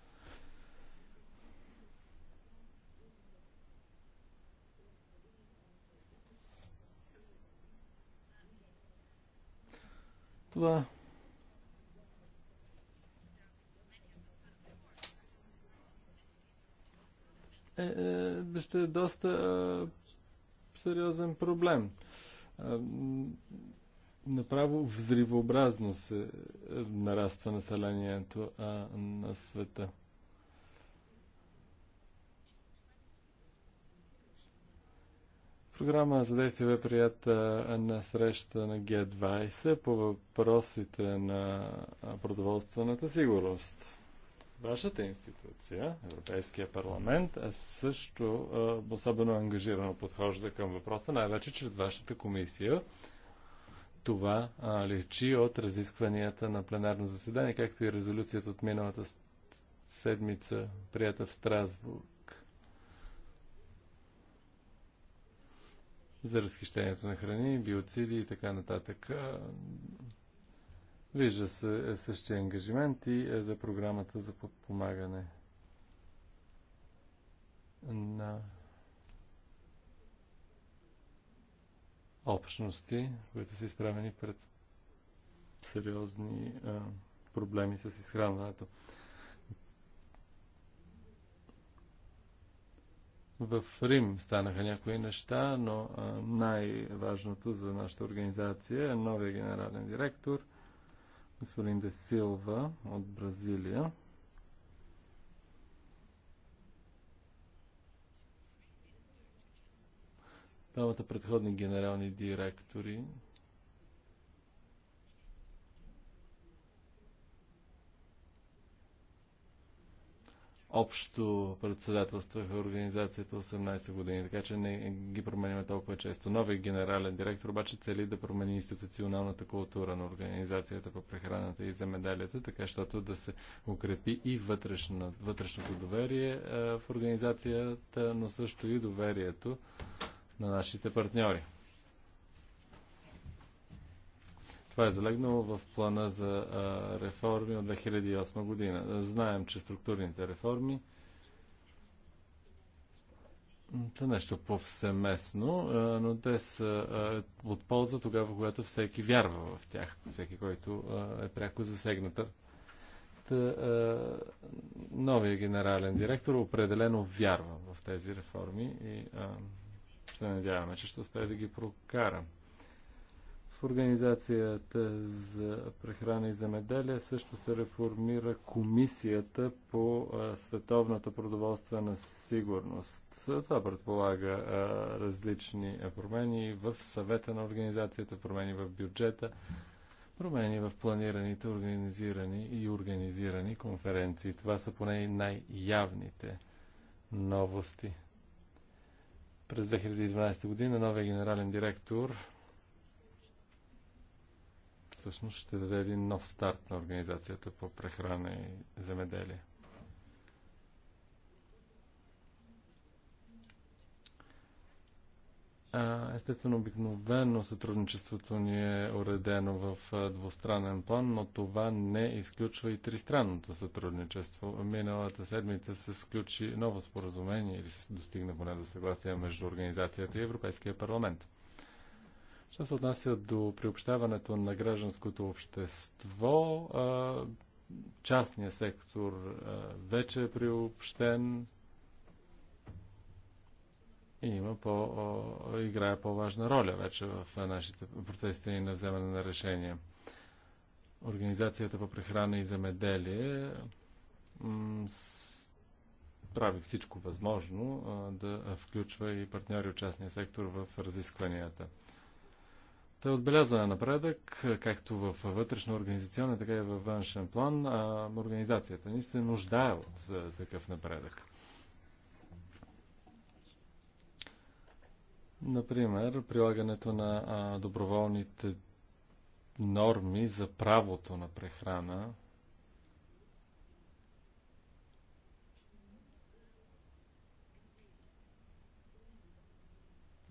Това е, е, ще е доста е, сериозен проблем. Е, направо взривообразно се нараства населението е, на света. Програма за действие бе прията на среща на Г20 по въпросите на продоволствената сигурност. Вашата институция, Европейския парламент, е също особено ангажирано подхожда към въпроса, най-вече чрез вашата комисия. Това лечи от разискванията на пленарно заседание, както и резолюцията от миналата седмица, прията в Страсбург за разхищението на храни, биоциди и така нататък. Вижда се е същия ангажимент и е за програмата за подпомагане на общности, които са изправени пред сериозни а, проблеми с изхранването. В Рим станаха някои неща, но най-важното за нашата организация е новия генерален директор, господин Де Силва от Бразилия. Двамата предходни генерални директори общо председателстваха организацията 18 години, така че не ги променяме толкова често. Новият генерален директор обаче цели да промени институционалната култура на организацията по прехраната и земеделието, така щото да се укрепи и вътрешно, вътрешното доверие е, в организацията, но също и доверието на нашите партньори. Това е залегнало в плана за реформи от 2008 година. Знаем, че структурните реформи са нещо повсеместно, но те са от полза тогава, когато всеки вярва в тях, всеки, който е пряко засегнат. Новия генерален директор определено вярва в тези реформи и се надяваме, че ще успее да ги прокара. Организацията за прехрана и земеделие също се реформира комисията по световната продоволствена сигурност. Това предполага различни промени в съвета на организацията, промени в бюджета, промени в планираните, организирани и организирани конференции. Това са поне най-явните новости. През 2012 година новия генерален директор всъщност ще даде един нов старт на Организацията по прехрана и земеделие. Естествено, обикновено сътрудничеството ни е уредено в двустранен план, но това не изключва и тристранното сътрудничество. Миналата седмица се сключи ново споразумение или се достигна поне до съгласие между Организацията и Европейския парламент. Що се отнася до приобщаването на гражданското общество, частният сектор вече е приобщен и има по, играе по-важна роля вече в нашите процесите и на вземане на решения. Организацията по прехрана и земеделие прави всичко възможно да включва и партньори от частния сектор в разискванията. Той отбеляза отбелязана е напредък, както в вътрешно организационен, така и във външен план. А организацията ни се нуждае от е, такъв напредък. Например, прилагането на доброволните норми за правото на прехрана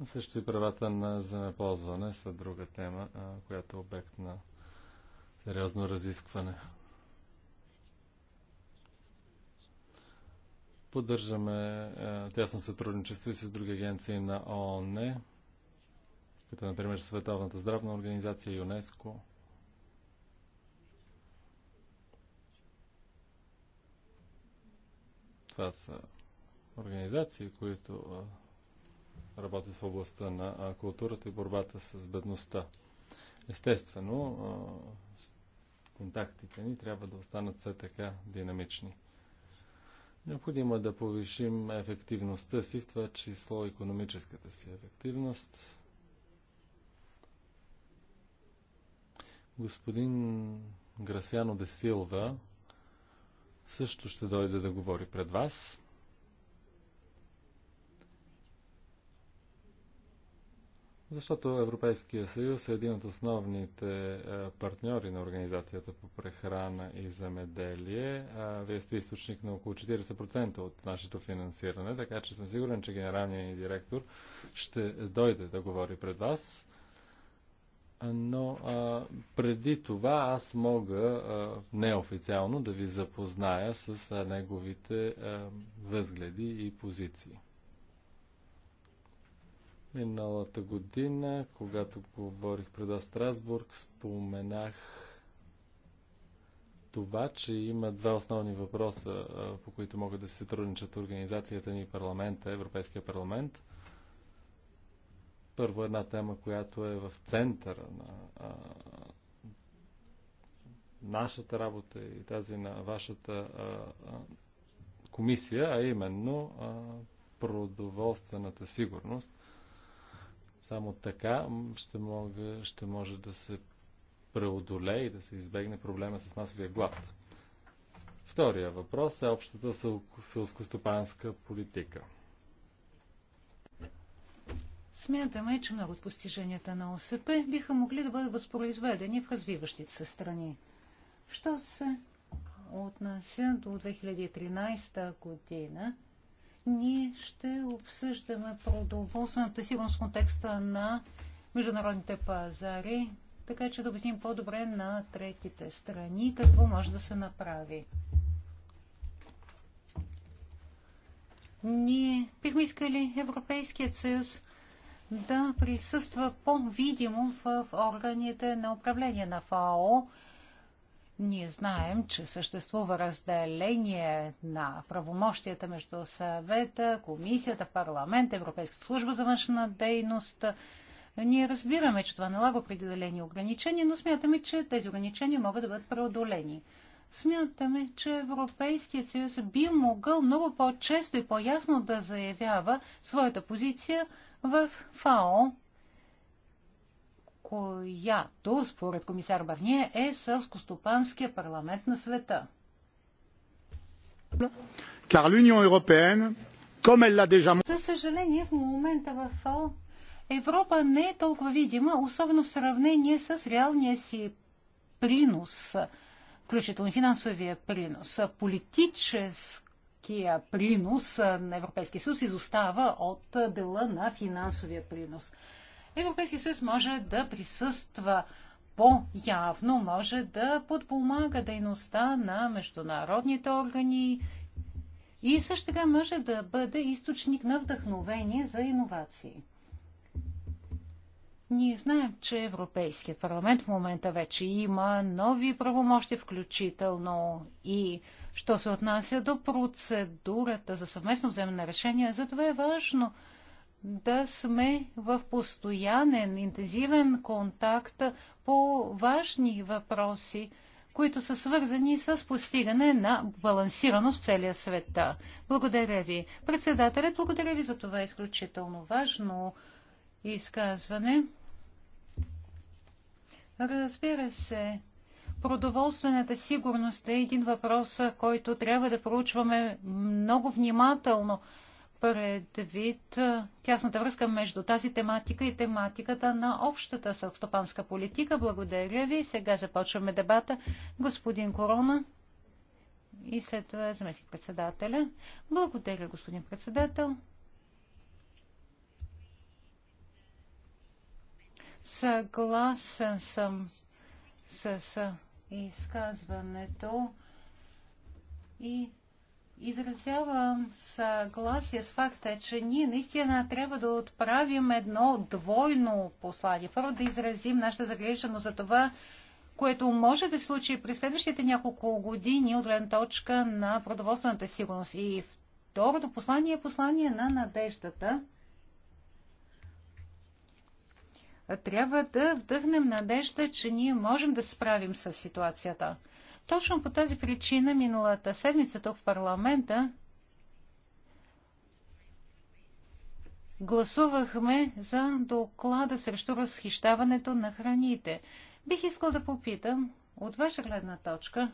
Също и правата на земеползване са друга тема, която е обект на сериозно разискване. Поддържаме тясно сътрудничество и с други агенции на ООН, като например Световната здравна организация, ЮНЕСКО. Това са организации, които работят в областта на културата и борбата с бедността. Естествено, контактите ни трябва да останат все така динамични. Необходимо е да повишим ефективността си, в това число економическата си ефективност. Господин Грасяно Десилва също ще дойде да говори пред вас. Защото Европейския съюз е един от основните е, партньори на Организацията по прехрана и замеделие. Е, вие сте източник на около 40% от нашето финансиране, така че съм сигурен, че генералният директор ще дойде да говори пред вас. Но а, е, преди това аз мога а, неофициално да ви запозная с а, неговите а, възгледи и позиции. Миналата година, когато говорих пред Страсбург, споменах това, че има два основни въпроса, по които могат да се сътрудничат организацията ни и парламента, Европейския парламент. Първо една тема, която е в центъра на а, нашата работа и тази на вашата а, а, комисия, а именно а, продоволствената сигурност – само така ще, мога, ще може да се преодолее и да се избегне проблема с масовия глад. Втория въпрос е общата селскостопанска политика. Смятаме, че много от постиженията на ОСП биха могли да бъдат възпроизведени в развиващите се страни. Що се отнася до 2013 година, ние ще обсъждаме продоволствената сигурност в контекста на международните пазари, така че да обясним по-добре на третите страни какво може да се направи. Ние бихме искали Европейският съюз да присъства по-видимо в органите на управление на ФАО ние знаем, че съществува разделение на правомощията между съвета, комисията, парламент, Европейската служба за външна дейност. Ние разбираме, че това налага определени ограничения, но смятаме, че тези ограничения могат да бъдат преодолени. Смятаме, че Европейският съюз би могъл много по-често и по-ясно да заявява своята позиция в ФАО която, според комисар Барния, е селско-стопанския парламент на света. Car l'Union européenne, comme elle l'a déjà... За съжаление, в момента в ФАО Европа не е толкова видима, особено в сравнение с реалния си принос, включително финансовия принос. Политически принос на Европейския съюз изостава от дела на финансовия принос. Европейския съюз може да присъства по-явно, може да подпомага дейността на международните органи и също така може да бъде източник на вдъхновение за иновации. Ние знаем, че Европейският парламент в момента вече има нови правомощи, включително и що се отнася до процедурата за съвместно вземане на решения. Затова е важно да сме в постоянен, интензивен контакт по важни въпроси, които са свързани с постигане на балансираност в целия света. Благодаря ви. Председателят, благодаря ви за това изключително важно изказване. Разбира се, продоволствената сигурност е един въпрос, който трябва да проучваме много внимателно – предвид тясната връзка между тази тематика и тематиката на общата селскостопанска политика. Благодаря ви. Сега започваме дебата. Господин Корона и след това заместник председателя. Благодаря, господин председател. Съгласен съм с изказването и изразявам съгласие с факта, че ние наистина трябва да отправим едно двойно послание. Първо да изразим нашата загриженост за това, което може да се случи през следващите няколко години от гледна точка на продоволствената сигурност. И второто послание е послание на надеждата. Трябва да вдъхнем надежда, че ние можем да справим с ситуацията – точно по тази причина миналата седмица тук в парламента гласувахме за доклада срещу разхищаването на храните. Бих искал да попитам от ваша гледна точка,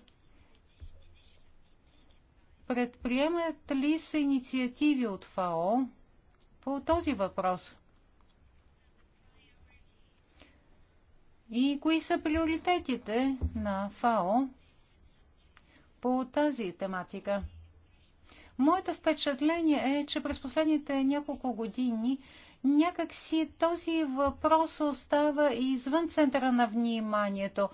предприемат ли се инициативи от ФАО по този въпрос? И кои са приоритетите на ФАО по тази тематика. Моето впечатление е, че през последните няколко години някакси този въпрос остава извън центъра на вниманието.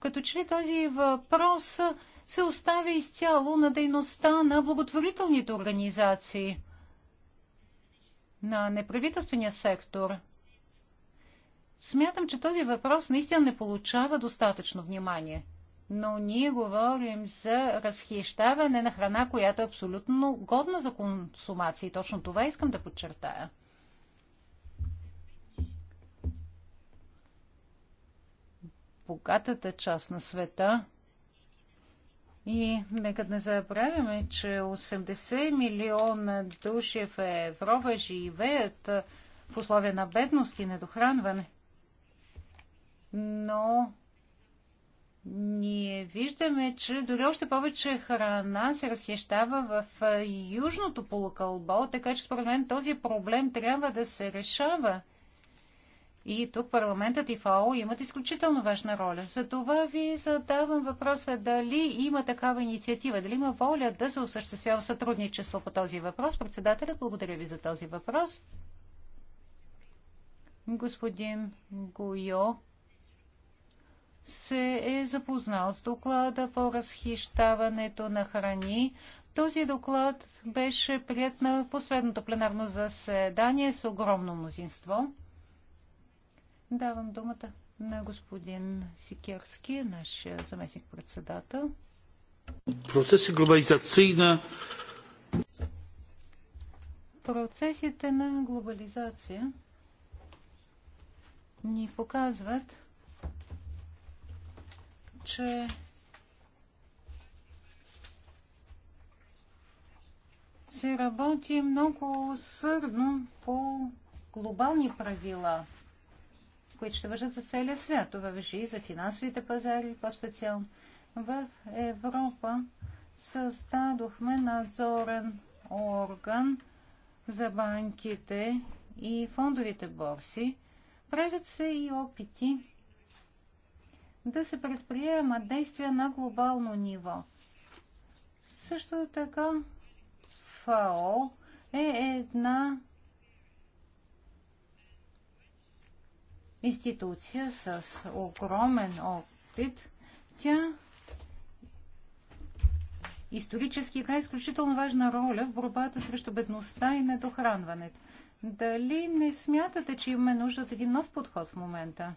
Като че ли този въпрос се оставя изцяло на дейността на благотворителните организации, на неправителствения сектор. Смятам, че този въпрос наистина не получава достатъчно внимание но ние говорим за разхищаване на храна, която е абсолютно годна за консумация. И точно това искам да подчертая. Богатата част на света и нека не забравяме, че 80 милиона души в Европа живеят в условия на бедност и недохранване. Но ние виждаме, че дори още повече храна се разхищава в южното полукълбо, така че според мен този проблем трябва да се решава. И тук парламентът и ФАО имат изключително важна роля. За това ви задавам въпроса дали има такава инициатива, дали има воля да се осъществява сътрудничество по този въпрос. Председателят, благодаря ви за този въпрос. Господин Гуйо се е запознал с доклада по разхищаването на храни. Този доклад беше прият на последното пленарно заседание с огромно мнозинство. Давам думата на господин Сикерски, наш заместник-председател. Процеси глобализационна Процесите на глобализация ни показват, че се работи много усърдно по глобални правила, които ще въжат за целия свят. Това въжи и за финансовите пазари, по-специално. В Европа създадохме надзорен орган за банките и фондовите борси. Правят се и опити да се предприемат действия на глобално ниво. Също така ФАО е една институция с огромен опит. Тя исторически играе изключително важна роля в борбата срещу бедността и недохранването. Дали не смятате, че имаме нужда от един нов подход в момента?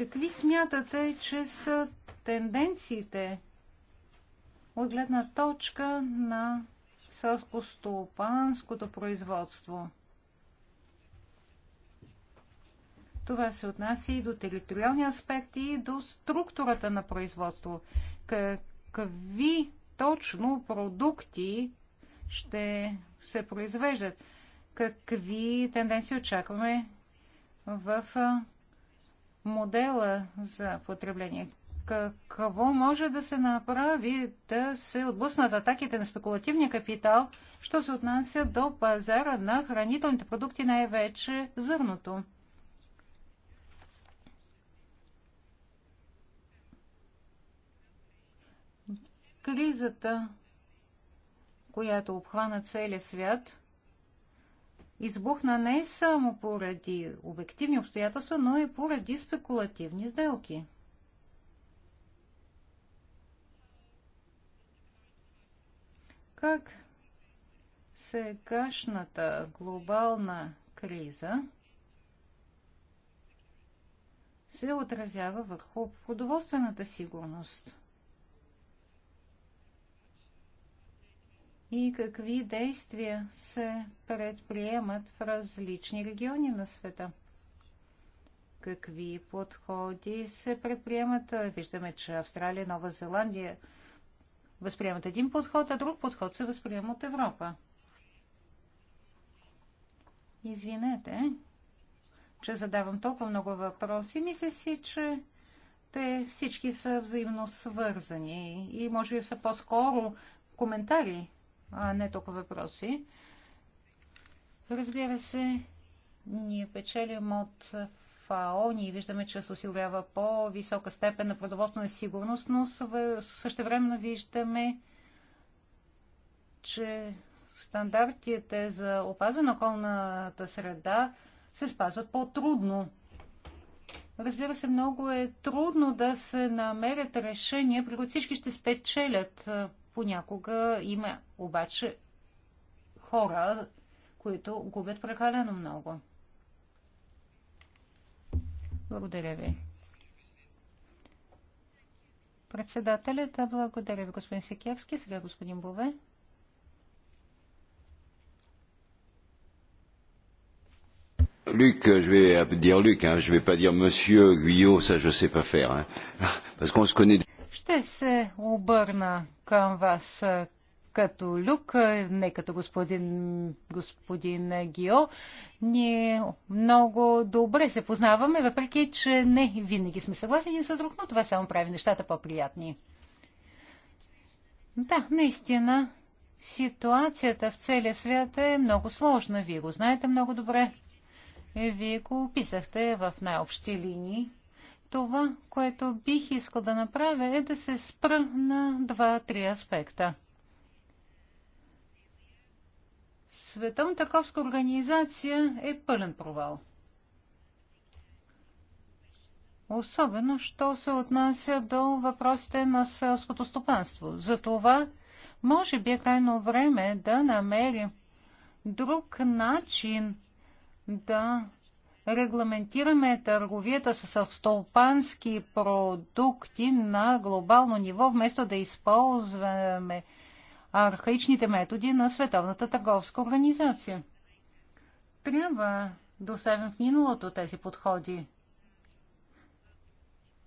Какви смятате, че са тенденциите от гледна точка на сълско-стопанското производство? Това се отнася и до териториални аспекти, и до структурата на производство. Какви точно продукти ще се произвеждат? Какви тенденции очакваме в модела за потребление. Какво може да се направи да се отблъснат атаките на спекулативния капитал, що се отнася до пазара на хранителните продукти, най-вече зърното? Кризата, която обхвана целия свят – избухна не само поради обективни обстоятелства, но и поради спекулативни сделки. Как сегашната глобална криза се отразява върху продоволствената сигурност – и какви действия се предприемат в различни региони на света. Какви подходи се предприемат? Виждаме, че Австралия, Нова Зеландия възприемат един подход, а друг подход се възприема от Европа. Извинете, че задавам толкова много въпроси. Мисля си, че те всички са взаимно свързани и може би са по-скоро коментари а не толкова въпроси. Разбира се, ние печелим от ФАО, ние виждаме, че се осигурява по-висока степен на продоволствена сигурност, но също време виждаме, че стандартите за опазване на околната среда се спазват по-трудно. Разбира се, много е трудно да се намерят решения, при които всички ще спечелят Понякога има обаче хора, които губят прекалено много. Благодаря ви. Председателят, да, благодаря ви, господин Секерски. Сега господин Бове. Luc, je vais dire Luc, hein, je vais pas dire Monsieur Guyot, ça je sais pas faire, hein, parce qu'on se connaît. Ще се обърна към вас като Люк, не като господин, господин Гио. Ние много добре се познаваме, въпреки че не винаги сме съгласни един с друг, но това само прави нещата по-приятни. Да, наистина, ситуацията в целия свят е много сложна. Вие го знаете много добре. Вие го описахте в най-общи линии. Това, което бих искал да направя, е да се спра на два-три аспекта. Световната търговска организация е пълен провал. Особено, що се отнася до въпросите на селското стопанство. За това може би е крайно време да намерим друг начин да регламентираме търговията с столпански продукти на глобално ниво, вместо да използваме архаичните методи на Световната търговска организация. Трябва да оставим в миналото тези подходи.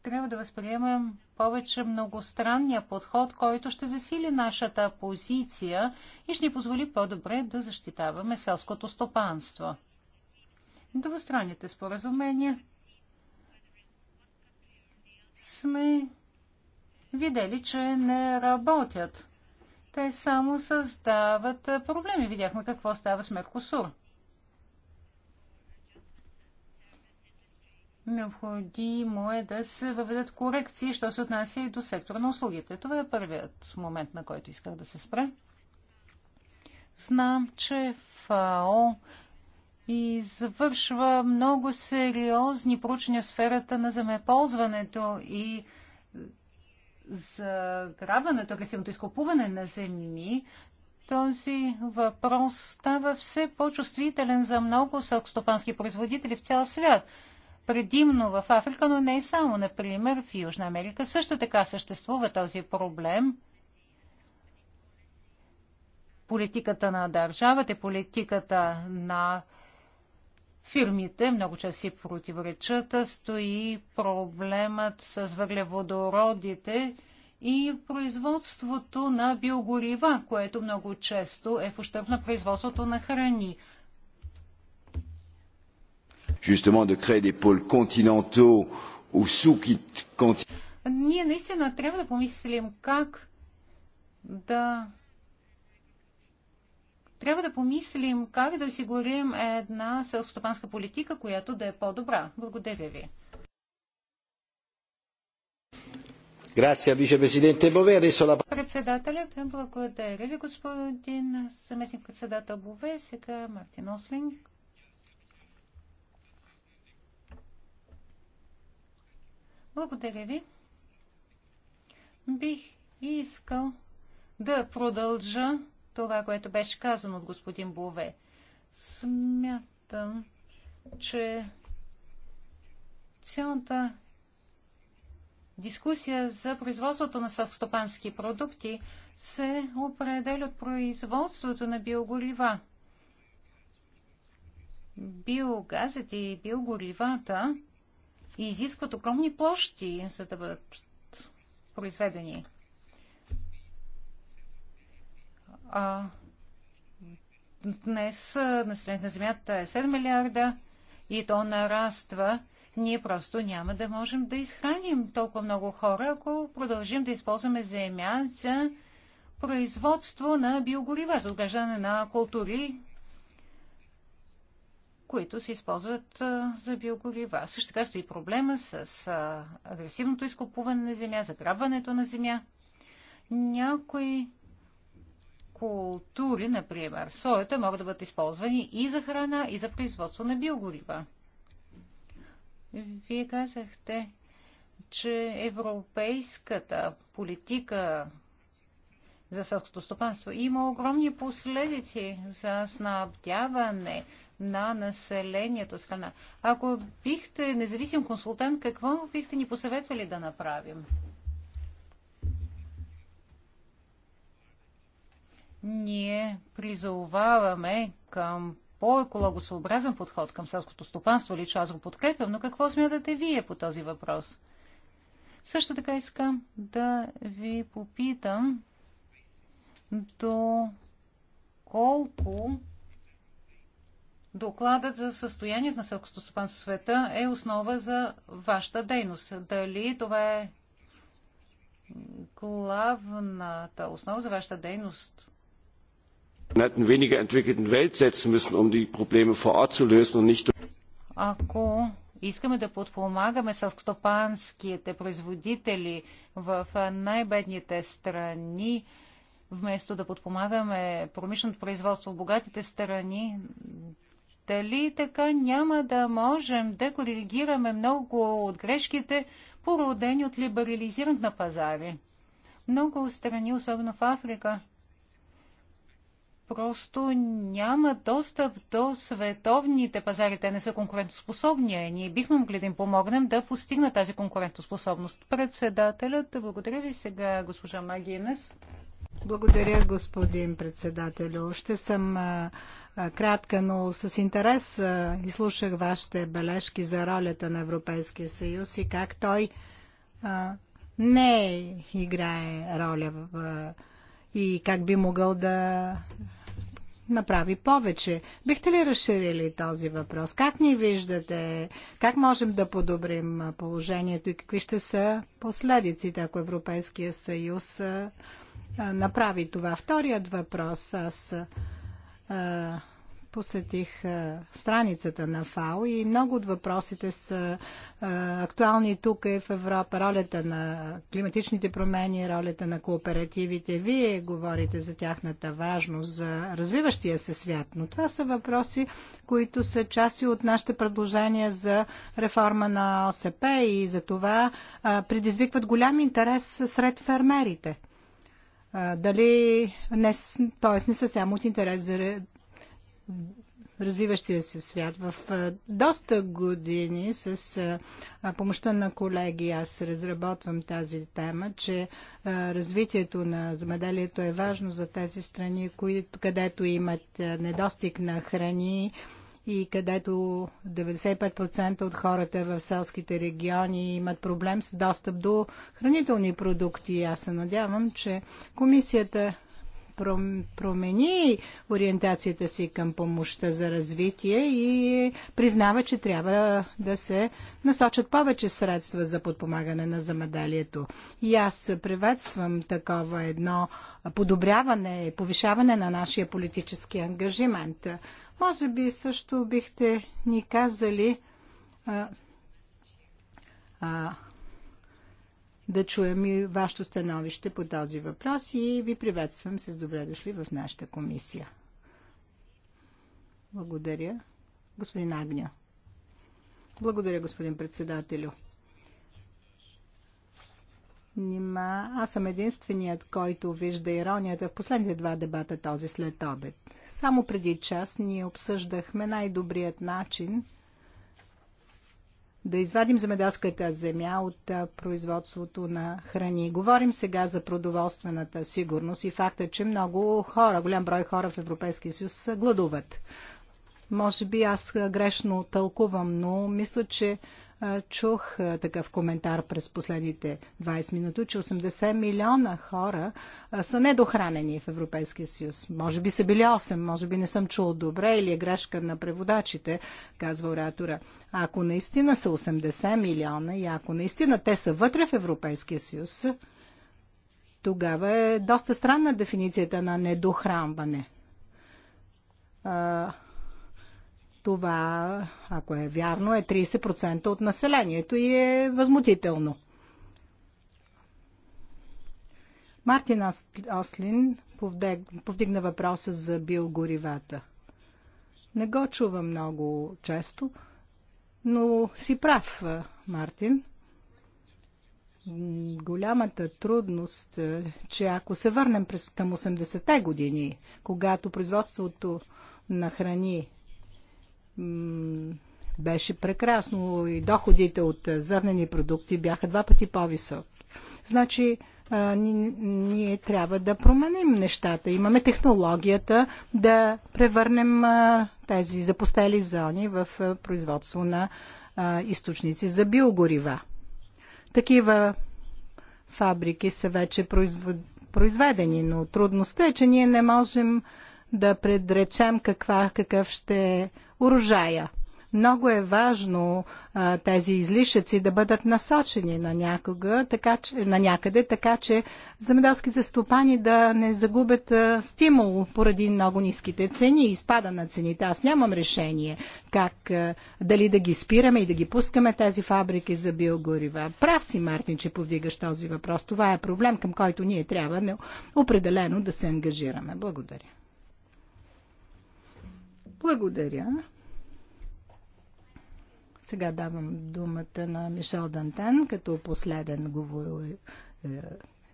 Трябва да възприемем повече многостранния подход, който ще засили нашата позиция и ще ни позволи по-добре да защитаваме селското стопанство двустранните споразумения сме видели, че не работят. Те само създават проблеми. Видяхме какво става с Меркосур. Необходимо е да се въведат корекции, що се отнася и до сектора на услугите. Това е първият момент, на който исках да се спре. Знам, че ФАО извършва много сериозни проучвания в сферата на земеползването и заграбването, агресивното изкупуване на земи, този въпрос става все по-чувствителен за много селскостопански производители в цял свят. Предимно в Африка, но не и само. Например, в Южна Америка също така съществува този проблем. Политиката на държавата, и политиката на фирмите много често си противоречат, стои проблемът с въглеводородите и производството на биогорива, което много често е в ущърп на производството на храни. Justement de créer des pôles continentaux ou sous-continentaux. Ние наистина трябва да помислим как да трябва да помислим как да осигурим една селскостопанска политика, която да е по-добра. Благодаря ви. Председателят, благодаря ви, господин заместник председател Бове. Сега Мартин Ослинг. Благодаря ви. Бих искал да продължа това, което беше казано от господин Бове. Смятам, че цялата дискусия за производството на съвстопански продукти се определя от производството на биогорива. Биогазът и биогоривата изискват огромни площи, за да бъдат произведени. а днес населението на Земята е 7 милиарда и то нараства, ние просто няма да можем да изхраним толкова много хора, ако продължим да използваме земя за производство на биогорива, за отглеждане на култури, които се използват за биогорива. Също така стои проблема с агресивното изкупуване на земя, заграбването на земя. Някои култури, например, соята, могат да бъдат използвани и за храна, и за производство на биогорива. Вие казахте, че европейската политика за сълското стопанство има огромни последици за снабдяване на населението с храна. Ако бихте независим консултант, какво бихте ни посъветвали да направим? ние призоваваме към по-екологосъобразен подход към селското стопанство. Лично аз го подкрепям, но какво смятате вие по този въпрос? Също така искам да ви попитам до колко докладът за състоянието на селското стопанство света е основа за вашата дейност. Дали това е главната основа за вашата дейност weniger entwickelten Welt setzen müssen, um die Probleme vor Ort zu lösen und nicht Ако искаме да подпомагаме селскостопанските производители в най-бедните страни, вместо да подпомагаме промишленото производство в богатите страни, дали така няма да можем да коригираме много от грешките, породени от либерализирането на пазари? Много страни, особено в Африка, просто няма достъп до световните пазари. Те не са конкурентоспособни. Ние бихме могли да им помогнем да постигнат тази конкурентоспособност. Председателят, благодаря ви сега, госпожа Магинес. Благодаря, господин председател, Ще съм а, а, кратка, но с интерес а, изслушах вашите бележки за ролята на Европейския съюз и как той не играе роля в, и как би могъл да направи повече. Бихте ли разширили този въпрос? Как ни виждате? Как можем да подобрим положението и какви ще са последиците, ако Европейския съюз направи това? Вторият въпрос аз посетих страницата на ФАО и много от въпросите са актуални тук и е в Европа. Ролята на климатичните промени, ролята на кооперативите. Вие говорите за тяхната важност за развиващия се свят, но това са въпроси, които са части от нашите предложения за реформа на ОСП и за това предизвикват голям интерес сред фермерите дали не, т.е. не са само от интерес за развиващия се свят. В доста години с помощта на колеги аз разработвам тази тема, че развитието на земеделието е важно за тези страни, където имат недостиг на храни и където 95% от хората в селските региони имат проблем с достъп до хранителни продукти. Аз се надявам, че комисията промени ориентацията си към помощта за развитие и признава, че трябва да се насочат повече средства за подпомагане на замедалието. И аз приветствам такова едно подобряване, повишаване на нашия политически ангажимент. Може би също бихте ни казали а, а, да чуем и вашето становище по този въпрос и ви приветствам с добре дошли в нашата комисия. Благодаря. Господин Агня. Благодаря, господин председателю. Нима, аз съм единственият, който вижда иронията в последните два дебата този след обед. Само преди час ние обсъждахме най-добрият начин – да извадим земеделската земя от производството на храни. Говорим сега за продоволствената сигурност и факта, че много хора, голям брой хора в Европейския съюз гладуват. Може би аз грешно тълкувам, но мисля, че чух такъв коментар през последните 20 минути, че 80 милиона хора са недохранени в Европейския съюз. Може би са били 8, може би не съм чул добре или е грешка на преводачите, казва оратора. А ако наистина са 80 милиона и ако наистина те са вътре в Европейския съюз, тогава е доста странна дефиницията на недохранване. Това, ако е вярно, е 30% от населението и е възмутително. Мартин Ослин повдигна въпроса за биогоривата. Не го чува много често, но си прав, Мартин. Голямата трудност, е, че ако се върнем през, към 80-те години, когато производството на храни беше прекрасно и доходите от зърнени продукти бяха два пъти по-високи. Значи, а, ние трябва да променим нещата. Имаме технологията да превърнем а, тези запустели зони в а, производство на а, източници за биогорива. Такива фабрики са вече производ... произведени, но трудността е, че ние не можем да предречем каква, какъв ще е урожая. Много е важно а, тези излишъци да бъдат насочени на, някога, така, че, на някъде, така че земеделските стопани да не загубят а, стимул поради много ниските цени и спада на цените. Аз нямам решение как а, дали да ги спираме и да ги пускаме тези фабрики за биогорива. Прав си, Мартин, че повдигаш този въпрос. Това е проблем, към който ние трябва не, определено да се ангажираме. Благодаря. Благодаря. Сега давам думата на Мишел Дантен като последен говор... Е,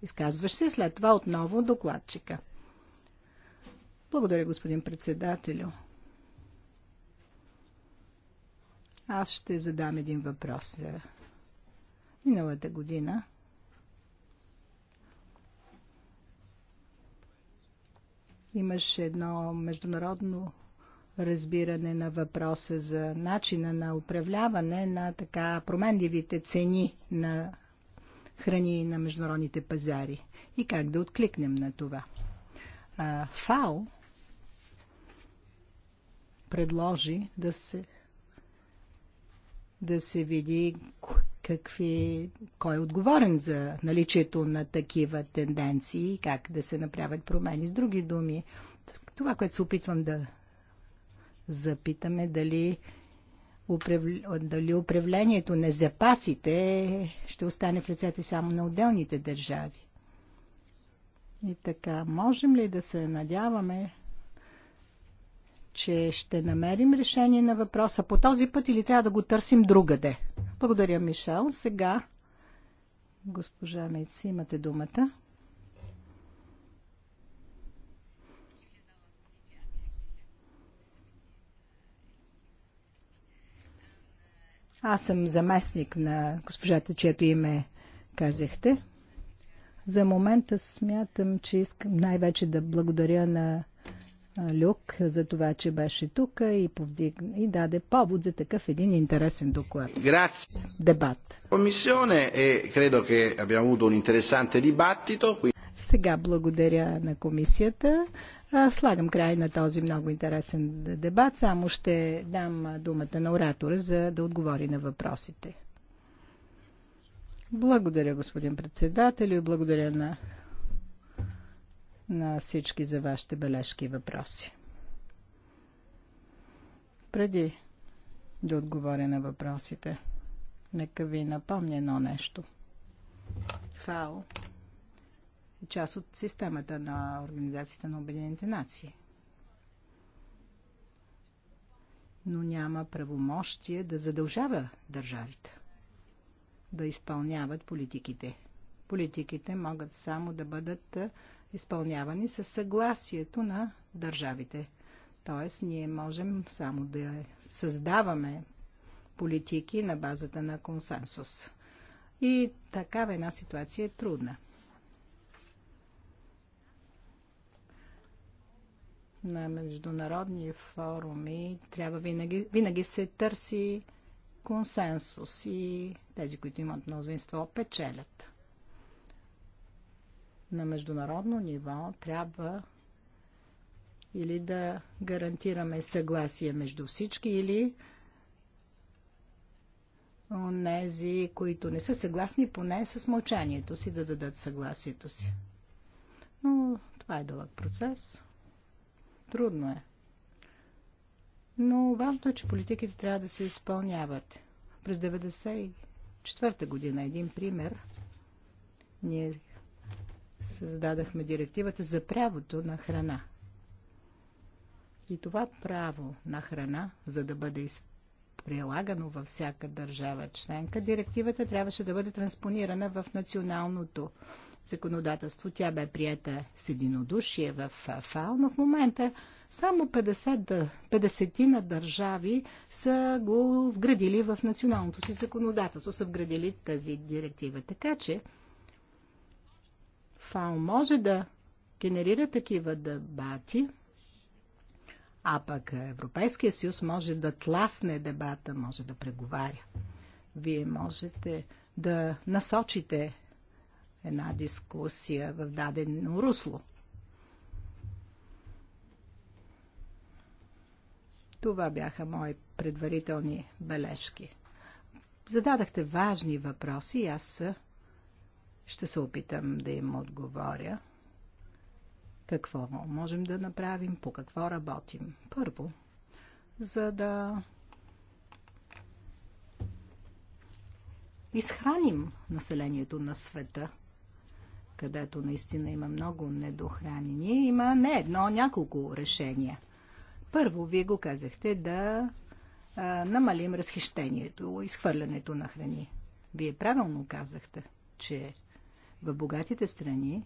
изказваш се. След това отново докладчика. Благодаря, господин председателю. Аз ще задам един въпрос. Миналата година имаше едно международно разбиране на въпроса за начина на управляване на така променливите цени на храни на международните пазари и как да откликнем на това. ФАО предложи да се да се види какви, кой е отговорен за наличието на такива тенденции, как да се направят промени. С други думи, това, което се опитвам да запитаме дали, управ... дали управлението на запасите ще остане в ръцете само на отделните държави. И така, можем ли да се надяваме, че ще намерим решение на въпроса по този път или трябва да го търсим другаде? Благодаря, Мишел. Сега, госпожа Мейци, имате думата. Аз съм заместник на госпожата, чието име казахте. За момента смятам, че искам най-вече да благодаря на Люк за това, че беше тук и, повдиг... и даде повод за такъв един интересен доклад. Grazie. Дебат. Комисионе, е, credo che abbiamo avuto un interessante dibattito. Сега благодаря на комисията. Слагам край на този много интересен дебат. Само ще дам думата на оратора, за да отговори на въпросите. Благодаря, господин председател, и благодаря на, на всички за вашите бележки и въпроси. Преди да отговоря на въпросите, нека ви напомня едно нещо. Фао част от системата на Организацията на Обединените нации. Но няма правомощие да задължава държавите да изпълняват политиките. Политиките могат само да бъдат изпълнявани със съгласието на държавите. Тоест, ние можем само да създаваме политики на базата на консенсус. И такава една ситуация е трудна. на международни форуми трябва винаги, винаги се търси консенсус и тези, които имат мнозинство, печелят. На международно ниво трябва или да гарантираме съгласие между всички, или онези, които не са съгласни, поне с мълчанието си да дадат съгласието си. Но това е дълъг процес. Трудно е. Но важното е, че политиките трябва да се изпълняват. През 1994 година един пример ние създадахме директивата за правото на храна. И това право на храна, за да бъде прилагано във всяка държава членка, директивата трябваше да бъде транспонирана в националното законодателство. Тя бе приета с единодушие в ФАО, но в момента само 50, 50 на държави са го вградили в националното си законодателство, са вградили тази директива. Така че ФАО може да генерира такива дебати, а пък Европейския съюз може да тласне дебата, може да преговаря. Вие можете да насочите една дискусия в дадено русло. Това бяха мои предварителни бележки. Зададахте важни въпроси и аз ще се опитам да им отговоря. Какво можем да направим, по какво работим? Първо, за да изхраним населението на света – където наистина има много недохранени, има не едно, няколко решения. Първо, вие го казахте, да а, намалим разхищението, изхвърлянето на храни. Вие правилно казахте, че в богатите страни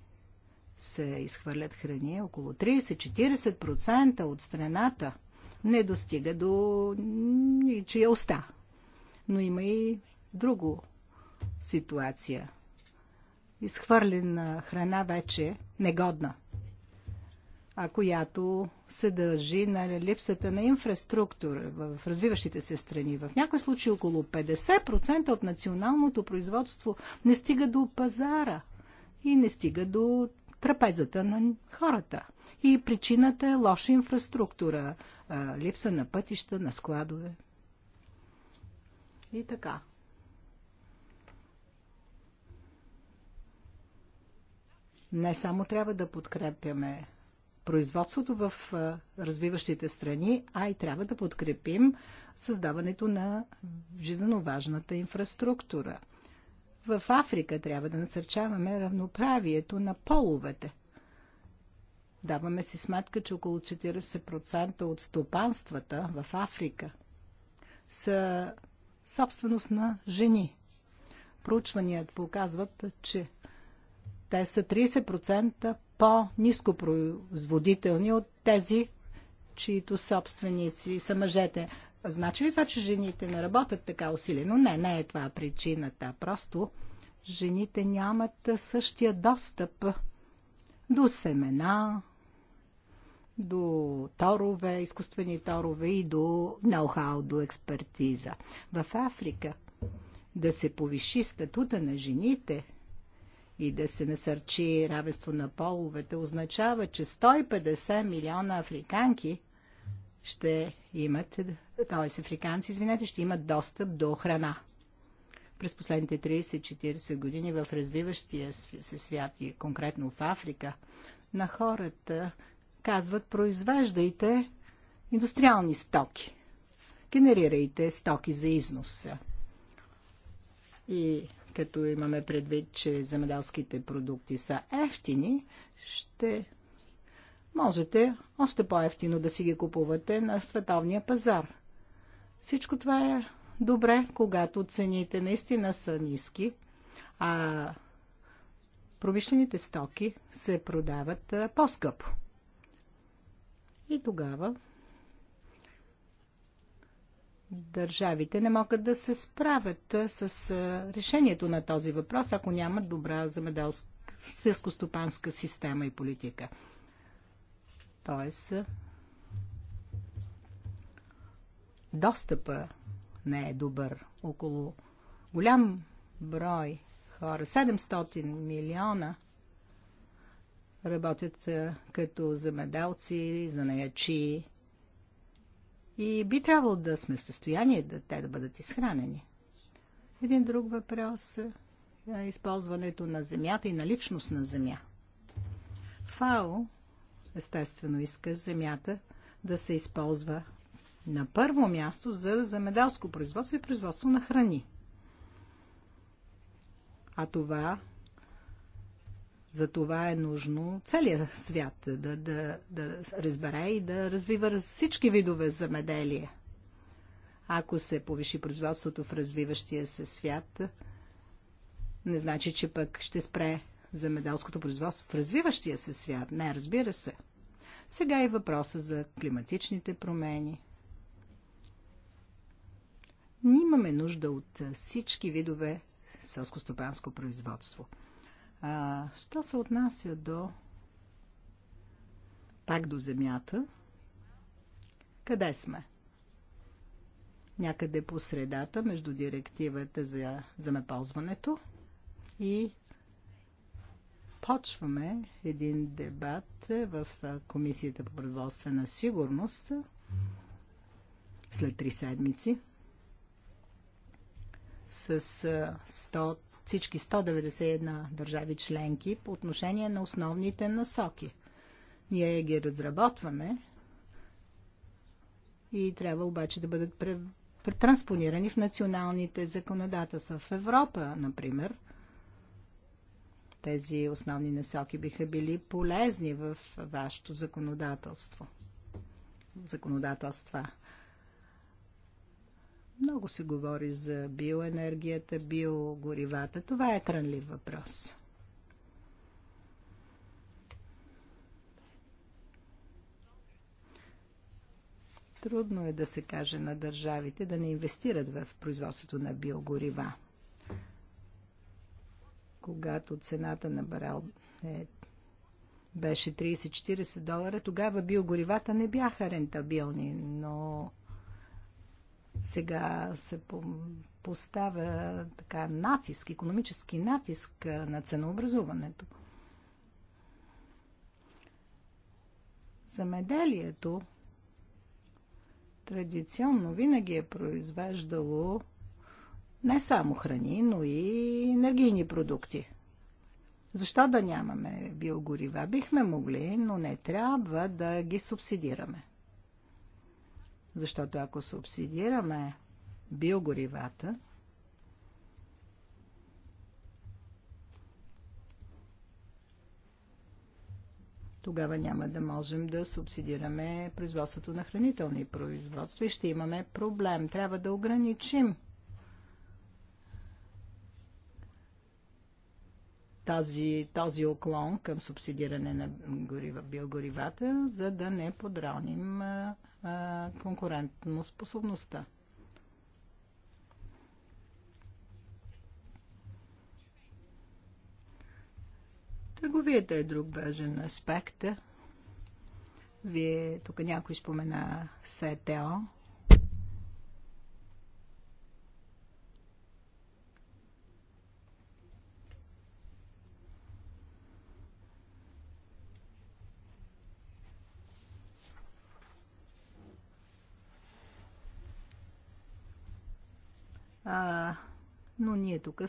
се изхвърлят храни около 30-40% от страната не достига до чия уста. Но има и друго ситуация – изхвърлена храна вече негодна, а която се дължи на липсата на инфраструктура в развиващите се страни. В някой случай, около 50% от националното производство не стига до пазара и не стига до трапезата на хората. И причината е лоша инфраструктура, липса на пътища, на складове. И така. Не само трябва да подкрепяме производството в развиващите страни, а и трябва да подкрепим създаването на жизненно важната инфраструктура. В Африка трябва да насърчаваме равноправието на половете. Даваме си сметка, че около 40% от стопанствата в Африка са собственост на жени. Проучванията показват, че те са 30% по-низкопроизводителни от тези, чието собственици са мъжете. Значи ли това, че жените не работят така усилено? Не, не е това причината. Просто жените нямат същия достъп до семена, до торове, изкуствени торове и до ноу-хау, до експертиза. В Африка да се повиши статута на жените и да се насърчи равенство на половете, означава, че 150 милиона африканки ще имат, т.е. африканци, извинете, ще имат достъп до храна. През последните 30-40 години в развиващия се свят и конкретно в Африка, на хората казват произвеждайте индустриални стоки. Генерирайте стоки за износ. И като имаме предвид, че земеделските продукти са ефтини, ще можете още по-ефтино да си ги купувате на световния пазар. Всичко това е добре, когато цените наистина са ниски, а промишлените стоки се продават по-скъпо. И тогава държавите не могат да се справят с решението на този въпрос, ако нямат добра земеделско-стопанска система и политика. Тоест, достъпа не е добър. Около голям брой хора, 700 милиона, работят като замедалци, занаячи, и би трябвало да сме в състояние да те да бъдат изхранени. Един друг въпрос е, е използването на земята и на личност на земя. ФАО естествено иска земята да се използва на първо място за замедалско производство и производство на храни. А това за това е нужно целият свят да, да, да разбере и да развива всички видове замеделие. Ако се повиши производството в развиващия се свят, не значи, че пък ще спре замеделското производство в развиващия се свят. Не, разбира се. Сега и е въпроса за климатичните промени. Ние имаме нужда от всички видове селско-стопанско производство – а, що се отнася до пак до земята, къде сме? Някъде по средата между директивата за земеползването и почваме един дебат в Комисията по производствена сигурност след три седмици с 100 всички 191 държави членки по отношение на основните насоки. Ние ги разработваме и трябва обаче да бъдат транспонирани в националните законодателства. В Европа, например, тези основни насоки биха били полезни в вашето законодателство. Законодателства. Много се говори за биоенергията, биогоривата. Това е трънлив въпрос. Трудно е да се каже на държавите да не инвестират в производството на биогорива. Когато цената на барел е, беше 30-40 долара, тогава биогоривата не бяха рентабилни, но сега се поставя така натиск, економически натиск на ценообразуването. Замеделието традиционно винаги е произвеждало не само храни, но и енергийни продукти. Защо да нямаме биогорива? Бихме могли, но не трябва да ги субсидираме. Защото ако субсидираме биогоривата, тогава няма да можем да субсидираме производството на хранителни производства и ще имаме проблем. Трябва да ограничим тази, този уклон към субсидиране на горива, биогоривата, за да не подраним конкурентно способността. Търговията е друг важен аспект. Вие тук някой спомена СТО. А, но ние тук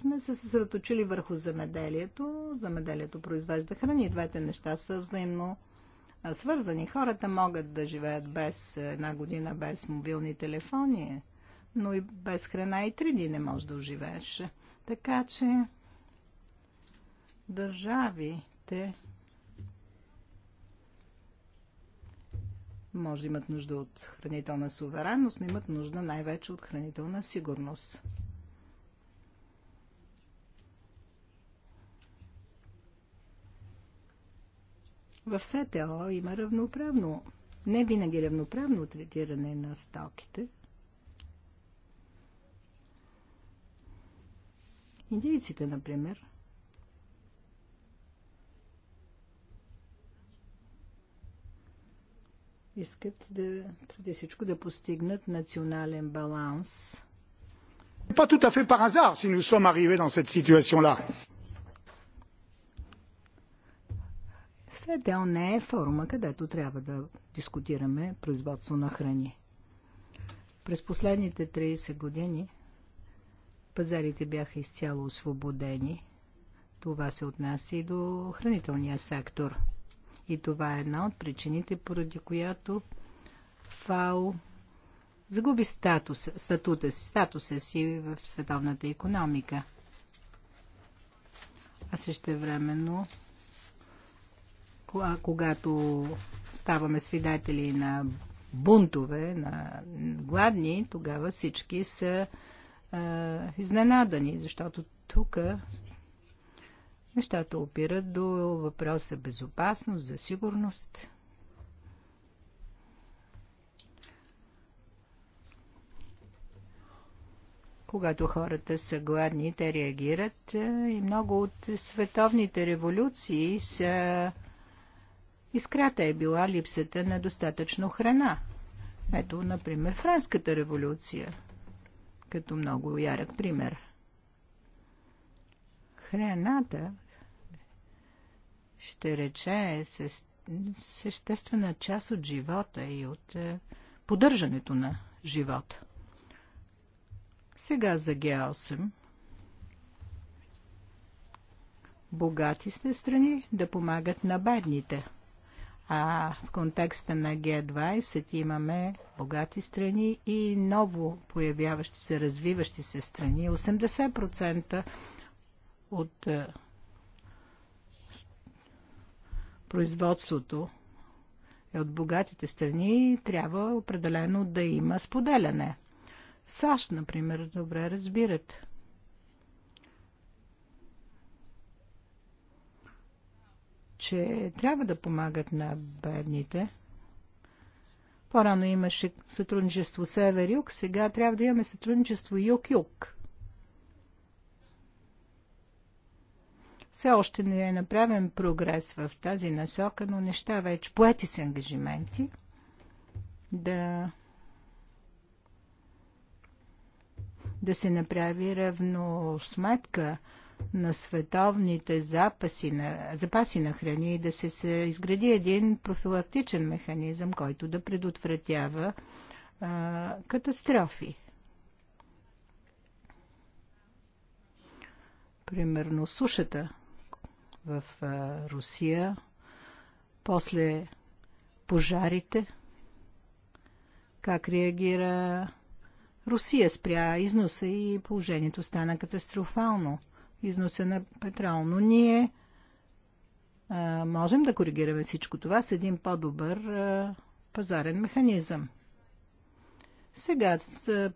сме се съсредоточили върху земеделието. Земеделието произвежда храни. Двете неща са взаимно свързани. Хората могат да живеят без една година без мобилни телефони, но и без храна и три дни не можеш да оживееш. Така че държавите може да имат нужда от хранителна суверенност, но имат нужда най-вече от хранителна сигурност. В СТО има равноправно, не винаги равноправно третиране на стоките. Индийците, например, искат да, преди всичко, да постигнат национален баланс. Pas tout à fait par hasard si nous sommes arrivés dans cette situation-là. не е форума, където трябва да дискутираме производство на храни. През последните 30 години пазарите бяха изцяло освободени. Това се отнася и до хранителния сектор – и това е една от причините, поради която ФАО загуби статус, статута, статуса си в световната економика. А също времено, когато ставаме свидетели на бунтове, на гладни, тогава всички са е, изненадани, защото тук Нещата опират до въпроса безопасност, за сигурност. Когато хората са гладни, те реагират е, и много от световните революции са... Искрата е била липсата на достатъчно храна. Ето, например, Франската революция, като много ярък пример. Храната ще рече е съществена част от живота и от е, поддържането на живота. Сега за Г8. Богати сте страни да помагат на бедните. А в контекста на Г20 имаме богати страни и ново появяващи се, развиващи се страни. 80% от е, производството е от богатите страни, трябва определено да има споделяне. САЩ, например, добре разбират. че трябва да помагат на бедните. По-рано имаше сътрудничество север-юг, сега трябва да имаме сътрудничество юг-юг. Все още не е направен прогрес в тази насока, но неща вече. Поети с ангажименти да да се направи равносметка на световните запаси на, запаси на храни и да се, се изгради един профилактичен механизъм, който да предотвратява а, катастрофи. Примерно сушата в Русия, после пожарите, как реагира Русия спря износа и положението стана катастрофално. Износа на петрол. Но ние а, можем да коригираме всичко това с един по-добър пазарен механизъм. Сега с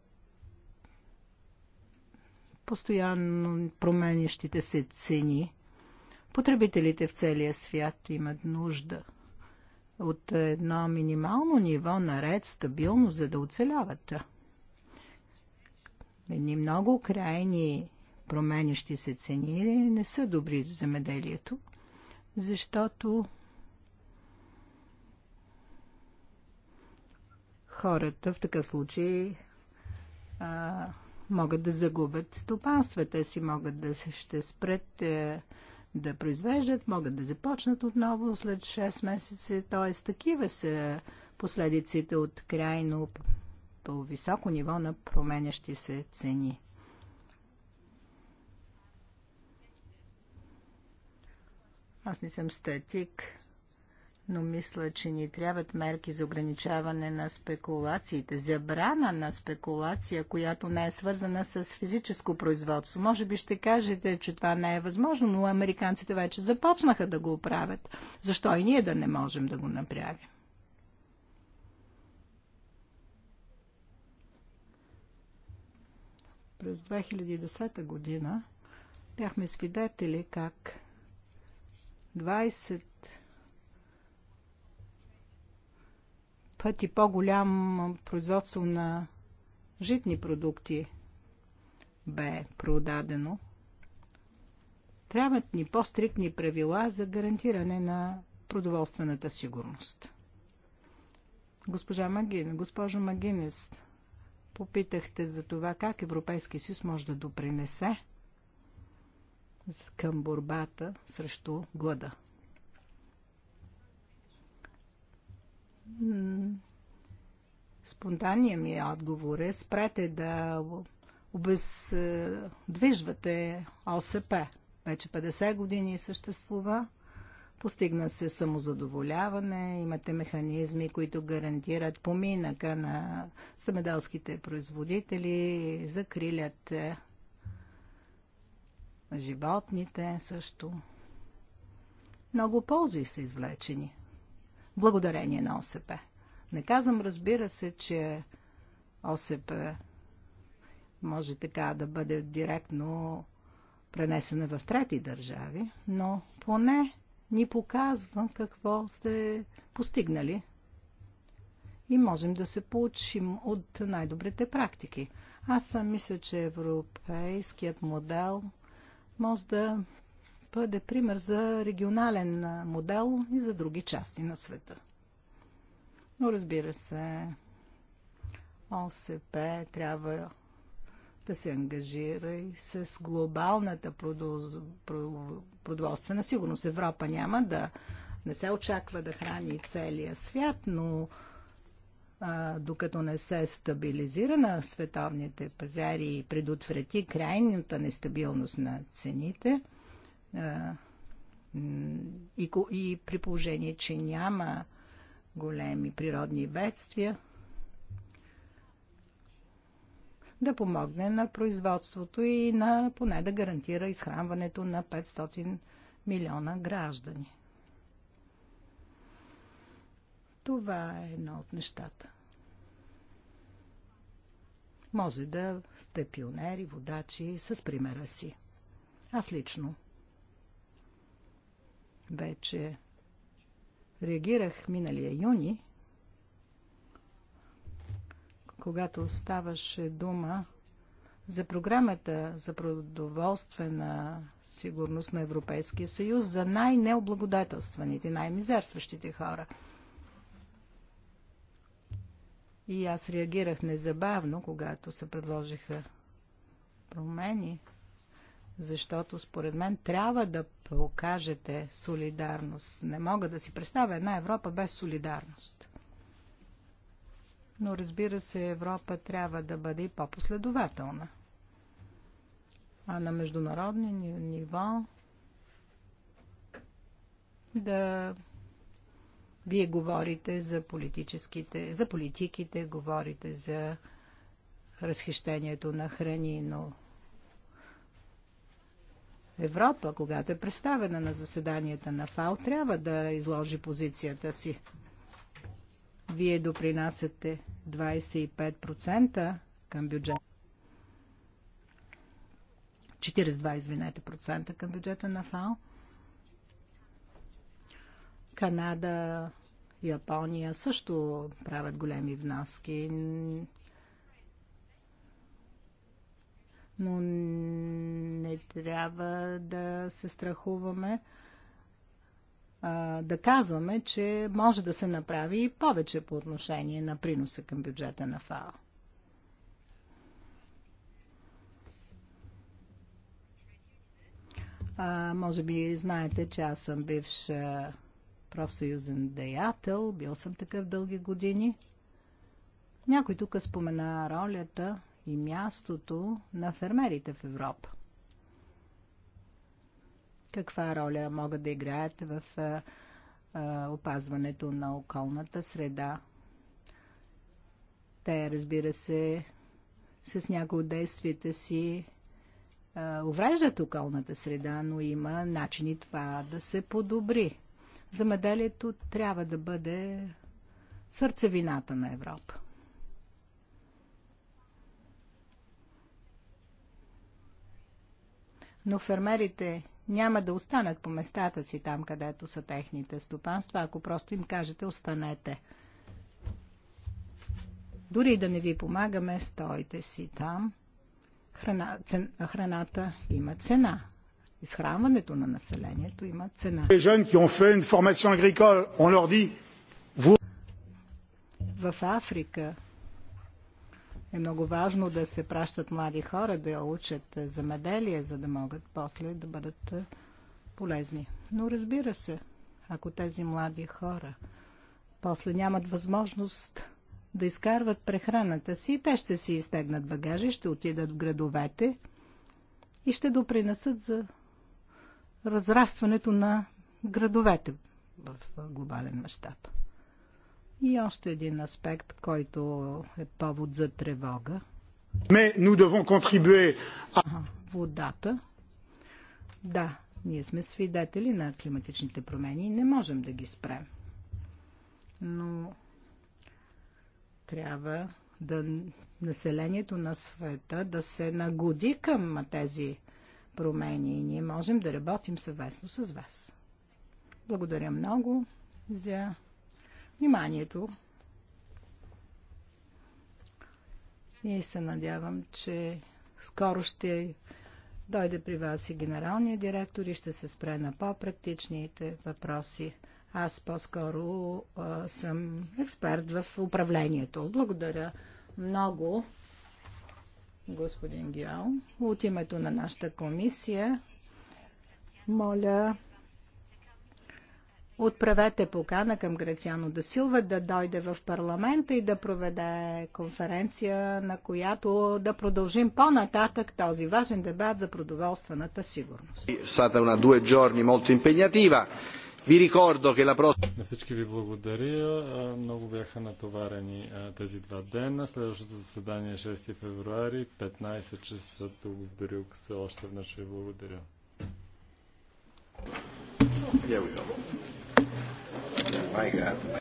постоянно променящите се цени Потребителите в целия свят имат нужда от едно минимално ниво на ред стабилно, за да оцеляват. Едни много крайни променящи се цени не са добри за земеделието, защото хората в такъв случай а, могат да загубят стопанствата си, могат да се ще спрете да произвеждат, могат да започнат отново след 6 месеца. Т.е. такива са последиците от крайно по високо ниво на променящи се цени. Аз не съм статик но мисля, че ни трябват мерки за ограничаване на спекулациите, забрана на спекулация, която не е свързана с физическо производство. Може би ще кажете, че това не е възможно, но американците вече започнаха да го правят. Защо и ние да не можем да го направим? През 2010 година бяхме свидетели как 20 пъти по-голям производство на житни продукти бе продадено. Трябват ни по-стрикни правила за гарантиране на продоволствената сигурност. Госпожа Магин, госпожо Магинес, попитахте за това как Европейския съюз може да допринесе към борбата срещу глада. спонтанния ми отговор е спрете да обездвижвате ОСП. Вече 50 години съществува. Постигна се самозадоволяване, имате механизми, които гарантират поминъка на съмеделските производители, закрилят е, животните също. Много ползи са извлечени благодарение на ОСП. Не казвам, разбира се, че ОСП може така да бъде директно пренесена в трети държави, но поне ни показва какво сте постигнали и можем да се получим от най-добрите практики. Аз съм мисля, че европейският модел може да бъде пример за регионален модел и за други части на света. Но разбира се, ОСП трябва да се ангажира и с глобалната продоволствена сигурност. Европа няма да не се очаква да храни целия свят, но а, докато не се стабилизира на световните пазари и предотврати крайната нестабилност на цените – и, и при положение, че няма големи природни бедствия, да помогне на производството и на, поне да гарантира изхранването на 500 милиона граждани. Това е едно от нещата. Може да сте пионери, водачи с примера си. Аз лично вече реагирах миналия юни, когато ставаше дума за програмата за продоволствена сигурност на Европейския съюз за най-необлагодателстваните, най-мизерстващите хора. И аз реагирах незабавно, когато се предложиха промени защото според мен трябва да покажете солидарност. Не мога да си представя една Европа без солидарност. Но разбира се, Европа трябва да бъде и по-последователна. А на международни ниво да вие говорите за политическите, за политиките, говорите за разхищението на храни, но Европа, когато е представена на заседанията на ФАО, трябва да изложи позицията си. Вие допринасяте 25% към бюджета. 42, извинете, процента към бюджета на ФАО. Канада, Япония също правят големи вноски. но не трябва да се страхуваме да казваме, че може да се направи и повече по отношение на приноса към бюджета на ФАО. А, може би знаете, че аз съм бивш профсъюзен деятел, бил съм такъв дълги години. Някой тук спомена ролята и мястото на фермерите в Европа. Каква роля могат да играят в опазването на околната среда? Те, разбира се, с някои от действията си увреждат околната среда, но има начини това да се подобри. Замеделието трябва да бъде сърцевината на Европа. но фермерите няма да останат по местата си там, където са техните стопанства, ако просто им кажете останете. Дори да не ви помагаме, стойте си там. Храна, цен, храната има цена. Изхранването на населението има цена. В Африка е много важно да се пращат млади хора да учат замеделие, за да могат после да бъдат е, полезни. Но разбира се, ако тези млади хора после нямат възможност да изкарват прехраната си, те ще си изтегнат багажи, ще отидат в градовете и ще допринесат за разрастването на градовете в глобален мащаб. И още един аспект, който е повод за тревога. Водата. Да, ние сме свидетели на климатичните промени и не можем да ги спрем. Но трябва да населението на света да се нагоди към тези промени и ние можем да работим съвместно с вас. Благодаря много за вниманието. И се надявам, че скоро ще дойде при вас и генералния директор и ще се спре на по-практичните въпроси. Аз по-скоро съм експерт в управлението. Благодаря много, господин Гиал. От името на нашата комисия, моля Отправете покана към Грациано да Силва да дойде в парламента и да проведе конференция, на която да продължим по-нататък този важен дебат за продоволствената сигурност. Е, на всички ви благодаря. Много бяха натоварени тези два дена. Следващото заседание е 6 февруари, 15 часа тук в Брюксел. Още веднъж ви благодаря. There we go. My God.